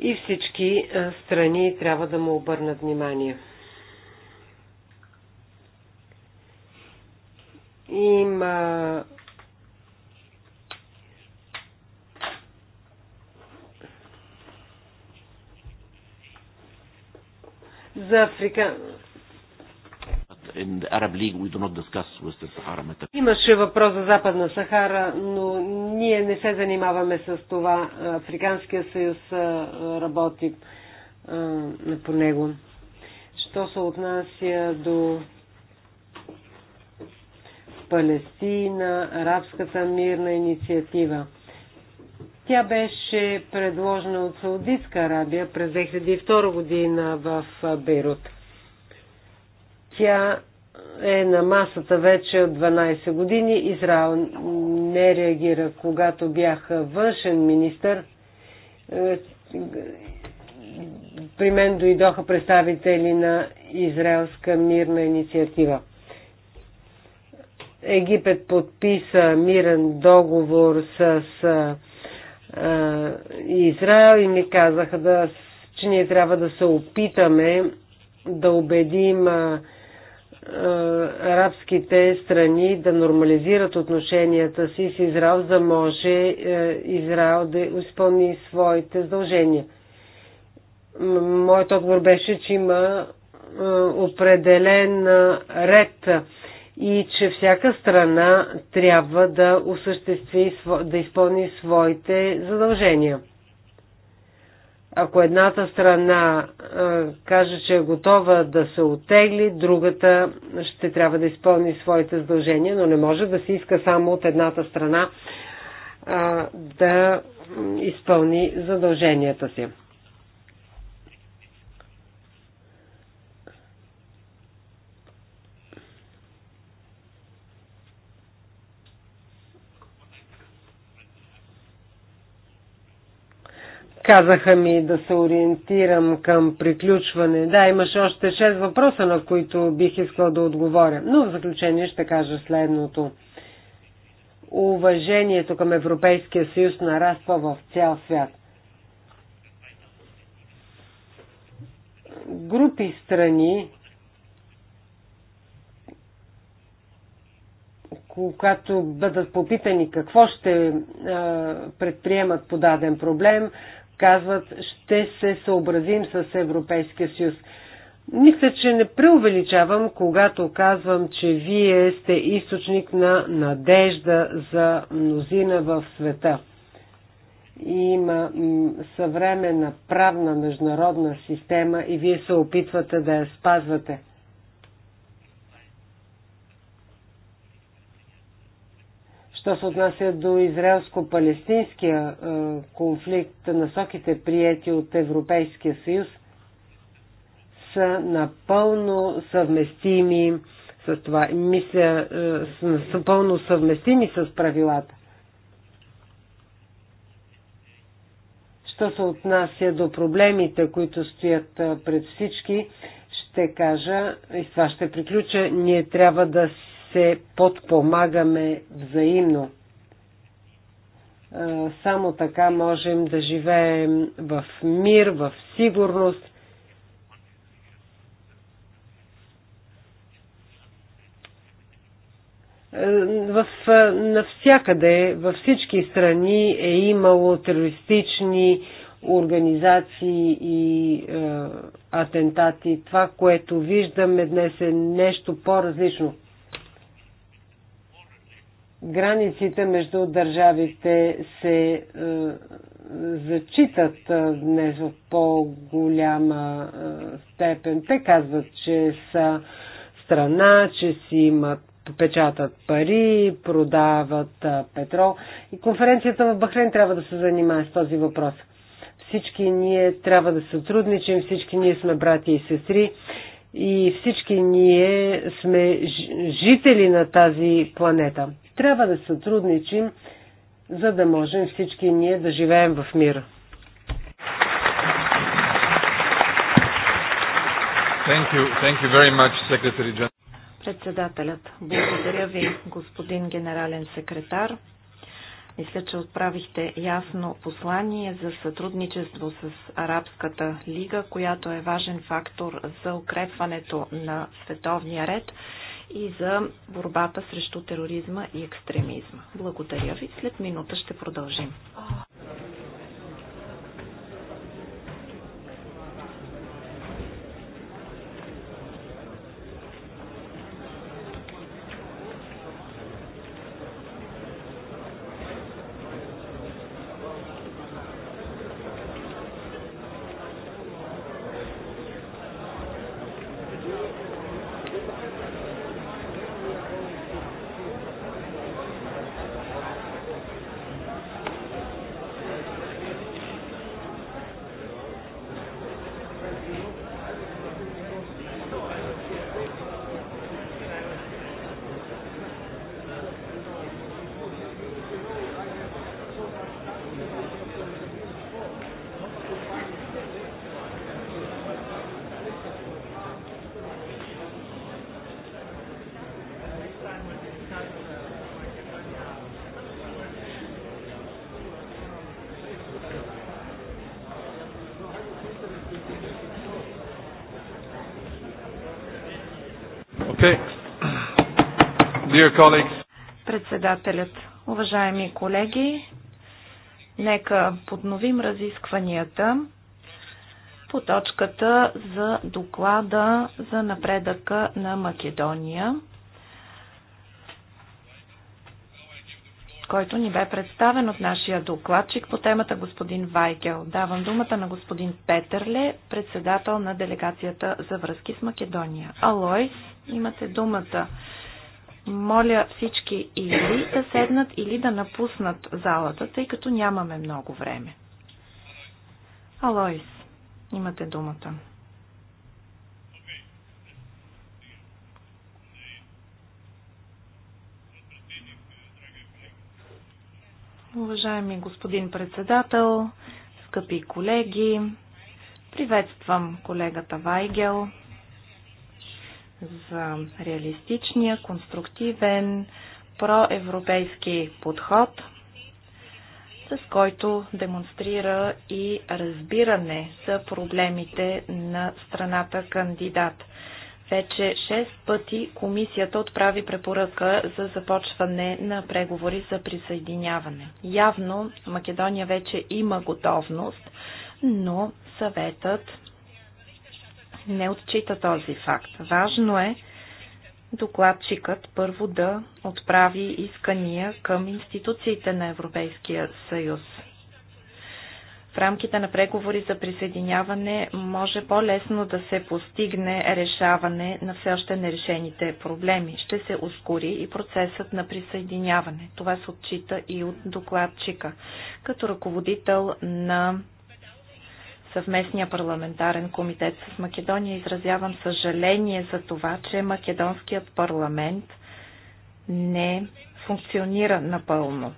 и всички е, страни трябва да му обърнат внимание. Има за Африка in the Arab League we do not discuss Western Sahara matter. Имаше въпрос за Западна Сахара, но ние не се занимаваме с това. Африканския съюз работи по него. Що се отнася до Палестина, арабската мирна инициатива. Тя беше предложена от Саудитска Арабия през 2002 година в Бейрут. Тя е на масата вече от 12 години. Израел не реагира, когато бях външен министр. Е, при мен дойдоха представители на Израелска мирна инициатива. Египет подписа мирен договор с а, е, Израел и ми казаха, да, че ние трябва да се опитаме да убедим а, е, арабските страни да нормализират отношенията си с Израел, за да може е, Израел да изпълни своите задължения. Моят отговор беше, че има е, определен е, ред и че всяка страна трябва да осъществи, да изпълни своите задължения. Ако едната страна а, каже, че е готова да се отегли, другата ще трябва да изпълни своите задължения, но не може да се иска само от едната страна а, да изпълни задълженията си. Казаха ми да се ориентирам към приключване. Да, имаше още 6 въпроса, на които бих искал да отговоря. Но в заключение ще кажа следното. Уважението към Европейския съюз нараства в цял свят. Групи страни, когато бъдат попитани какво ще предприемат по даден проблем, казват, ще се съобразим с Европейския съюз. Мисля, че не преувеличавам, когато казвам, че вие сте източник на надежда за мнозина в света. Има съвременна правна международна система и вие се опитвате да я спазвате. Що се отнася до израелско-палестинския е, конфликт, насоките приети от Европейския съюз са напълно съвместими с това. Мисля, е, са напълно съвместими с правилата. Що се отнася до проблемите, които стоят е, пред всички, ще кажа, и с това ще приключа, ние трябва да се подпомагаме взаимно. Само така можем да живеем в мир, в сигурност. В, навсякъде, във всички страни е имало терористични организации и е, атентати. Това, което виждаме днес е нещо по-различно границите между държавите се е, зачитат е, днес в по-голяма е, степен. Те казват, че са страна, че си имат печатат пари, продават е, петрол. И конференцията в Бахрейн трябва да се занимае с този въпрос. Всички ние трябва да сътрудничим, всички ние сме брати и сестри и всички ние сме жители на тази планета. Трябва да сътрудничим, за да можем всички ние да живеем в мира. Thank you. Thank you very much, Председателят, благодаря ви, господин генерален секретар. Мисля, че отправихте ясно послание за сътрудничество с Арабската лига, която е важен фактор за укрепването на световния ред и за борбата срещу тероризма и екстремизма. Благодаря ви. След минута ще продължим. Председателят, уважаеми колеги, нека подновим разискванията по точката за доклада за напредъка на Македония, който ни бе представен от нашия докладчик по темата господин Вайгел. Давам думата на господин Петърле, председател на делегацията за връзки с Македония. Алойс, имате думата. Моля всички или да седнат, или да напуснат залата, тъй като нямаме много време. Алоис, имате думата. Уважаеми господин председател, скъпи колеги, приветствам колегата Вайгел, за реалистичния, конструктивен, проевропейски подход, с който демонстрира и разбиране за проблемите на страната кандидат. Вече 6 пъти комисията отправи препоръка за започване на преговори за присъединяване. Явно Македония вече има готовност, но съветът не отчита този факт. Важно е докладчикът първо да отправи искания към институциите на Европейския съюз. В рамките на преговори за присъединяване може по-лесно да се постигне решаване на все още нерешените проблеми. Ще се ускори и процесът на присъединяване. Това се отчита и от докладчика. Като ръководител на съвместния парламентарен комитет с Македония. Изразявам съжаление за това, че македонският парламент не функционира напълно.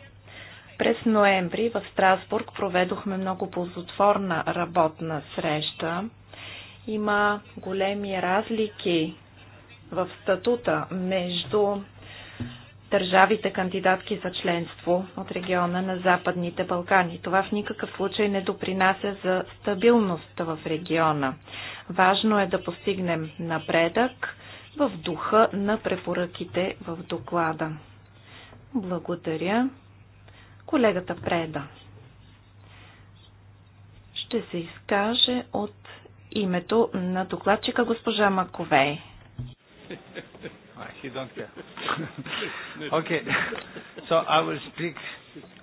През ноември в Страсбург проведохме много ползотворна работна среща. Има големи разлики в статута между държавите кандидатки за членство от региона на Западните Балкани. Това в никакъв случай не допринася за стабилност в региона. Важно е да постигнем напредък в духа на препоръките в доклада. Благодаря. Колегата Преда ще се изкаже от името на докладчика госпожа Маковей. He don't care. okay. So I will speak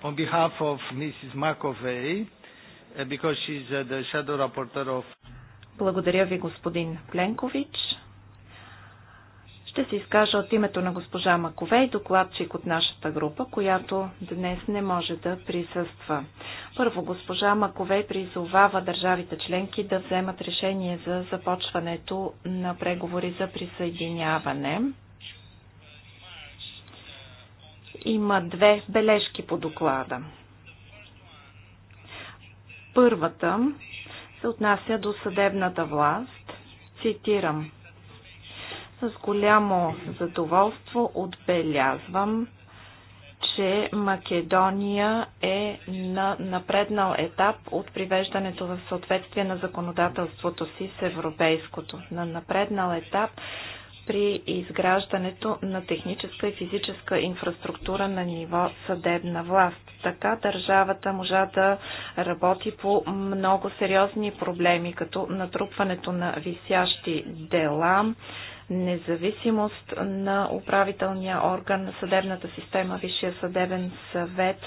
on behalf of Mrs. McAvey because she's the shadow rapporteur of Благодаря ви, господин Пленкович. Ще се изкажа от името на госпожа Маковей, докладчик от нашата група, която днес не може да присъства. Първо, госпожа Маковей призовава държавите членки да вземат решение за започването на преговори за присъединяване. Има две бележки по доклада. Първата се отнася до съдебната власт. Цитирам с голямо задоволство отбелязвам, че Македония е на напреднал етап от привеждането в съответствие на законодателството си с европейското. На напреднал етап при изграждането на техническа и физическа инфраструктура на ниво съдебна власт. Така държавата можа да работи по много сериозни проблеми, като натрупването на висящи дела, независимост на управителния орган на съдебната система, Висшия съдебен съвет,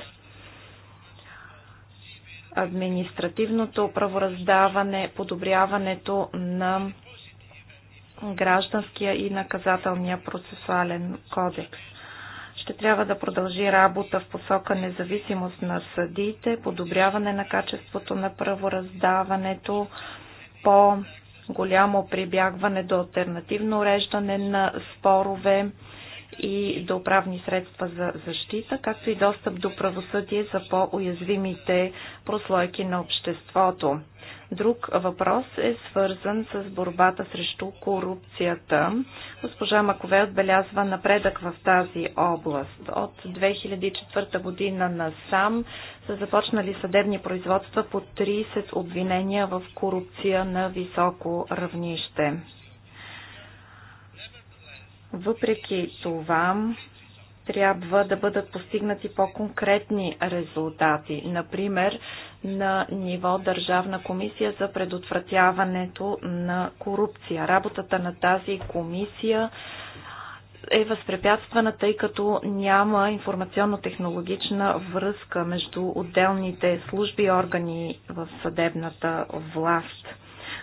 административното правораздаване, подобряването на гражданския и наказателния процесуален кодекс. Ще трябва да продължи работа в посока независимост на съдите, подобряване на качеството на правораздаването, по голямо прибягване до альтернативно уреждане на спорове, и до правни средства за защита, както и достъп до правосъдие за по-уязвимите прослойки на обществото. Друг въпрос е свързан с борбата срещу корупцията. Госпожа Макове отбелязва напредък в тази област. От 2004 година насам са започнали съдебни производства по 30 обвинения в корупция на високо равнище. Въпреки това, трябва да бъдат постигнати по-конкретни резултати, например на ниво Държавна комисия за предотвратяването на корупция. Работата на тази комисия е възпрепятствана, тъй като няма информационно-технологична връзка между отделните служби и органи в съдебната власт.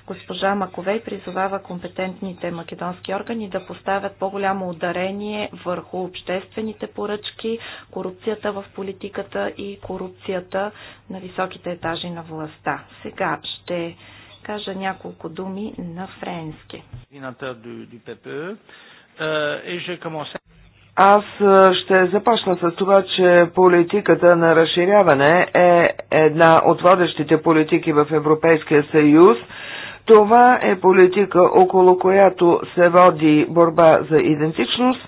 Госпожа Маковей призовава компетентните македонски органи да поставят по-голямо ударение върху обществените поръчки, корупцията в политиката и корупцията на високите етажи на властта. Сега ще кажа няколко думи на френски. Е, е, Аз е, ще започна с това, че политиката на разширяване е една от водещите политики в Европейския съюз това е политика, около която се води борба за идентичност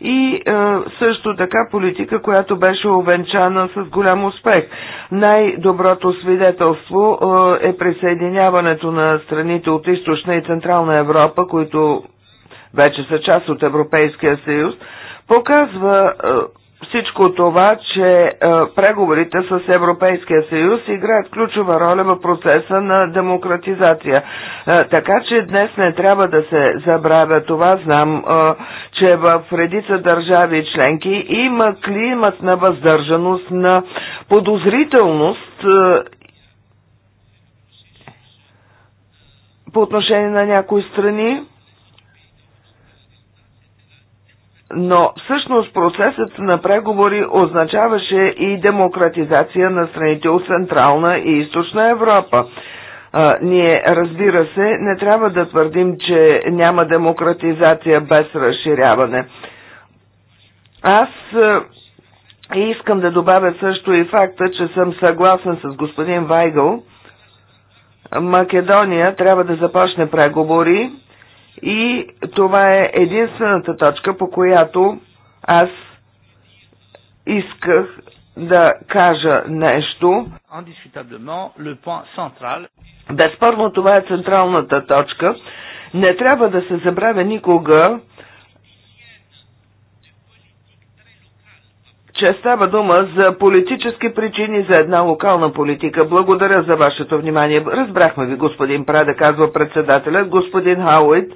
и е, също така политика, която беше овенчана с голям успех. Най-доброто свидетелство е, е присъединяването на страните от източна и централна Европа, които вече са част от Европейския съюз, показва е, всичко това, че е, преговорите с Европейския съюз играят ключова роля в процеса на демократизация. Е, така че днес не трябва да се забравя това. Знам, е, че в редица държави и членки има климат на въздържаност, на подозрителност по отношение на някои страни. но всъщност процесът на преговори означаваше и демократизация на страните от Централна и Източна Европа. А, ние, разбира се, не трябва да твърдим, че няма демократизация без разширяване. Аз а, искам да добавя също и факта, че съм съгласен с господин Вайгъл. Македония трябва да започне преговори и това е единствената точка, по която аз исках да кажа нещо. Безспорно това е централната точка. Не трябва да се забравя никога, че става дума за политически причини за една локална политика. Благодаря за вашето внимание. Разбрахме ви, господин Прада, казва председателят господин Хауит.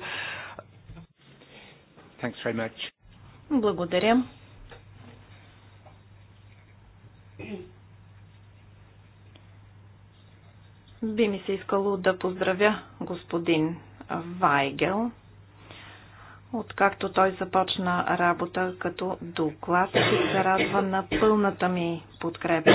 Благодаря. Би ми се искало да поздравя господин Вайгел Откакто той започна работа като докладчик, зарадва на пълната ми подкрепа.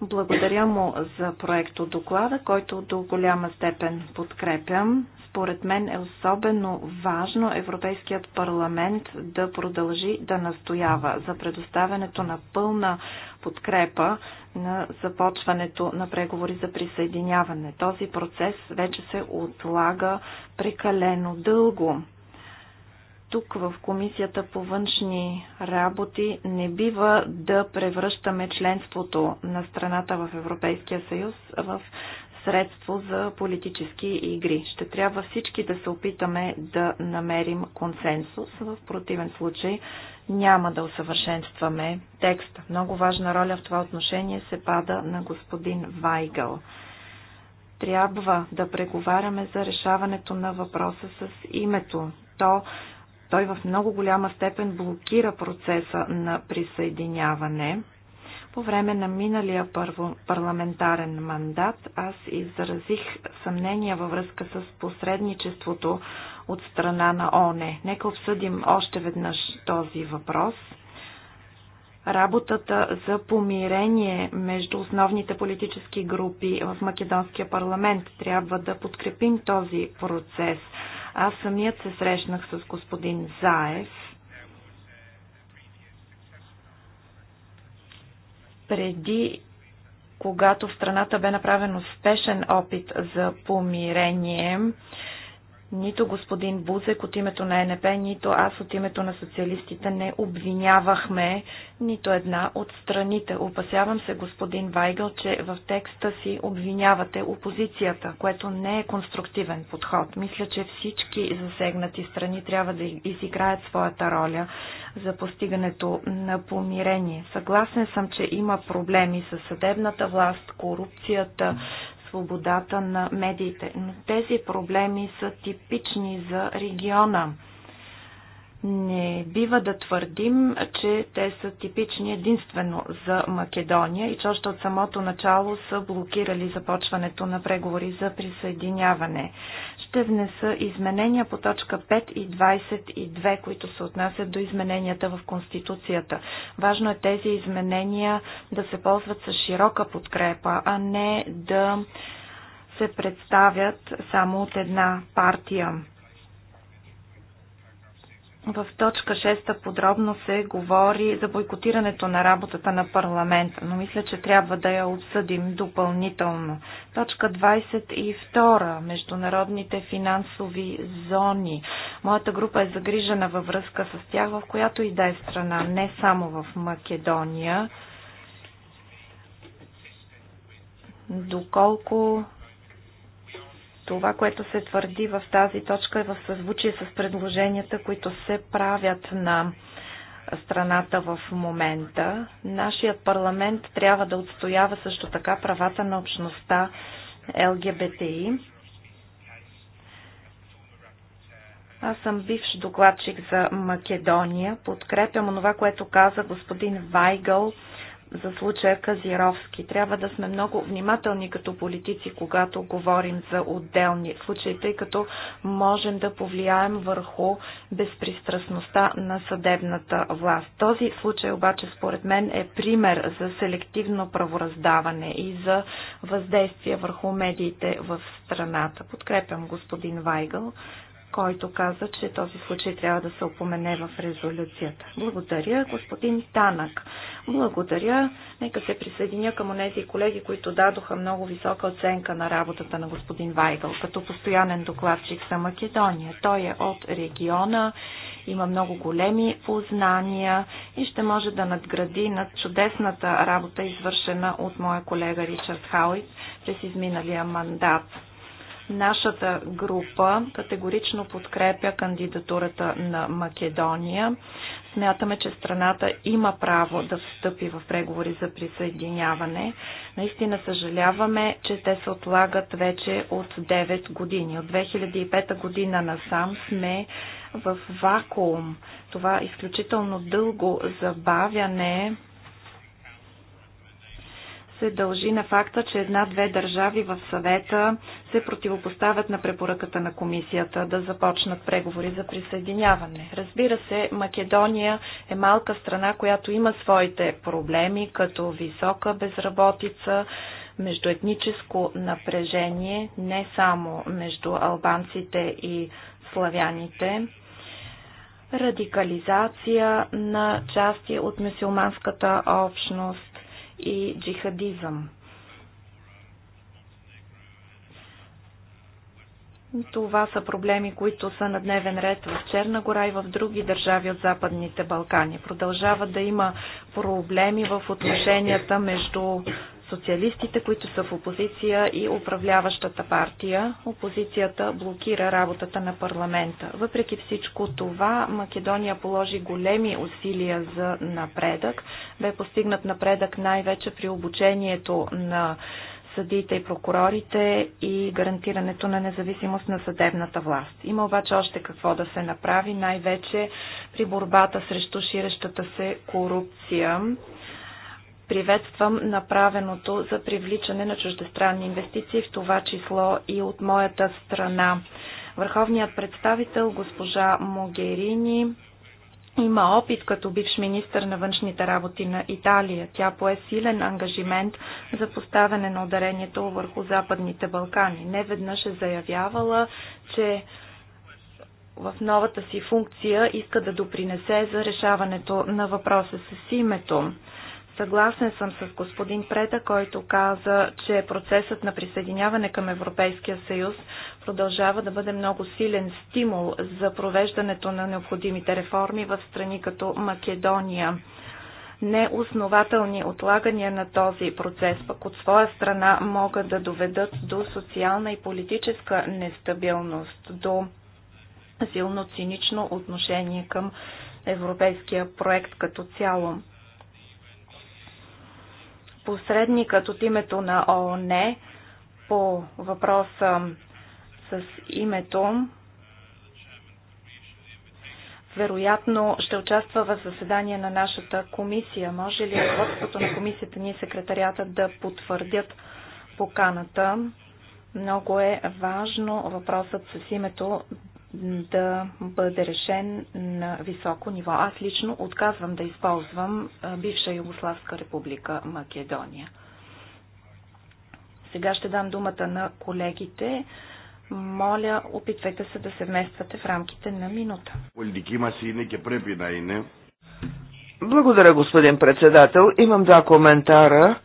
Благодаря му за проекто доклада, който до голяма степен подкрепям. Според мен е особено важно Европейският парламент да продължи да настоява за предоставянето на пълна подкрепа на започването на преговори за присъединяване. Този процес вече се отлага прекалено дълго тук в Комисията по външни работи не бива да превръщаме членството на страната в Европейския съюз в средство за политически игри. Ще трябва всички да се опитаме да намерим консенсус. В противен случай няма да усъвършенстваме текста. Много важна роля в това отношение се пада на господин Вайгъл. Трябва да преговаряме за решаването на въпроса с името. То той в много голяма степен блокира процеса на присъединяване. По време на миналия първо парламентарен мандат аз изразих съмнения във връзка с посредничеството от страна на ОНЕ. Нека обсъдим още веднъж този въпрос. Работата за помирение между основните политически групи в Македонския парламент трябва да подкрепим този процес. Аз самият се срещнах с господин Заев преди когато в страната бе направен успешен опит за помирение, нито господин Бузек от името на ЕНП, нито аз от името на социалистите не обвинявахме нито една от страните. Опасявам се, господин Вайгъл, че в текста си обвинявате опозицията, което не е конструктивен подход. Мисля, че всички засегнати страни трябва да изиграят своята роля за постигането на помирение. Съгласен съм, че има проблеми с съдебната власт, корупцията, свободата на медиите. Но тези проблеми са типични за региона. Не бива да твърдим, че те са типични единствено за Македония и че още от самото начало са блокирали започването на преговори за присъединяване ще внеса изменения по точка 5 и 22, които се отнасят до измененията в Конституцията. Важно е тези изменения да се ползват с широка подкрепа, а не да се представят само от една партия. В точка 6 подробно се говори за бойкотирането на работата на парламента, но мисля, че трябва да я обсъдим допълнително. Точка 22. Международните финансови зони. Моята група е загрижена във връзка с тях, в която и да е страна, не само в Македония. Доколко това, което се твърди в тази точка е в съзвучие с предложенията, които се правят на страната в момента. Нашият парламент трябва да отстоява също така правата на общността ЛГБТИ. Аз съм бивш докладчик за Македония. Подкрепям това, което каза господин Вайгъл за случая Казировски. Трябва да сме много внимателни като политици, когато говорим за отделни случаи, тъй като можем да повлияем върху безпристрастността на съдебната власт. Този случай обаче според мен е пример за селективно правораздаване и за въздействие върху медиите в страната. Подкрепям господин Вайгъл който каза, че този случай трябва да се опомене в резолюцията. Благодаря, господин Танък. Благодаря. Нека се присъединя към тези колеги, които дадоха много висока оценка на работата на господин Вайгъл, като постоянен докладчик за Македония. Той е от региона, има много големи познания и ще може да надгради над чудесната работа, извършена от моя колега Ричард Хауит през изминалия мандат. Нашата група категорично подкрепя кандидатурата на Македония. Смятаме, че страната има право да встъпи в преговори за присъединяване. Наистина съжаляваме, че те се отлагат вече от 9 години. От 2005 година насам сме в вакуум. Това изключително дълго забавяне се дължи на факта, че една-две държави в съвета се противопоставят на препоръката на комисията да започнат преговори за присъединяване. Разбира се, Македония е малка страна, която има своите проблеми, като висока безработица, междуетническо напрежение, не само между албанците и славяните, радикализация на части от мусулманската общност, и джихадизъм. Това са проблеми, които са на дневен ред в Черна гора и в други държави от Западните Балкани. Продължава да има проблеми в отношенията между социалистите, които са в опозиция и управляващата партия. Опозицията блокира работата на парламента. Въпреки всичко това, Македония положи големи усилия за напредък. Бе постигнат напредък най-вече при обучението на съдиите и прокурорите и гарантирането на независимост на съдебната власт. Има обаче още какво да се направи, най-вече при борбата срещу ширещата се корупция. Приветствам направеното за привличане на чуждестранни инвестиции, в това число и от моята страна. Върховният представител госпожа Могерини има опит като бивш министр на външните работи на Италия. Тя пое силен ангажимент за поставяне на ударението върху Западните Балкани. Не веднъж е заявявала, че в новата си функция иска да допринесе за решаването на въпроса с името. Съгласен съм с господин Преда, който каза, че процесът на присъединяване към Европейския съюз продължава да бъде много силен стимул за провеждането на необходимите реформи в страни като Македония. Неоснователни отлагания на този процес пък от своя страна могат да доведат до социална и политическа нестабилност, до силно цинично отношение към европейския проект като цяло посредникът от името на ООН по въпроса с името вероятно ще участва в заседание на нашата комисия. Може ли ръководството на комисията ни и секретарията да потвърдят поканата? Много е важно въпросът с името да бъде решен на високо ниво. Аз лично отказвам да използвам бивша Югославска република Македония. Сега ще дам думата на колегите. Моля, опитвайте се да се вмествате в рамките на минута. си препи Благодаря, господин председател. Имам два коментара.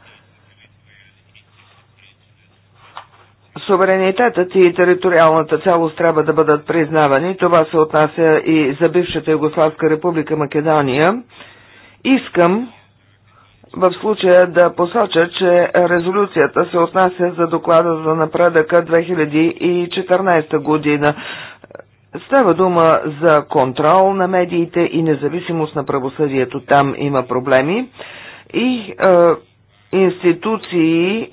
суверенитетът и териториалната цялост трябва да бъдат признавани. Това се отнася и за бившата Югославска република Македония. Искам в случая да посоча, че резолюцията се отнася за доклада за напредъка 2014 година. Става дума за контрол на медиите и независимост на правосъдието. Там има проблеми. И е, институции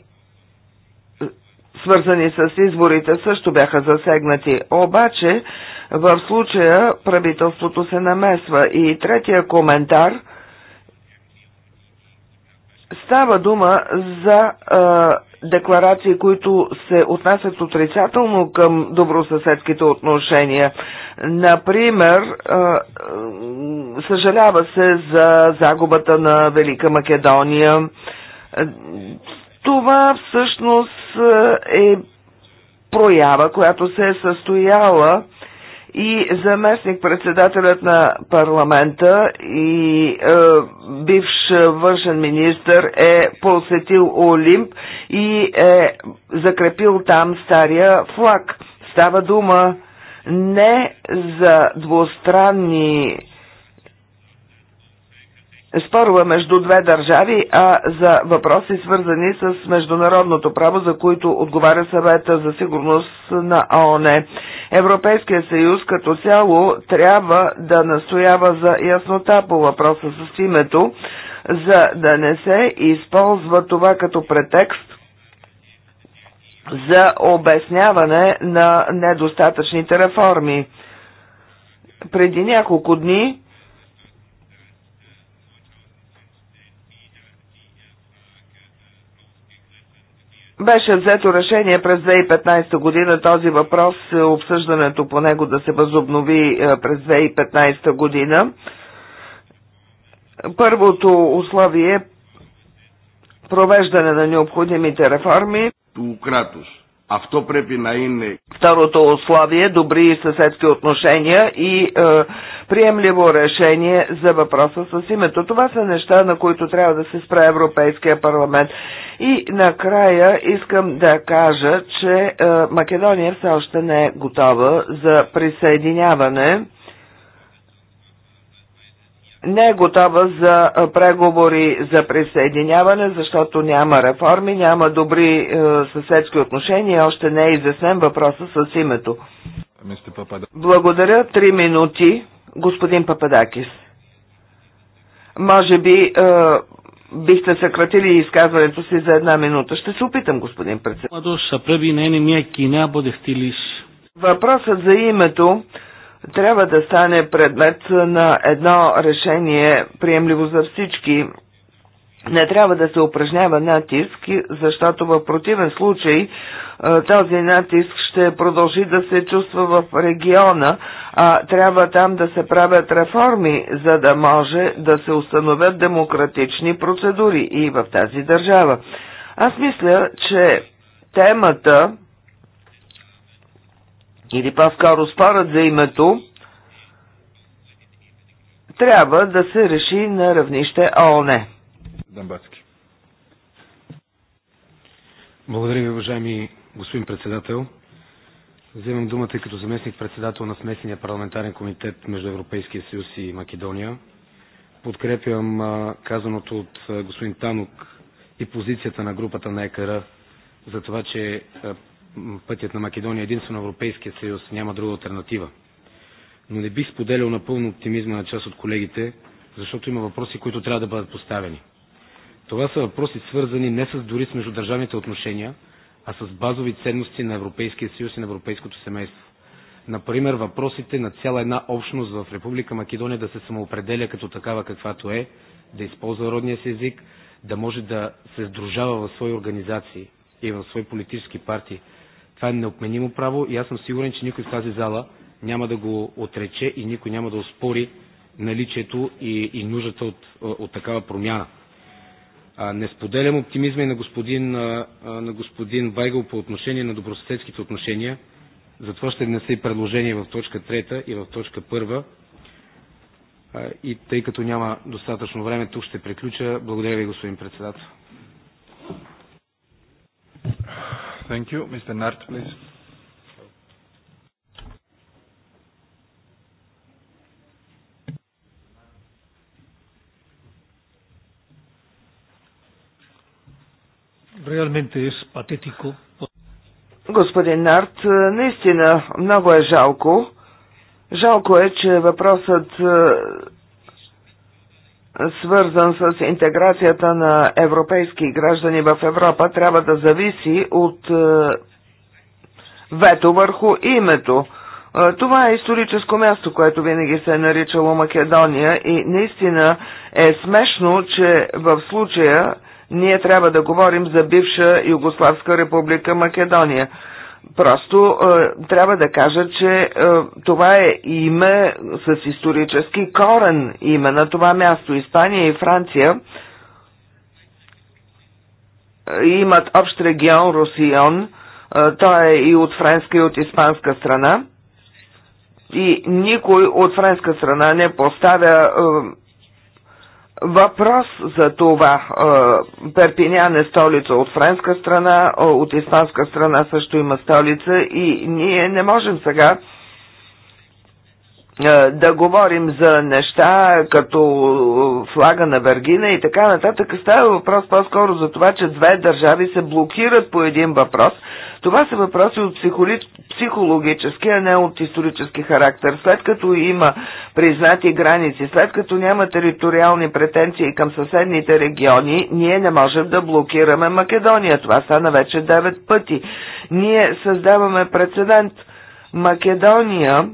свързани с изборите, също бяха засегнати. Обаче, в случая правителството се намесва. И третия коментар става дума за а, декларации, които се отнасят отрицателно към добросъседските отношения. Например, съжалява се за загубата на Велика Македония. Това всъщност е проява, която се е състояла и заместник-председателят на парламента и е, бивш външен министр е посетил Олимп и е закрепил там стария флаг. Става дума не за двустранни спорове между две държави, а за въпроси свързани с международното право, за които отговаря съвета за сигурност на ООН. Европейския съюз като цяло трябва да настоява за яснота по въпроса с името, за да не се използва това като претекст за обясняване на недостатъчните реформи. Преди няколко дни Беше взето решение през 2015 година този въпрос, е, обсъждането по него да се възобнови е, през 2015 година. Първото условие е провеждане на необходимите реформи. По Αυτό πρέπει να είναι. Второто условие – добри съседски отношения и е, приемливо решение за въпроса с името. Това са неща, на които трябва да се спре Европейския парламент. И накрая искам да кажа, че е, Македония все още не е готова за присъединяване не е готова за преговори за присъединяване, защото няма реформи, няма добри е, съседски отношения, още не е изяснен въпроса с името. Благодаря. Три минути, господин Пападакис. Може би е, бихте съкратили изказването си за една минута. Ще се опитам, господин председател. Е Въпросът за името трябва да стане предмет на едно решение, приемливо за всички. Не трябва да се упражнява натиск, защото в противен случай е, този натиск ще продължи да се чувства в региона, а трябва там да се правят реформи, за да може да се установят демократични процедури и в тази държава. Аз мисля, че темата или по-скоро спорът за името, трябва да се реши на равнище ООН. Дамбацки. Благодаря ви, уважаеми господин председател. Вземам думата и като заместник председател на смесения парламентарен комитет между Европейския съюз и Македония. Подкрепям казаното от господин Танук и позицията на групата на ЕКР за това, че пътят на Македония е единствено Европейския съюз, няма друга альтернатива. Но не бих споделял напълно оптимизма на част от колегите, защото има въпроси, които трябва да бъдат поставени. Това са въпроси свързани не с дори с междудържавните отношения, а с базови ценности на Европейския съюз и на европейското семейство. Например, въпросите на цяла една общност в Република Македония да се самоопределя като такава каквато е, да използва родния си език, да може да се сдружава в свои организации и в свои политически партии, това е неотменимо право и аз съм сигурен, че никой в тази зала няма да го отрече и никой няма да успори наличието и, и нуждата от, от такава промяна. А, не споделям оптимизма и на господин, а, на господин Байгъл по отношение на добросъседските отношения. Затова ще внеса и предложение в точка 3 и в точка 1. А, и тъй като няма достатъчно време, тук ще приключа. Благодаря ви, господин председател. Thank you. Mr. Nart, please. Realmente es patético. Господин Нарт, наистина много е жалко. Жалко е, че въпросът свързан с интеграцията на европейски граждани в Европа, трябва да зависи от е, вето върху името. Е, това е историческо място, което винаги се е наричало Македония и наистина е смешно, че в случая ние трябва да говорим за бивша Югославска република Македония. Просто е, трябва да кажа, че е, това е име с исторически корен име на това място. Испания и Франция е, имат общ регион Русион. Е, той е и от френска и от испанска страна. И никой от френска страна не поставя е, Въпрос за това. Е, Перпинян е столица от френска страна, е, от испанска страна също има столица и ние не можем сега е, да говорим за неща като флага на Вергина и така нататък. Става въпрос по-скоро за това, че две държави се блокират по един въпрос, това са въпроси от психоли... психологически, а не от исторически характер. След като има признати граници, след като няма териториални претенции към съседните региони, ние не можем да блокираме Македония. Това стана вече 9 пъти. Ние създаваме прецедент. Македония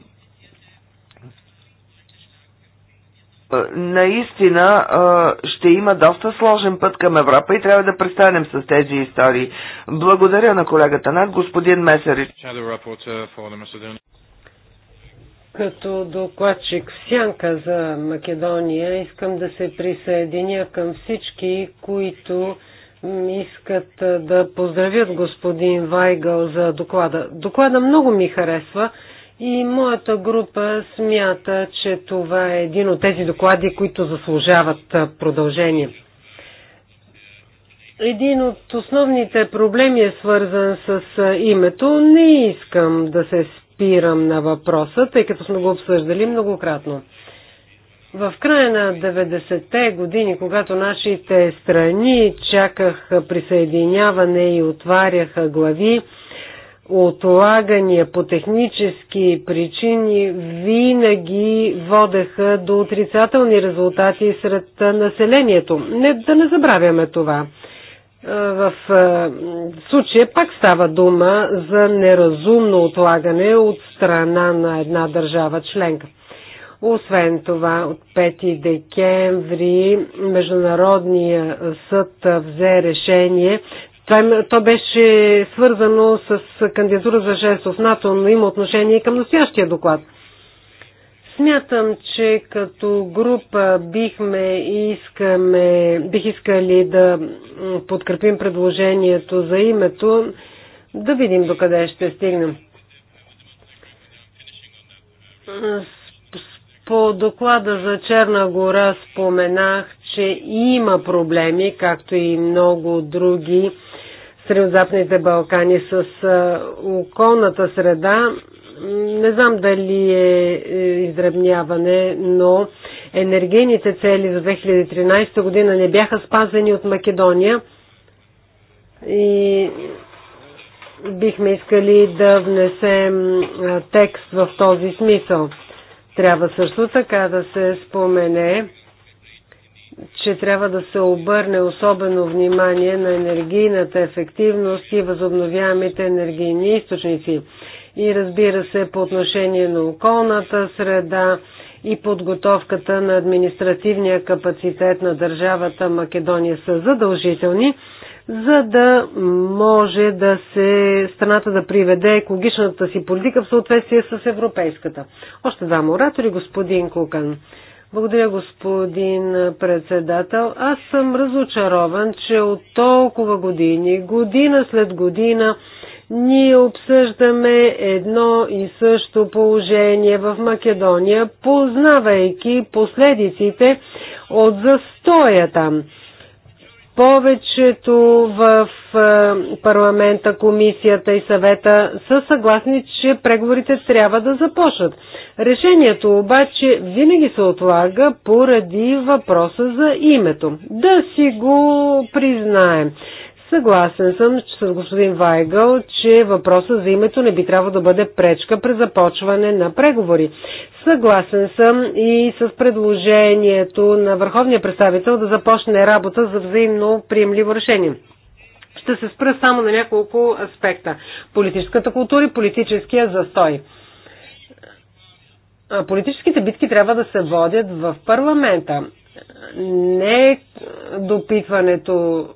Е, наистина е, ще има доста сложен път към Европа и трябва да престанем с тези истории. Благодаря на колегата над господин Месерич. Като докладчик в Сянка за Македония искам да се присъединя към всички, които искат е, да поздравят господин Вайгъл за доклада. Доклада много ми харесва и моята група смята, че това е един от тези доклади, които заслужават продължение. Един от основните проблеми е свързан с името. Не искам да се спирам на въпроса, тъй като сме го обсъждали многократно. В края на 90-те години, когато нашите страни чаках присъединяване и отваряха глави, отлагания по технически причини винаги водеха до отрицателни резултати сред населението. Не, да не забравяме това. Е, в е, случая пак става дума за неразумно отлагане от страна на една държава членка. Освен това, от 5 декември Международния съд взе решение това, то беше свързано с кандидатура за членство в НАТО, но има отношение и към настоящия доклад. Смятам, че като група бихме искаме, бих искали да подкрепим предложението за името, да видим докъде ще стигнем. По доклада за Черна гора споменах, че има проблеми, както и много други Средозападните Балкани с околната среда. Не знам дали е, е издръбняване, но енергийните цели за 2013 година не бяха спазени от Македония и бихме искали да внесем текст в този смисъл. Трябва също така да се спомене, че трябва да се обърне особено внимание на енергийната ефективност и възобновяемите енергийни източници. И разбира се, по отношение на околната среда и подготовката на административния капацитет на държавата Македония са задължителни, за да може да се страната да приведе екологичната си политика в съответствие с европейската. Още двама оратори, господин Кукан. Благодаря, господин председател. Аз съм разочарован, че от толкова години, година след година, ние обсъждаме едно и също положение в Македония, познавайки последиците от застоя там. Повечето в е, парламента, комисията и съвета са съгласни, че преговорите трябва да започнат. Решението обаче винаги се отлага поради въпроса за името. Да си го признаем. Съгласен съм с господин Вайгъл, че въпросът за името не би трябвало да бъде пречка при започване на преговори. Съгласен съм и с предложението на върховния представител да започне работа за взаимно приемливо решение. Ще се спра само на няколко аспекта. Политическата култура и политическия застой. Политическите битки трябва да се водят в парламента. Не е допитването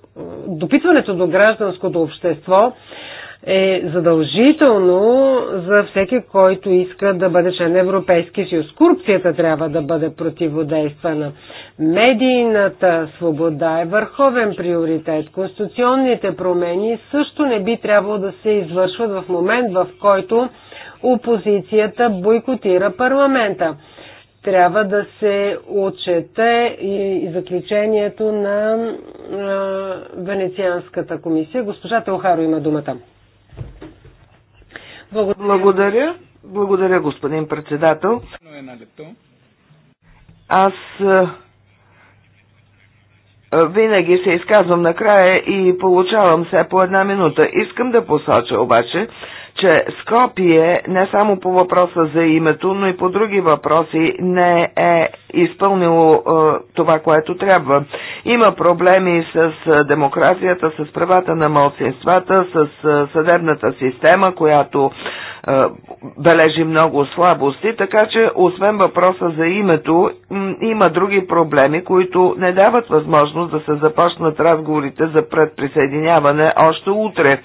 допитването до гражданското общество е задължително за всеки, който иска да бъде член на Европейския съюз. Корупцията трябва да бъде противодействана. Медийната свобода е върховен приоритет. Конституционните промени също не би трябвало да се извършват в момент, в който опозицията бойкотира парламента трябва да се отчете и заключението на Венецианската комисия. Госпожа Телхаро има думата. Благодаря. Благодаря, господин председател. Аз винаги се изказвам накрая и получавам все по една минута. Искам да посоча обаче, че Скопие не само по въпроса за името, но и по други въпроси не е изпълнило е, това, което трябва. Има проблеми с е, демокрацията, с правата на малцинствата, с е, съдебната система, която е, бележи много слабости, така че освен въпроса за името, има други проблеми, които не дават възможност да се започнат разговорите за предприсъединяване още утре.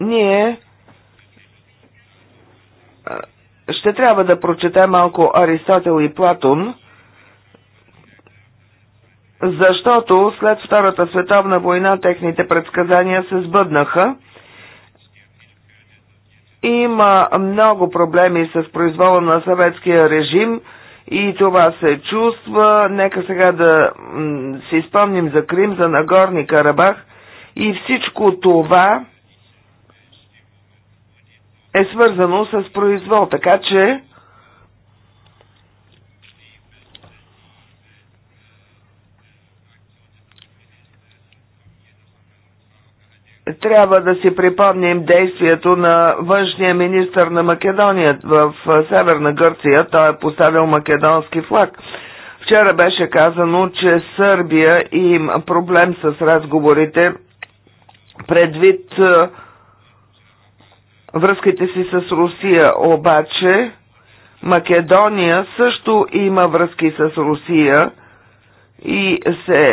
ние ще трябва да прочете малко Аристотел и Платон, защото след Втората световна война техните предсказания се сбъднаха. Има много проблеми с произвола на съветския режим и това се чувства. Нека сега да си спомним за Крим, за Нагорни Карабах и всичко това е свързано с произвол, така че трябва да си припомним действието на външния министр на Македония в Северна Гърция. Той е поставил македонски флаг. Вчера беше казано, че Сърбия има проблем с разговорите предвид връзките си с Русия, обаче Македония също има връзки с Русия и се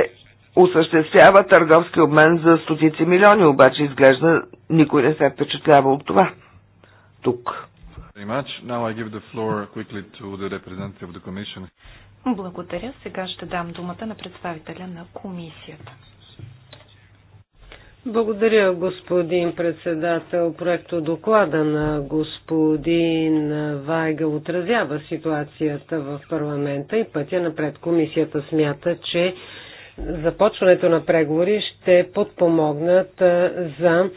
осъществява търговски обмен за стотици милиони, обаче изглежда никой не се впечатлява от това. Тук. Благодаря. Сега ще дам думата на представителя на комисията. Благодаря, господин председател. Проекто доклада на господин Вайга отразява ситуацията в парламента и пътя напред. Комисията смята, че започването на преговори ще подпомогнат за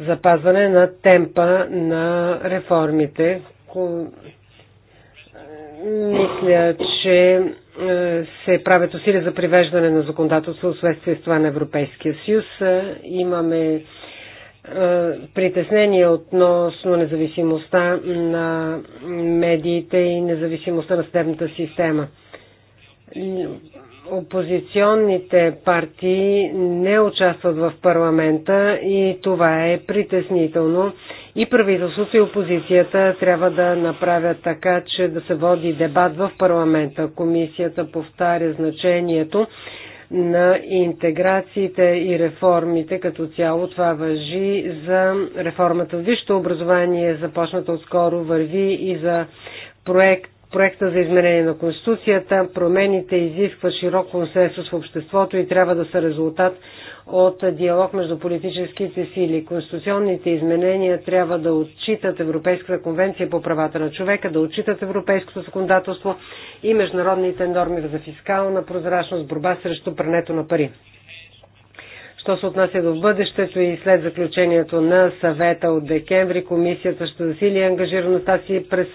запазване на темпа на реформите. Мисля, че е, се правят усилия за привеждане на законодателство в съответствие с това на Европейския съюз. Е, имаме е, притеснение относно независимостта на медиите и независимостта на съдебната система. Опозиционните партии не участват в парламента и това е притеснително и правителството и опозицията трябва да направят така, че да се води дебат в парламента. Комисията повтаря значението на интеграциите и реформите като цяло. Това въжи за реформата Вижте образование, започната отскоро, върви и за проект проекта за изменение на Конституцията. Промените изискват широк консенсус в обществото и трябва да са резултат от диалог между политическите сили. Конституционните изменения трябва да отчитат Европейската конвенция по правата на човека, да отчитат европейското законодателство и международните норми за фискална прозрачност, борба срещу прането на пари. Що се отнася до бъдещето и след заключението на съвета от декември, комисията ще засили ангажираността си през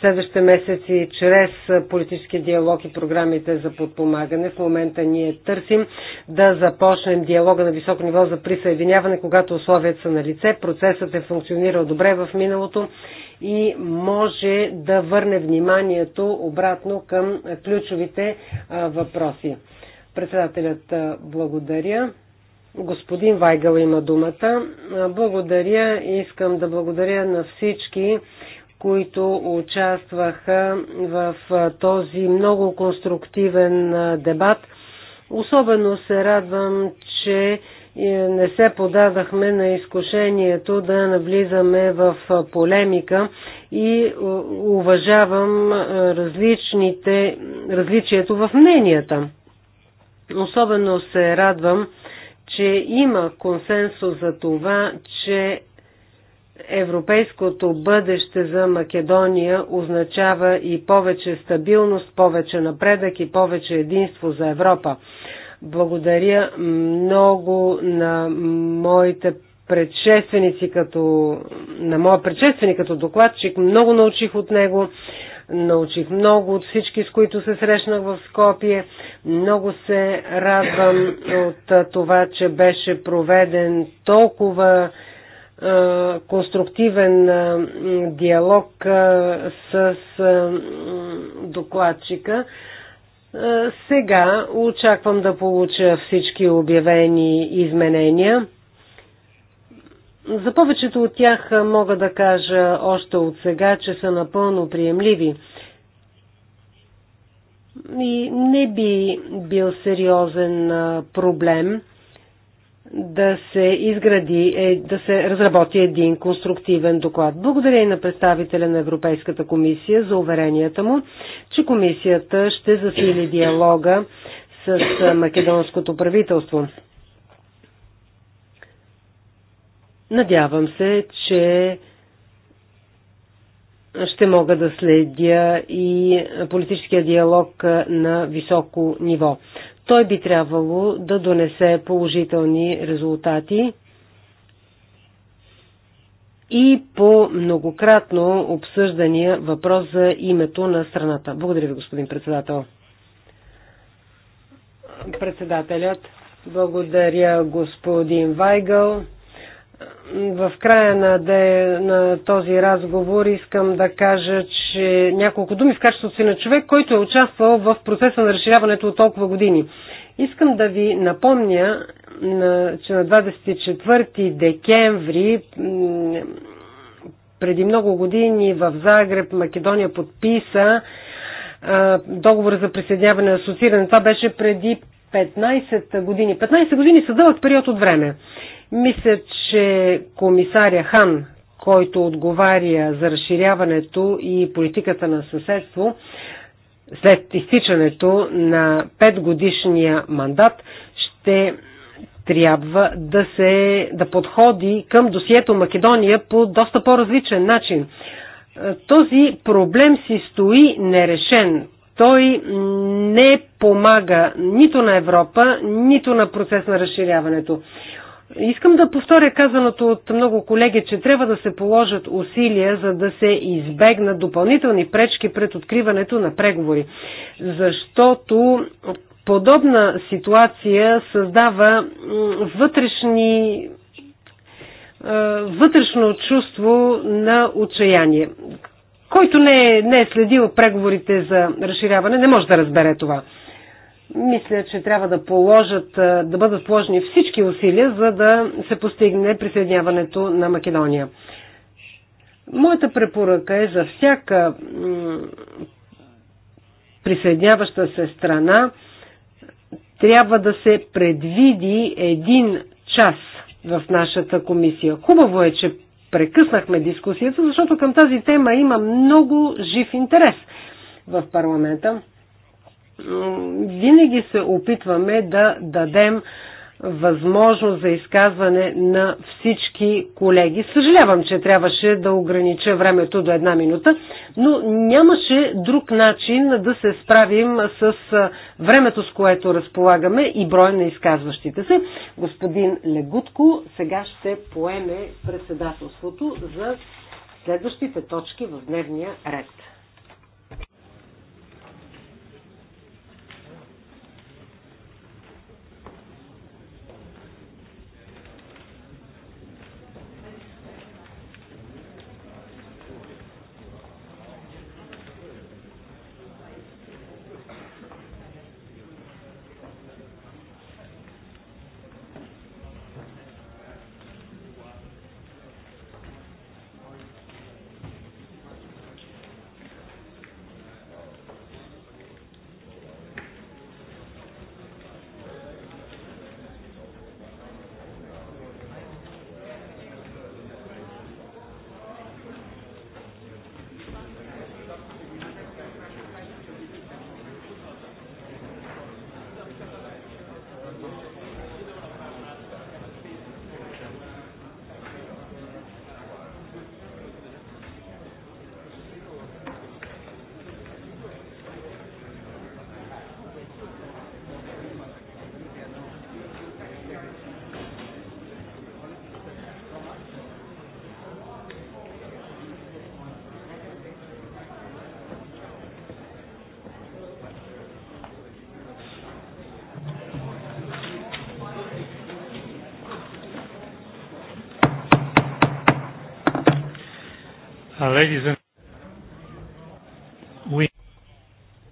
следващите месеци чрез политически диалог и програмите за подпомагане. В момента ние търсим да започнем диалога на високо ниво за присъединяване, когато условията са на лице. Процесът е функционирал добре в миналото и може да върне вниманието обратно към ключовите въпроси. Председателят благодаря. Господин Вайгъл има думата. Благодаря. Искам да благодаря на всички, които участваха в този много конструктивен дебат. Особено се радвам, че е, не се подадахме на изкушението да навлизаме в полемика и уважавам различните, различието в мненията. Особено се радвам, че има консенсус за това, че европейското бъдеще за Македония означава и повече стабилност, повече напредък и повече единство за Европа. Благодаря много на моите предшественици като, на моя предшественик като докладчик. Много научих от него. Научих много от всички, с които се срещнах в Скопие. Много се радвам от това, че беше проведен толкова конструктивен диалог с докладчика. Сега очаквам да получа всички обявени изменения. За повечето от тях мога да кажа още от сега, че са напълно приемливи. И не би бил сериозен проблем да се изгради, е, да се разработи един конструктивен доклад. Благодаря и на представителя на Европейската комисия за уверенията му, че комисията ще засили диалога с македонското правителство. Надявам се, че ще мога да следя и политическия диалог на високо ниво. Той би трябвало да донесе положителни резултати и по многократно обсъждания въпрос за името на страната. Благодаря ви, господин председател. Председателят. Благодаря, господин Вайгъл в края на, де, на този разговор искам да кажа, че няколко думи в качеството си на човек, който е участвал в процеса на разширяването от толкова години. Искам да ви напомня, че на 24 декември преди много години в Загреб Македония подписа договор за присъединяване на асоцииране. Това беше преди 15 години. 15 години са дълъг период от време. Мисля, че комисаря Хан, който отговаря за разширяването и политиката на съседство, след изтичането на 5 годишния мандат ще трябва да, се, да подходи към досието Македония по доста по-различен начин. Този проблем си стои нерешен. Той не помага нито на Европа, нито на процес на разширяването. Искам да повторя казаното от много колеги, че трябва да се положат усилия, за да се избегнат допълнителни пречки пред откриването на преговори, защото подобна ситуация създава вътрешни вътрешно чувство на отчаяние. Който не е, не е следил преговорите за разширяване, не може да разбере това. Мисля, че трябва да, положат, да бъдат положени всички усилия, за да се постигне присъединяването на Македония. Моята препоръка е за всяка присъединяваща се страна трябва да се предвиди един час в нашата комисия. Хубаво е, че прекъснахме дискусията, защото към тази тема има много жив интерес в парламента винаги се опитваме да дадем възможност за изказване на всички колеги. Съжалявам, че трябваше да огранича времето до една минута, но нямаше друг начин да се справим с времето, с което разполагаме и брой на изказващите се. Господин Легутко сега ще поеме председателството за следващите точки в дневния ред.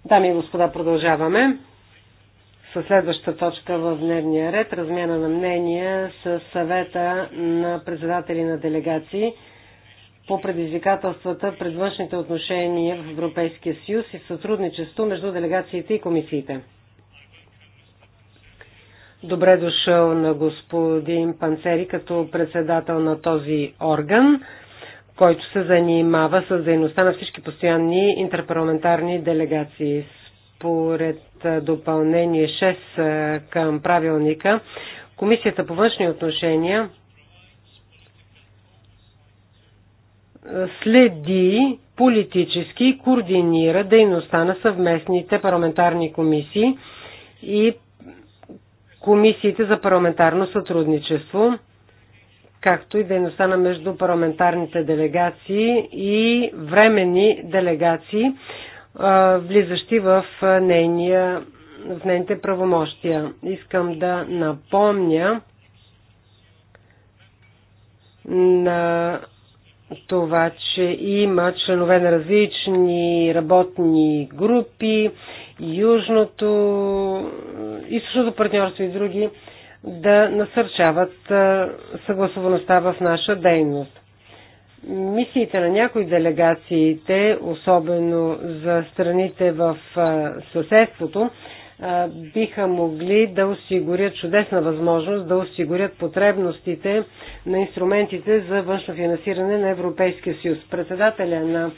Дами и господа, продължаваме със следваща точка в дневния ред размяна на мнения с съвета на председатели на делегации по предизвикателствата пред външните отношения в Европейския съюз и сътрудничество между делегациите и комисиите. Добре дошъл на господин Панцери като председател на този орган който се занимава с дейността на всички постоянни интерпарламентарни делегации. Според допълнение 6 към правилника, Комисията по външни отношения следи политически и координира дейността на съвместните парламентарни комисии и комисиите за парламентарно сътрудничество както и дейността на междупарламентарните делегации и временни делегации, влизащи в, нейния, в нейните правомощия. Искам да напомня на това, че има членове на различни работни групи, Южното, Източното партньорство и други да насърчават съгласоваността в наша дейност. Мисиите на някои делегациите, особено за страните в съседството, биха могли да осигурят чудесна възможност да осигурят потребностите на инструментите за външно финансиране на Европейския съюз. Председателя на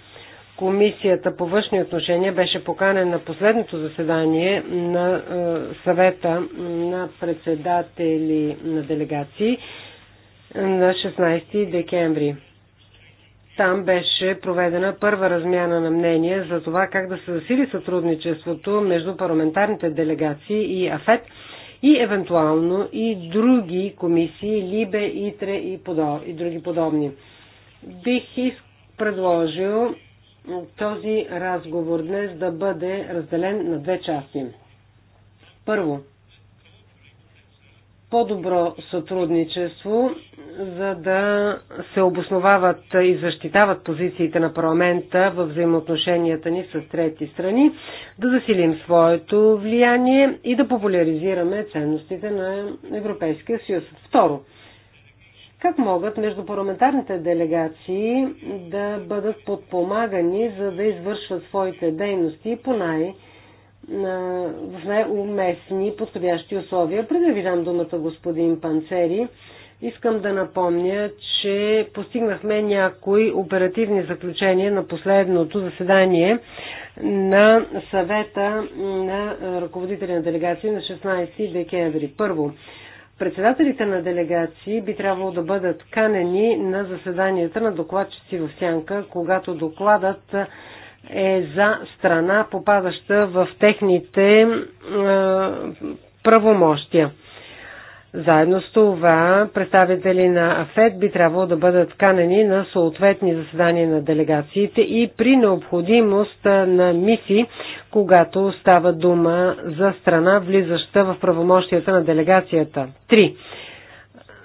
Комисията по външни отношения беше поканен на последното заседание на е, съвета на председатели на делегации на 16 декември. Там беше проведена първа размяна на мнение за това как да се засили сътрудничеството между парламентарните делегации и АФЕТ и евентуално и други комисии, Либе, Итре и, подоб, и други подобни. Бих предложил този разговор днес да бъде разделен на две части. Първо, по-добро сътрудничество, за да се обосновават и защитават позициите на парламента в взаимоотношенията ни с трети страни, да засилим своето влияние и да популяризираме ценностите на Европейския съюз. Второ, как могат междупарламентарните делегации да бъдат подпомагани, за да извършват своите дейности по най- в най-уместни подходящи условия. Преди да ви дам думата господин Панцери, искам да напомня, че постигнахме някои оперативни заключения на последното заседание на съвета на ръководителя на делегации на 16 декември. Първо, Председателите на делегации би трябвало да бъдат канени на заседанията на докладчици в Сянка, когато докладът е за страна, попадаща в техните е, правомощия. Заедно с това, представители на АФЕД би трябвало да бъдат канени на съответни заседания на делегациите и при необходимост на мисии, когато става дума за страна, влизаща в правомощията на делегацията. 3.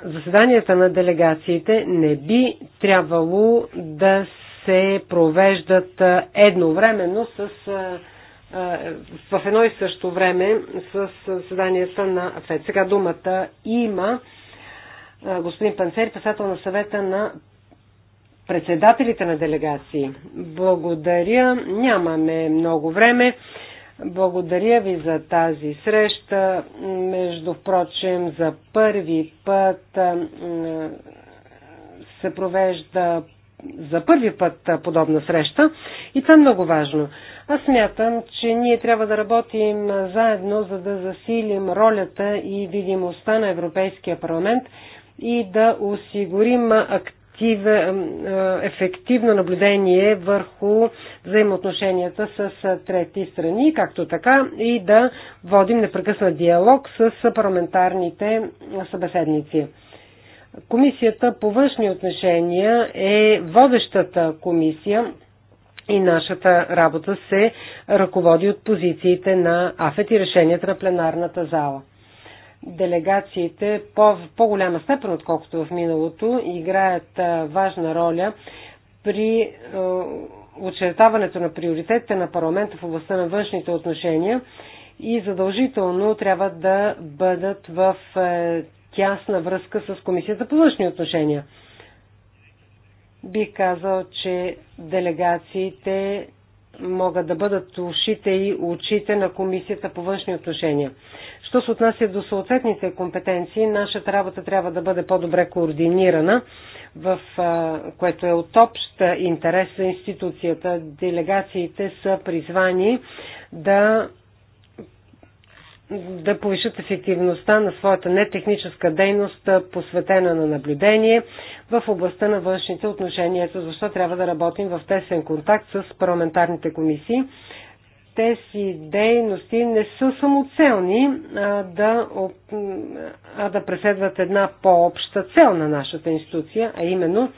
Заседанията на делегациите не би трябвало да се провеждат едновременно с в едно и също време с заседанията на ФЕД. Сега думата има господин Панцер, председател на съвета на председателите на делегации. Благодаря. Нямаме много време. Благодаря ви за тази среща. Между впрочем, за първи път се провежда за първи път подобна среща и това е много важно. Аз смятам, че ние трябва да работим заедно, за да засилим ролята и видимостта на Европейския парламент и да осигурим актив, ефективно наблюдение върху взаимоотношенията с трети страни, както така и да водим непрекъснат диалог с парламентарните събеседници. Комисията по външни отношения е водещата комисия и нашата работа се ръководи от позициите на АФЕТ и решенията на пленарната зала. Делегациите по, по-голяма степен, отколкото в миналото, играят важна роля при очертаването на приоритетите на парламента в областта на външните отношения и задължително трябва да бъдат в тясна връзка с Комисията по външни отношения би казал, че делегациите могат да бъдат ушите и очите на Комисията по външни отношения. Що се отнася до съответните компетенции, нашата работа трябва да бъде по-добре координирана, в, което е от общ интерес за институцията. Делегациите са призвани да да повишат ефективността на своята нетехническа дейност, посветена на наблюдение в областта на външните отношения. Ето защо трябва да работим в тесен контакт с парламентарните комисии. Тези дейности не са самоцелни, а да, а да преследват една по-обща цел на нашата институция, а именно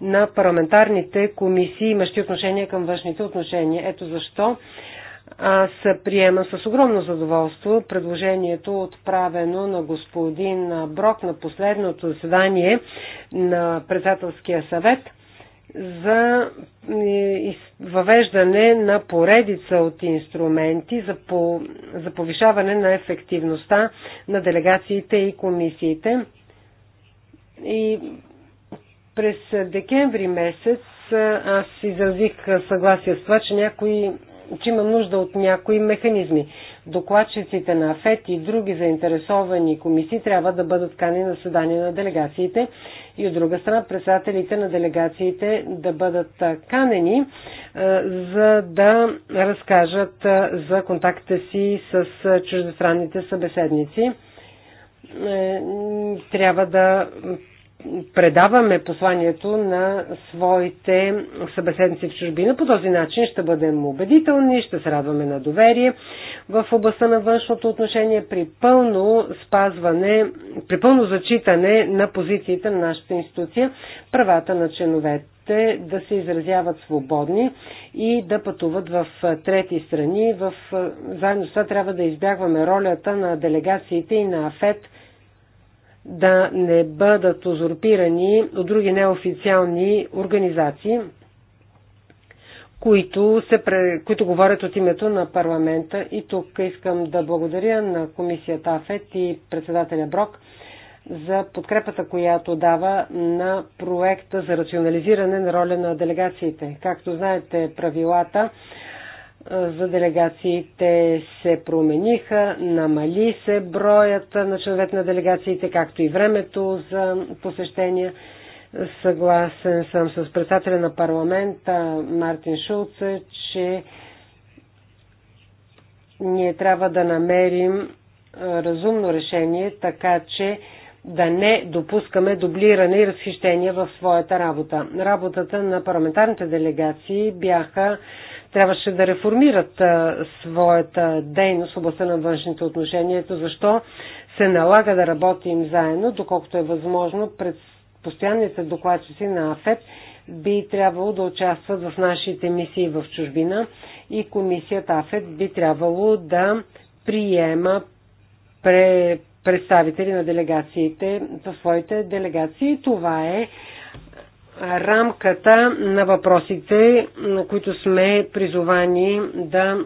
на парламентарните комисии, имащи отношение към външните отношения. Ето защо аз приема с огромно задоволство предложението отправено на господин Брок на последното заседание на председателския съвет за въвеждане на поредица от инструменти за, по, за повишаване на ефективността на делегациите и комисиите. И през декември месец аз изразих съгласие с това, че някои че има нужда от някои механизми. Докладчиците на АФЕТ и други заинтересовани комисии трябва да бъдат кани на съдание на делегациите и от друга страна председателите на делегациите да бъдат канени, за да разкажат за контакта си с чуждестранните събеседници. Е, трябва да предаваме посланието на своите събеседници в чужбина. По този начин ще бъдем убедителни, ще се радваме на доверие в областта на външното отношение при пълно спазване, при пълно зачитане на позициите на нашата институция, правата на членовете да се изразяват свободни и да пътуват в трети страни. В... Заедно с това трябва да избягваме ролята на делегациите и на АФЕТ – да не бъдат узурпирани от други неофициални организации, които, се, които говорят от името на парламента. И тук искам да благодаря на комисията АФЕТ и председателя Брок за подкрепата, която дава на проекта за рационализиране на роля на делегациите. Както знаете, правилата за делегациите се промениха, намали се броят на членовете на делегациите, както и времето за посещения. Съгласен съм с председателя на парламента Мартин Шулц, че ние трябва да намерим разумно решение, така че да не допускаме дублиране и разхищение в своята работа. Работата на парламентарните делегации бяха трябваше да реформират а, своята дейност в областта на външните отношения. Ето защо се налага да работим заедно, доколкото е възможно пред постоянните докладчици на АФЕД би трябвало да участват в нашите мисии в чужбина и комисията АФЕД би трябвало да приема пре представители на делегациите със своите делегации. Това е рамката на въпросите, на които сме призовани да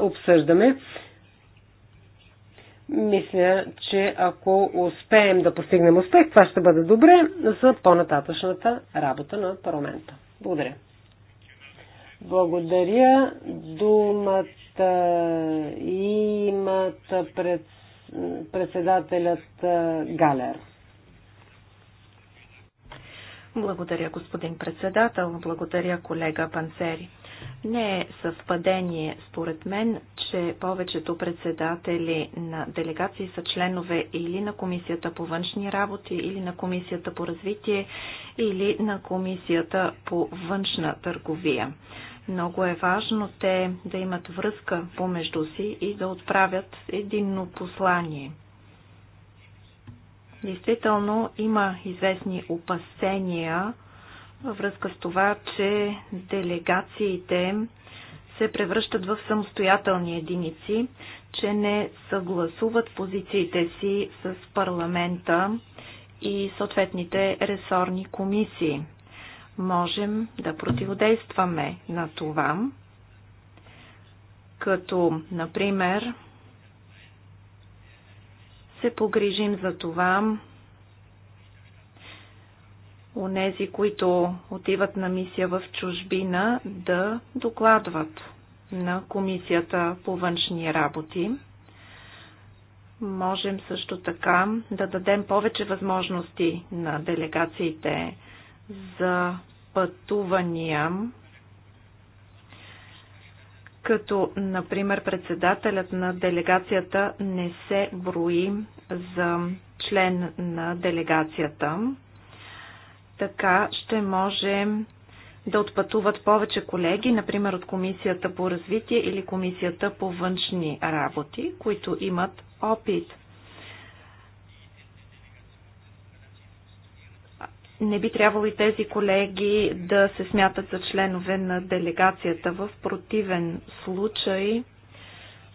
обсъждаме. Мисля, че ако успеем да постигнем успех, това ще бъде добре за по-нататъчната работа на парламента. Благодаря. Благодаря. Думата имат пред председателят Галер. Благодаря, господин председател. Благодаря, колега Панцери. Не е съвпадение, според мен, че повечето председатели на делегации са членове или на Комисията по външни работи, или на Комисията по развитие, или на Комисията по външна търговия. Много е важно те да имат връзка помежду си и да отправят единно послание. Действително има известни опасения във връзка с това, че делегациите се превръщат в самостоятелни единици, че не съгласуват позициите си с парламента и съответните ресорни комисии можем да противодействаме на това, като, например, се погрижим за това, онези, които отиват на мисия в чужбина, да докладват на Комисията по външни работи. Можем също така да дадем повече възможности на делегациите за пътувания, като, например, председателят на делегацията не се брои за член на делегацията. Така ще може да отпътуват повече колеги, например от Комисията по развитие или Комисията по външни работи, които имат опит не би трябвало и тези колеги да се смятат за членове на делегацията. В противен случай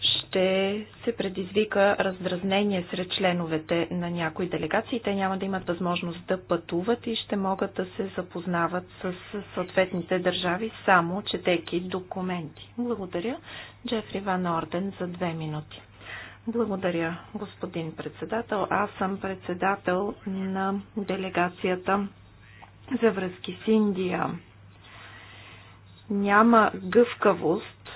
ще се предизвика раздразнение сред членовете на някои делегации. Те няма да имат възможност да пътуват и ще могат да се запознават с съответните държави, само четейки документи. Благодаря. Джефри Ван Орден за две минути. Благодаря, господин председател. Аз съм председател на делегацията за връзки с Индия. Няма гъвкавост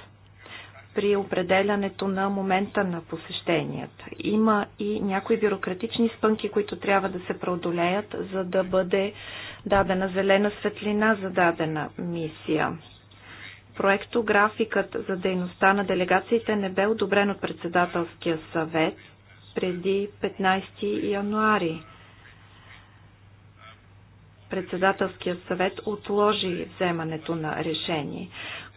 при определянето на момента на посещенията. Има и някои бюрократични спънки, които трябва да се преодолеят, за да бъде дадена зелена светлина за дадена мисия проекто графикът за дейността на делегациите не бе одобрен от председателския съвет преди 15 януари. Председателския съвет отложи вземането на решение.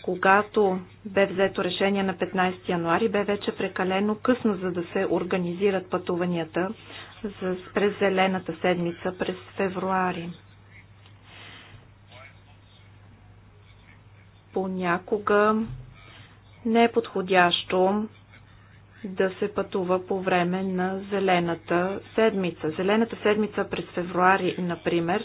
Когато бе взето решение на 15 януари, бе вече прекалено късно, за да се организират пътуванията през Зелената седмица през февруари. понякога не е подходящо да се пътува по време на Зелената седмица. Зелената седмица през февруари, например,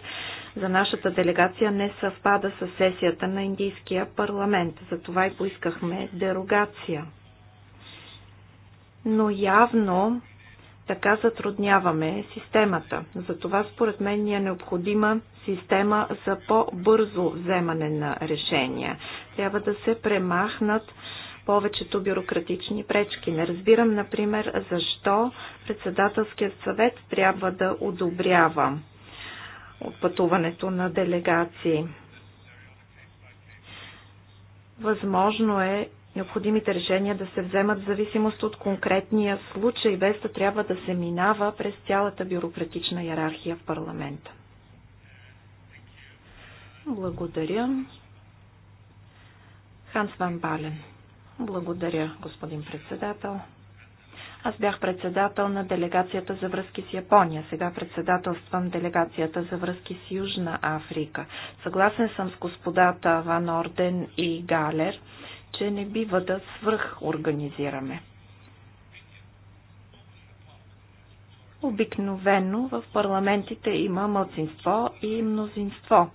за нашата делегация не съвпада с сесията на Индийския парламент. Затова и поискахме дерогация. Но явно така затрудняваме системата. Затова според мен ни е необходима система за по-бързо вземане на решения. Трябва да се премахнат повечето бюрократични пречки. Не разбирам, например, защо председателският съвет трябва да одобрява отпътуването на делегации. Възможно е необходимите решения да се вземат в зависимост от конкретния случай, без да трябва да се минава през цялата бюрократична иерархия в парламента. Благодаря. Ханс Ван Бален. Благодаря, господин председател. Аз бях председател на делегацията за връзки с Япония. Сега председателствам делегацията за връзки с Южна Африка. Съгласен съм с господата Ван Орден и Галер че не бива да свръхорганизираме. Обикновено в парламентите има мълцинство и мнозинство,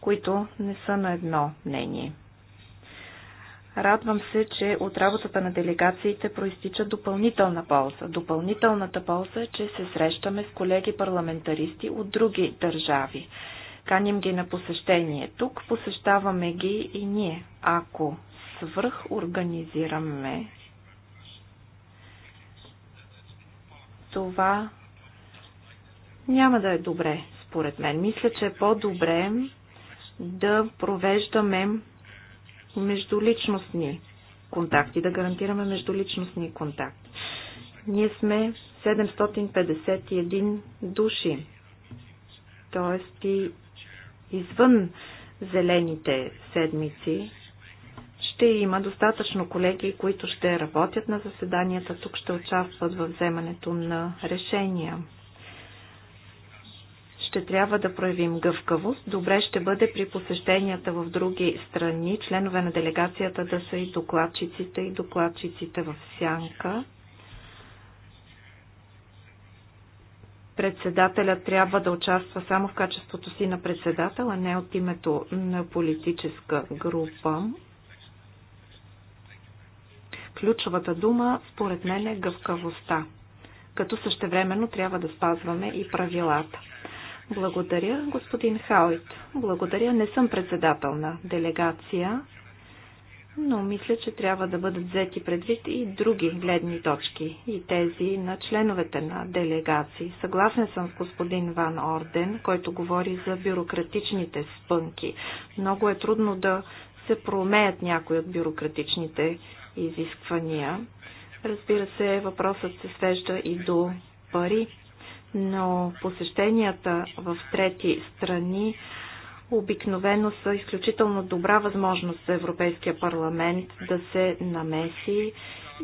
които не са на едно мнение. Радвам се, че от работата на делегациите проистича допълнителна полза. Допълнителната полза е, че се срещаме с колеги парламентаристи от други държави. Каним ги на посещение. Тук посещаваме ги и ние, ако свръхорганизираме, това няма да е добре, според мен. Мисля, че е по-добре да провеждаме междуличностни контакти, да гарантираме междуличностни контакти. Ние сме 751 души, т.е. и извън зелените седмици ще има достатъчно колеги, които ще работят на заседанията, тук ще участват в вземането на решения. Ще трябва да проявим гъвкавост. Добре ще бъде при посещенията в други страни, членове на делегацията да са и докладчиците, и докладчиците в сянка. председателят трябва да участва само в качеството си на председател, а не от името на политическа група. Ключовата дума, според мен, е гъвкавостта, като същевременно трябва да спазваме и правилата. Благодаря, господин Хауит. Благодаря, не съм председател на делегация, но мисля, че трябва да бъдат взети предвид и други гледни точки и тези на членовете на делегации. Съгласен съм с господин Ван Орден, който говори за бюрократичните спънки. Много е трудно да се промеят някои от бюрократичните изисквания. Разбира се, въпросът се свежда и до пари, но посещенията в трети страни обикновено са изключително добра възможност за Европейския парламент да се намеси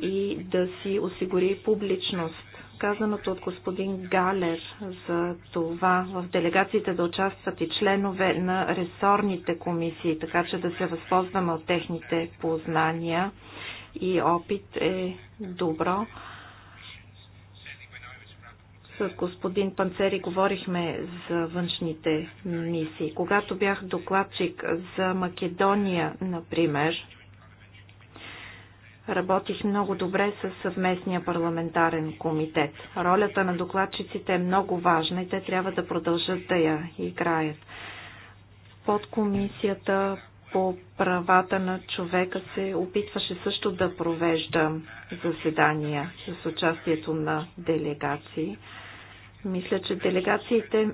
и да си осигури публичност. Казаното от господин Галер за това в делегациите да участват и членове на ресорните комисии, така че да се възползваме от техните познания и опит е добро. С господин Панцери говорихме за външните мисии. Когато бях докладчик за Македония, например, работих много добре с съвместния парламентарен комитет. Ролята на докладчиците е много важна и те трябва да продължат да я играят. Подкомисията по правата на човека се опитваше също да провежда заседания с участието на делегации. Мисля, че делегациите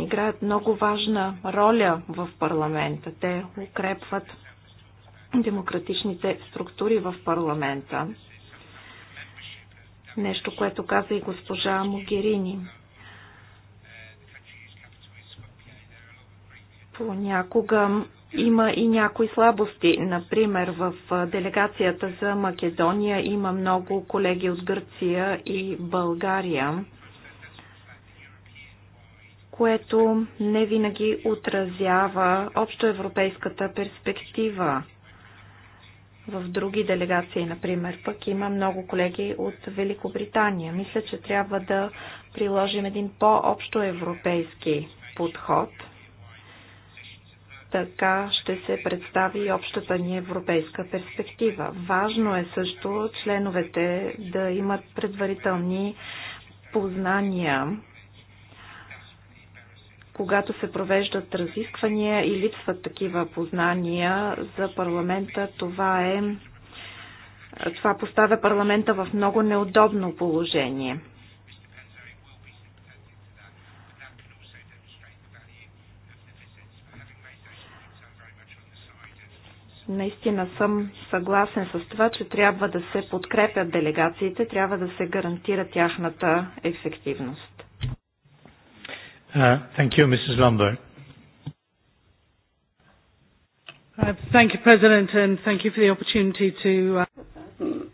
играят много важна роля в парламента. Те укрепват демократичните структури в парламента. Нещо, което каза и госпожа Могерини. Понякога има и някои слабости. Например, в делегацията за Македония има много колеги от Гърция и България, което не винаги отразява общоевропейската перспектива. В други делегации, например, пък има много колеги от Великобритания. Мисля, че трябва да приложим един по-общоевропейски подход – така ще се представи и общата ни европейска перспектива. Важно е също членовете да имат предварителни познания когато се провеждат разисквания и липсват такива познания за парламента, това е това поставя парламента в много неудобно положение. Наистина съм съгласен с това, че трябва да се подкрепят делегациите, трябва да се гарантира тяхната ефективност. Uh, thank you, Mrs. Uh, thank you, President, and thank you for the opportunity to... Uh,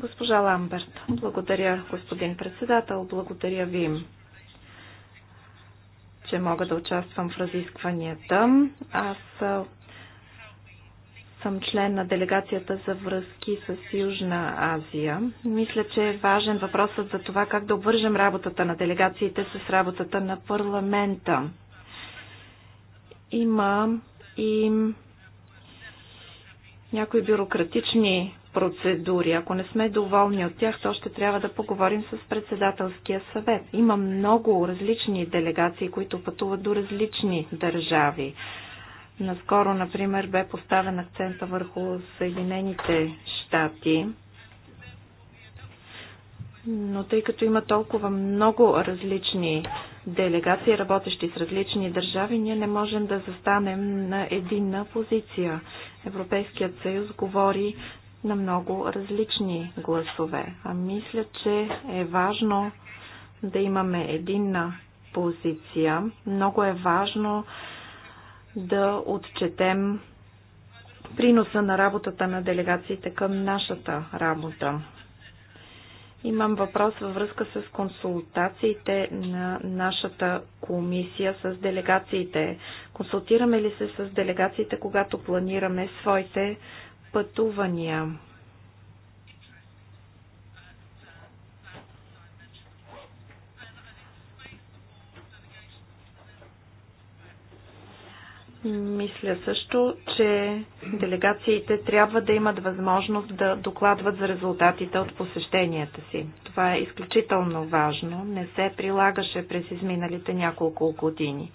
Госпожа Ламберт, благодаря, господин председател, благодаря ви че мога да участвам в разискванията. Аз съм член на делегацията за връзки с Южна Азия. Мисля, че е важен въпросът за това как да обвържем работата на делегациите с работата на парламента. Има и някои бюрократични процедури. Ако не сме доволни от тях, то ще трябва да поговорим с председателския съвет. Има много различни делегации, които пътуват до различни държави. Наскоро, например, бе поставен акцента върху Съединените щати. Но тъй като има толкова много различни делегации, работещи с различни държави, ние не можем да застанем на единна позиция. Европейският съюз говори на много различни гласове. А мисля, че е важно да имаме единна позиция. Много е важно да отчетем приноса на работата на делегациите към нашата работа. Имам въпрос във връзка с консултациите на нашата комисия с делегациите. Консултираме ли се с делегациите, когато планираме своите пътувания? Мисля също, че делегациите трябва да имат възможност да докладват за резултатите от посещенията си. Това е изключително важно. Не се прилагаше през изминалите няколко години.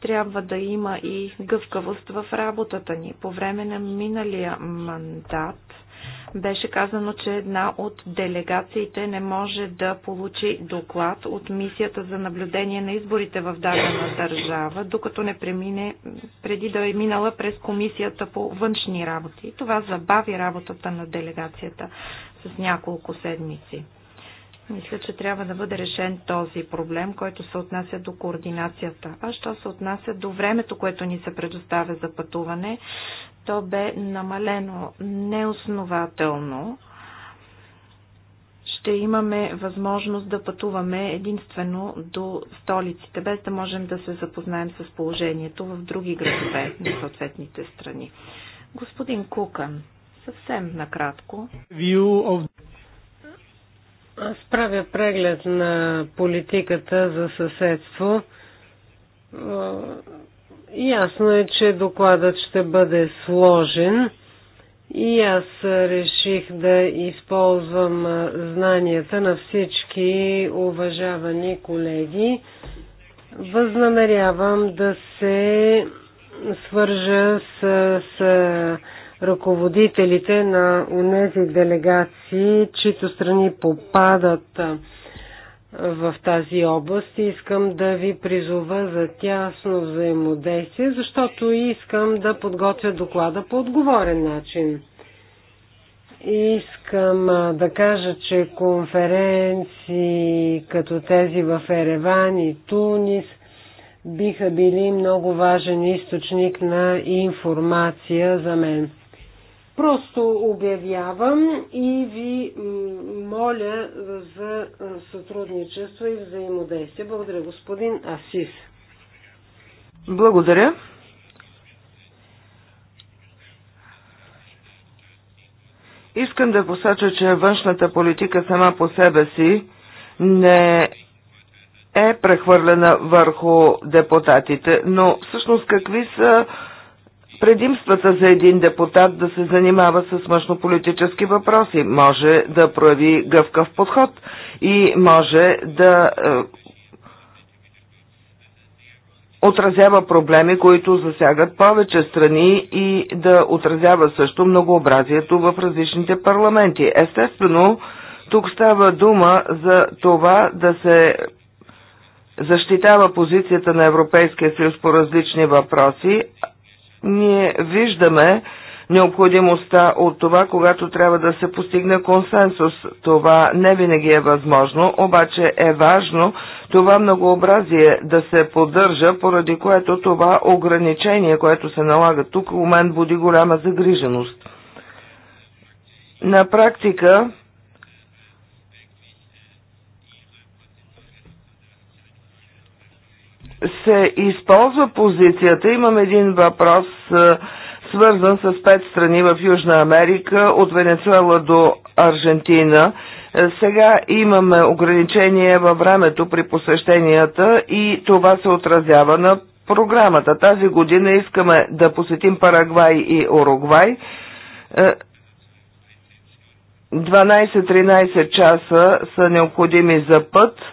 Трябва да има и гъвкавост в работата ни. По време на миналия мандат беше казано, че една от делегациите не може да получи доклад от мисията за наблюдение на изборите в дадена държава, докато не премине, преди да е минала през комисията по външни работи. Това забави работата на делегацията с няколко седмици. Мисля, че трябва да бъде решен този проблем, който се отнася до координацията. А що се отнася до времето, което ни се предоставя за пътуване, то бе намалено неоснователно. Ще имаме възможност да пътуваме единствено до столиците, без да можем да се запознаем с положението в други градове на съответните страни. Господин Кукан, съвсем накратко. Аз правя преглед на политиката за съседство Ясно е, че докладът ще бъде сложен и аз реших да използвам знанията на всички уважавани колеги. Възнамерявам да се свържа с, с ръководителите на унези делегации, чието страни попадат в тази област и искам да ви призова за тясно взаимодействие, защото искам да подготвя доклада по отговорен начин. Искам да кажа, че конференции като тези в Ереван и Тунис биха били много важен източник на информация за мен. Просто обявявам и ви моля за сътрудничество и взаимодействие. Благодаря, господин Асис. Благодаря. Искам да посоча, че външната политика сама по себе си не е прехвърлена върху депутатите, но всъщност какви са предимствата за един депутат да се занимава с мъчно-политически въпроси. Може да прояви гъвкав подход и може да е, отразява проблеми, които засягат повече страни и да отразява също многообразието в различните парламенти. Естествено, тук става дума за това да се защитава позицията на Европейския съюз по различни въпроси, ние виждаме необходимостта от това, когато трябва да се постигне консенсус. Това не винаги е възможно, обаче е важно това многообразие да се поддържа, поради което това ограничение, което се налага тук, у мен буди голяма загриженост. На практика, се използва позицията. Имам един въпрос, е, свързан с пет страни в Южна Америка, от Венецуела до Аржентина. Е, сега имаме ограничение във времето при посещенията и това се отразява на програмата. Тази година искаме да посетим Парагвай и Уругвай. 12-13 е, часа са необходими за път –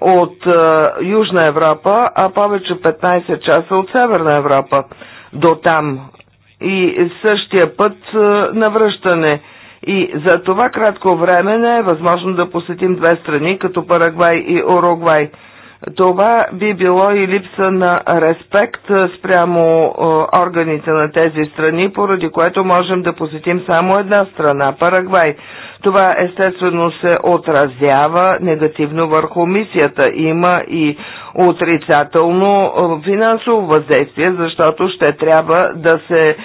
от а, е, Южна Европа, а повече 15 часа от Северна Европа до там. И същия път а, е, на връщане. И за това кратко време не е възможно да посетим две страни, като Парагвай и Уругвай – това би било и липса на респект спрямо органите на тези страни, поради което можем да посетим само една страна – Парагвай. Това естествено се отразява негативно върху мисията. Има и отрицателно финансово въздействие, защото ще трябва да се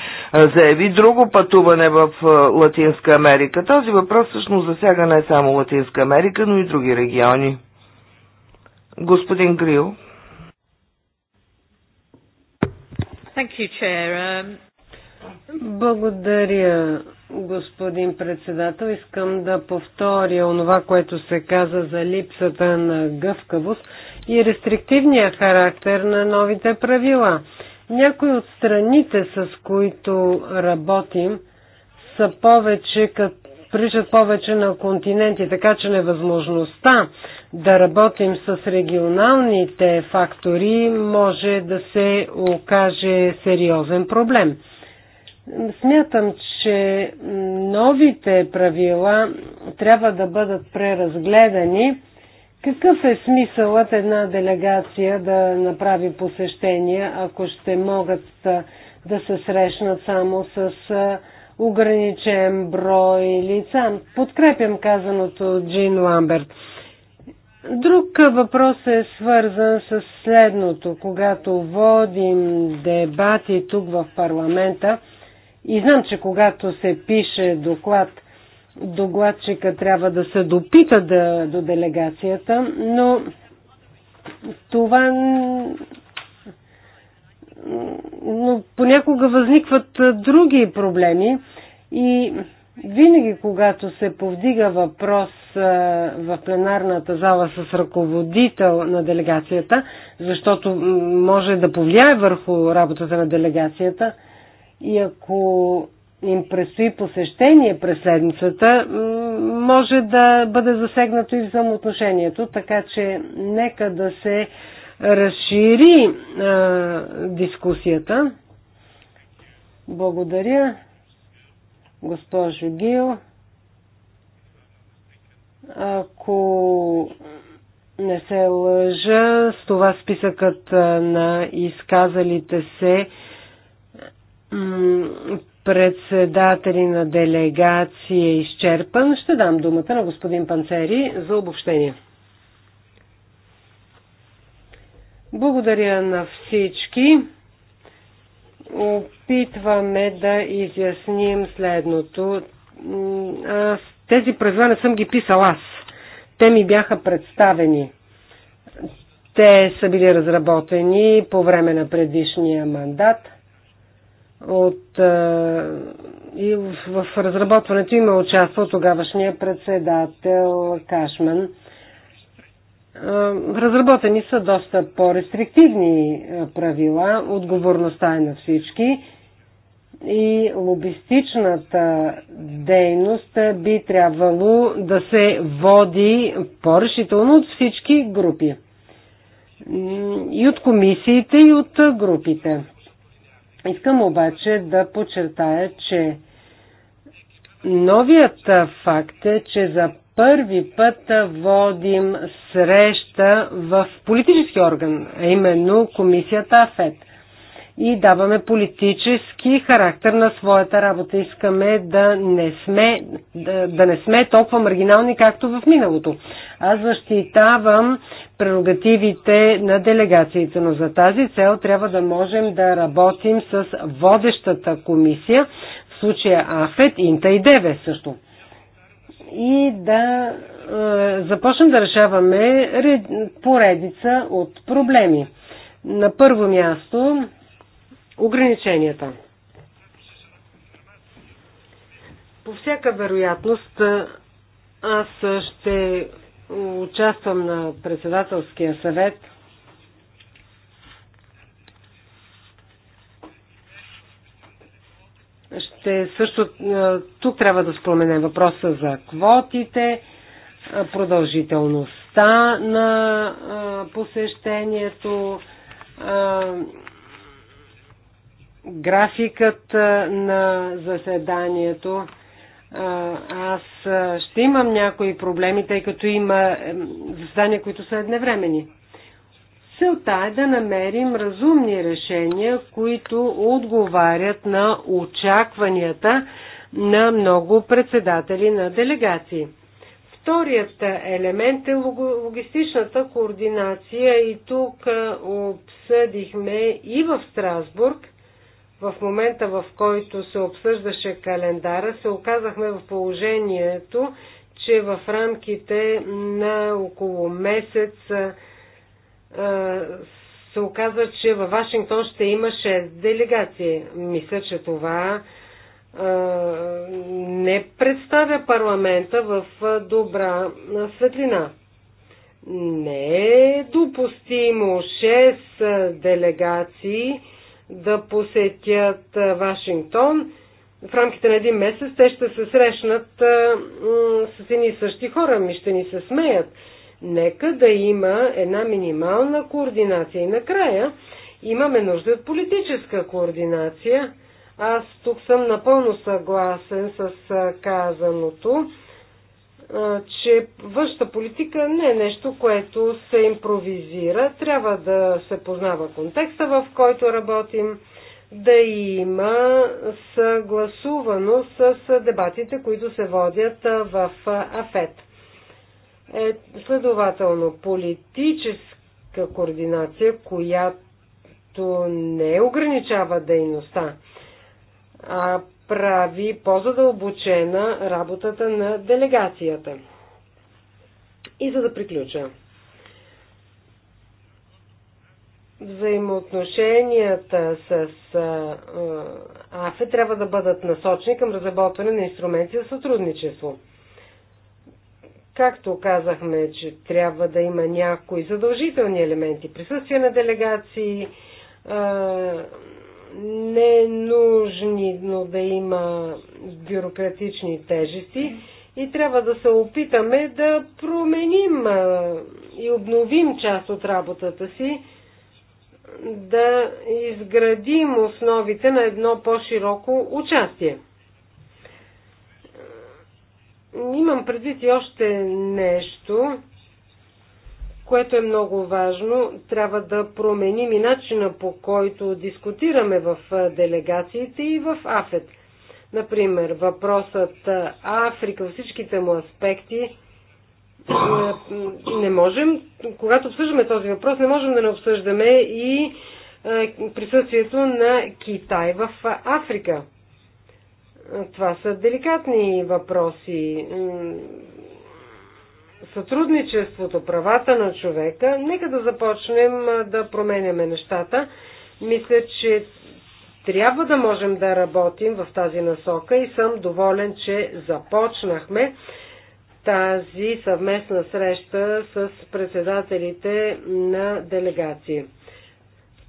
заяви друго пътуване в Латинска Америка. Този въпрос всъщност засяга не само Латинска Америка, но и други региони. Господин Грил. You, um, Благодаря, господин председател. Искам да повторя онова, което се каза за липсата на гъвкавост и рестриктивния характер на новите правила. Някои от страните, с които работим, са повече като приличат повече на континенти, така че невъзможността да работим с регионалните фактори, може да се окаже сериозен проблем. Смятам, че новите правила трябва да бъдат преразгледани. Какъв е смисълът една делегация да направи посещения, ако ще могат да се срещнат само с ограничен брой лица? Подкрепям казаното Джин Ламберт. Друг въпрос е свързан с следното. Когато водим дебати тук в парламента, и знам, че когато се пише доклад, докладчика трябва да се допита да, до делегацията, но това но понякога възникват други проблеми и винаги, когато се повдига въпрос в пленарната зала с ръководител на делегацията, защото може да повлияе върху работата на делегацията. И ако им предстои посещение през седмицата, може да бъде засегнато и взаимоотношението, така че нека да се разшири а, дискусията. Благодаря, госпожо Гил. Ако не се лъжа, с това списъкът на изказалите се председатели на делегация е изчерпан. Ще дам думата на господин Панцери за обобщение. Благодаря на всички. Опитваме да изясним следното. Аз тези правила не съм ги писал аз. Те ми бяха представени. Те са били разработени по време на предишния мандат. От, е, и в, в разработването има участвал тогавашния председател Кашман. Е, разработени са доста по-рестриктивни правила. Отговорността е на всички и лобистичната дейност би трябвало да се води по-решително от всички групи. И от комисиите, и от групите. Искам обаче да подчертая, че новият факт е, че за първи път водим среща в политически орган, а именно комисията АФЕТ и даваме политически характер на своята работа. Искаме да не сме, да, да не сме толкова маргинални, както в миналото. Аз защитавам прерогативите на делегациите, но за тази цел трябва да можем да работим с водещата комисия, в случая АФЕТ, Инта и ДЕВЕ също. И да е, започнем да решаваме поредица от проблеми. На първо място ограниченията. По всяка вероятност аз ще участвам на председателския съвет – ще също тук трябва да споменем въпроса за квотите, продължителността на посещението, графикът на заседанието. Аз ще имам някои проблеми, тъй като има заседания, които са едновремени. Целта е да намерим разумни решения, които отговарят на очакванията на много председатели на делегации. Вторият елемент е логистичната координация и тук обсъдихме и в Страсбург в момента в който се обсъждаше календара, се оказахме в положението, че в рамките на около месец се оказа, че във Вашингтон ще има 6 делегации. Мисля, че това не представя парламента в добра светлина. Не е допустимо 6 делегации да посетят Вашингтон. В рамките на един месец те ще се срещнат с едни същи хора, ми ще ни се смеят. Нека да има една минимална координация. И накрая имаме нужда от политическа координация. Аз тук съм напълно съгласен с казаното че външната политика не е нещо, което се импровизира. Трябва да се познава контекста, в който работим, да има съгласувано с дебатите, които се водят в АФЕТ. Е, следователно, политическа координация, която не ограничава дейността, а прави по-задълбочена работата на делегацията. И за да приключа. Взаимоотношенията с АФЕ трябва да бъдат насочени към разработване на инструменти за сътрудничество. Както казахме, че трябва да има някои задължителни елементи, присъствие на делегации, не е нужно да има бюрократични тежести и трябва да се опитаме да променим и обновим част от работата си, да изградим основите на едно по-широко участие. Имам предвид и още нещо което е много важно. Трябва да променим и начина по който дискутираме в делегациите и в АФЕД. Например, въпросът Африка, всичките му аспекти, не можем, когато обсъждаме този въпрос, не можем да не обсъждаме и присъствието на Китай в Африка. Това са деликатни въпроси сътрудничеството, правата на човека, нека да започнем да променяме нещата. Мисля, че трябва да можем да работим в тази насока и съм доволен, че започнахме тази съвместна среща с председателите на делегации.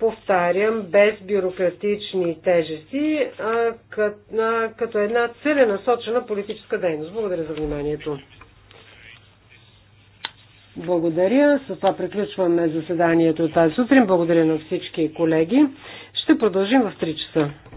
Повтарям, без бюрократични тежести, а като една целенасочена политическа дейност. Благодаря за вниманието. Благодаря. С това приключваме заседанието тази сутрин. Благодаря на всички колеги. Ще продължим в 3 часа.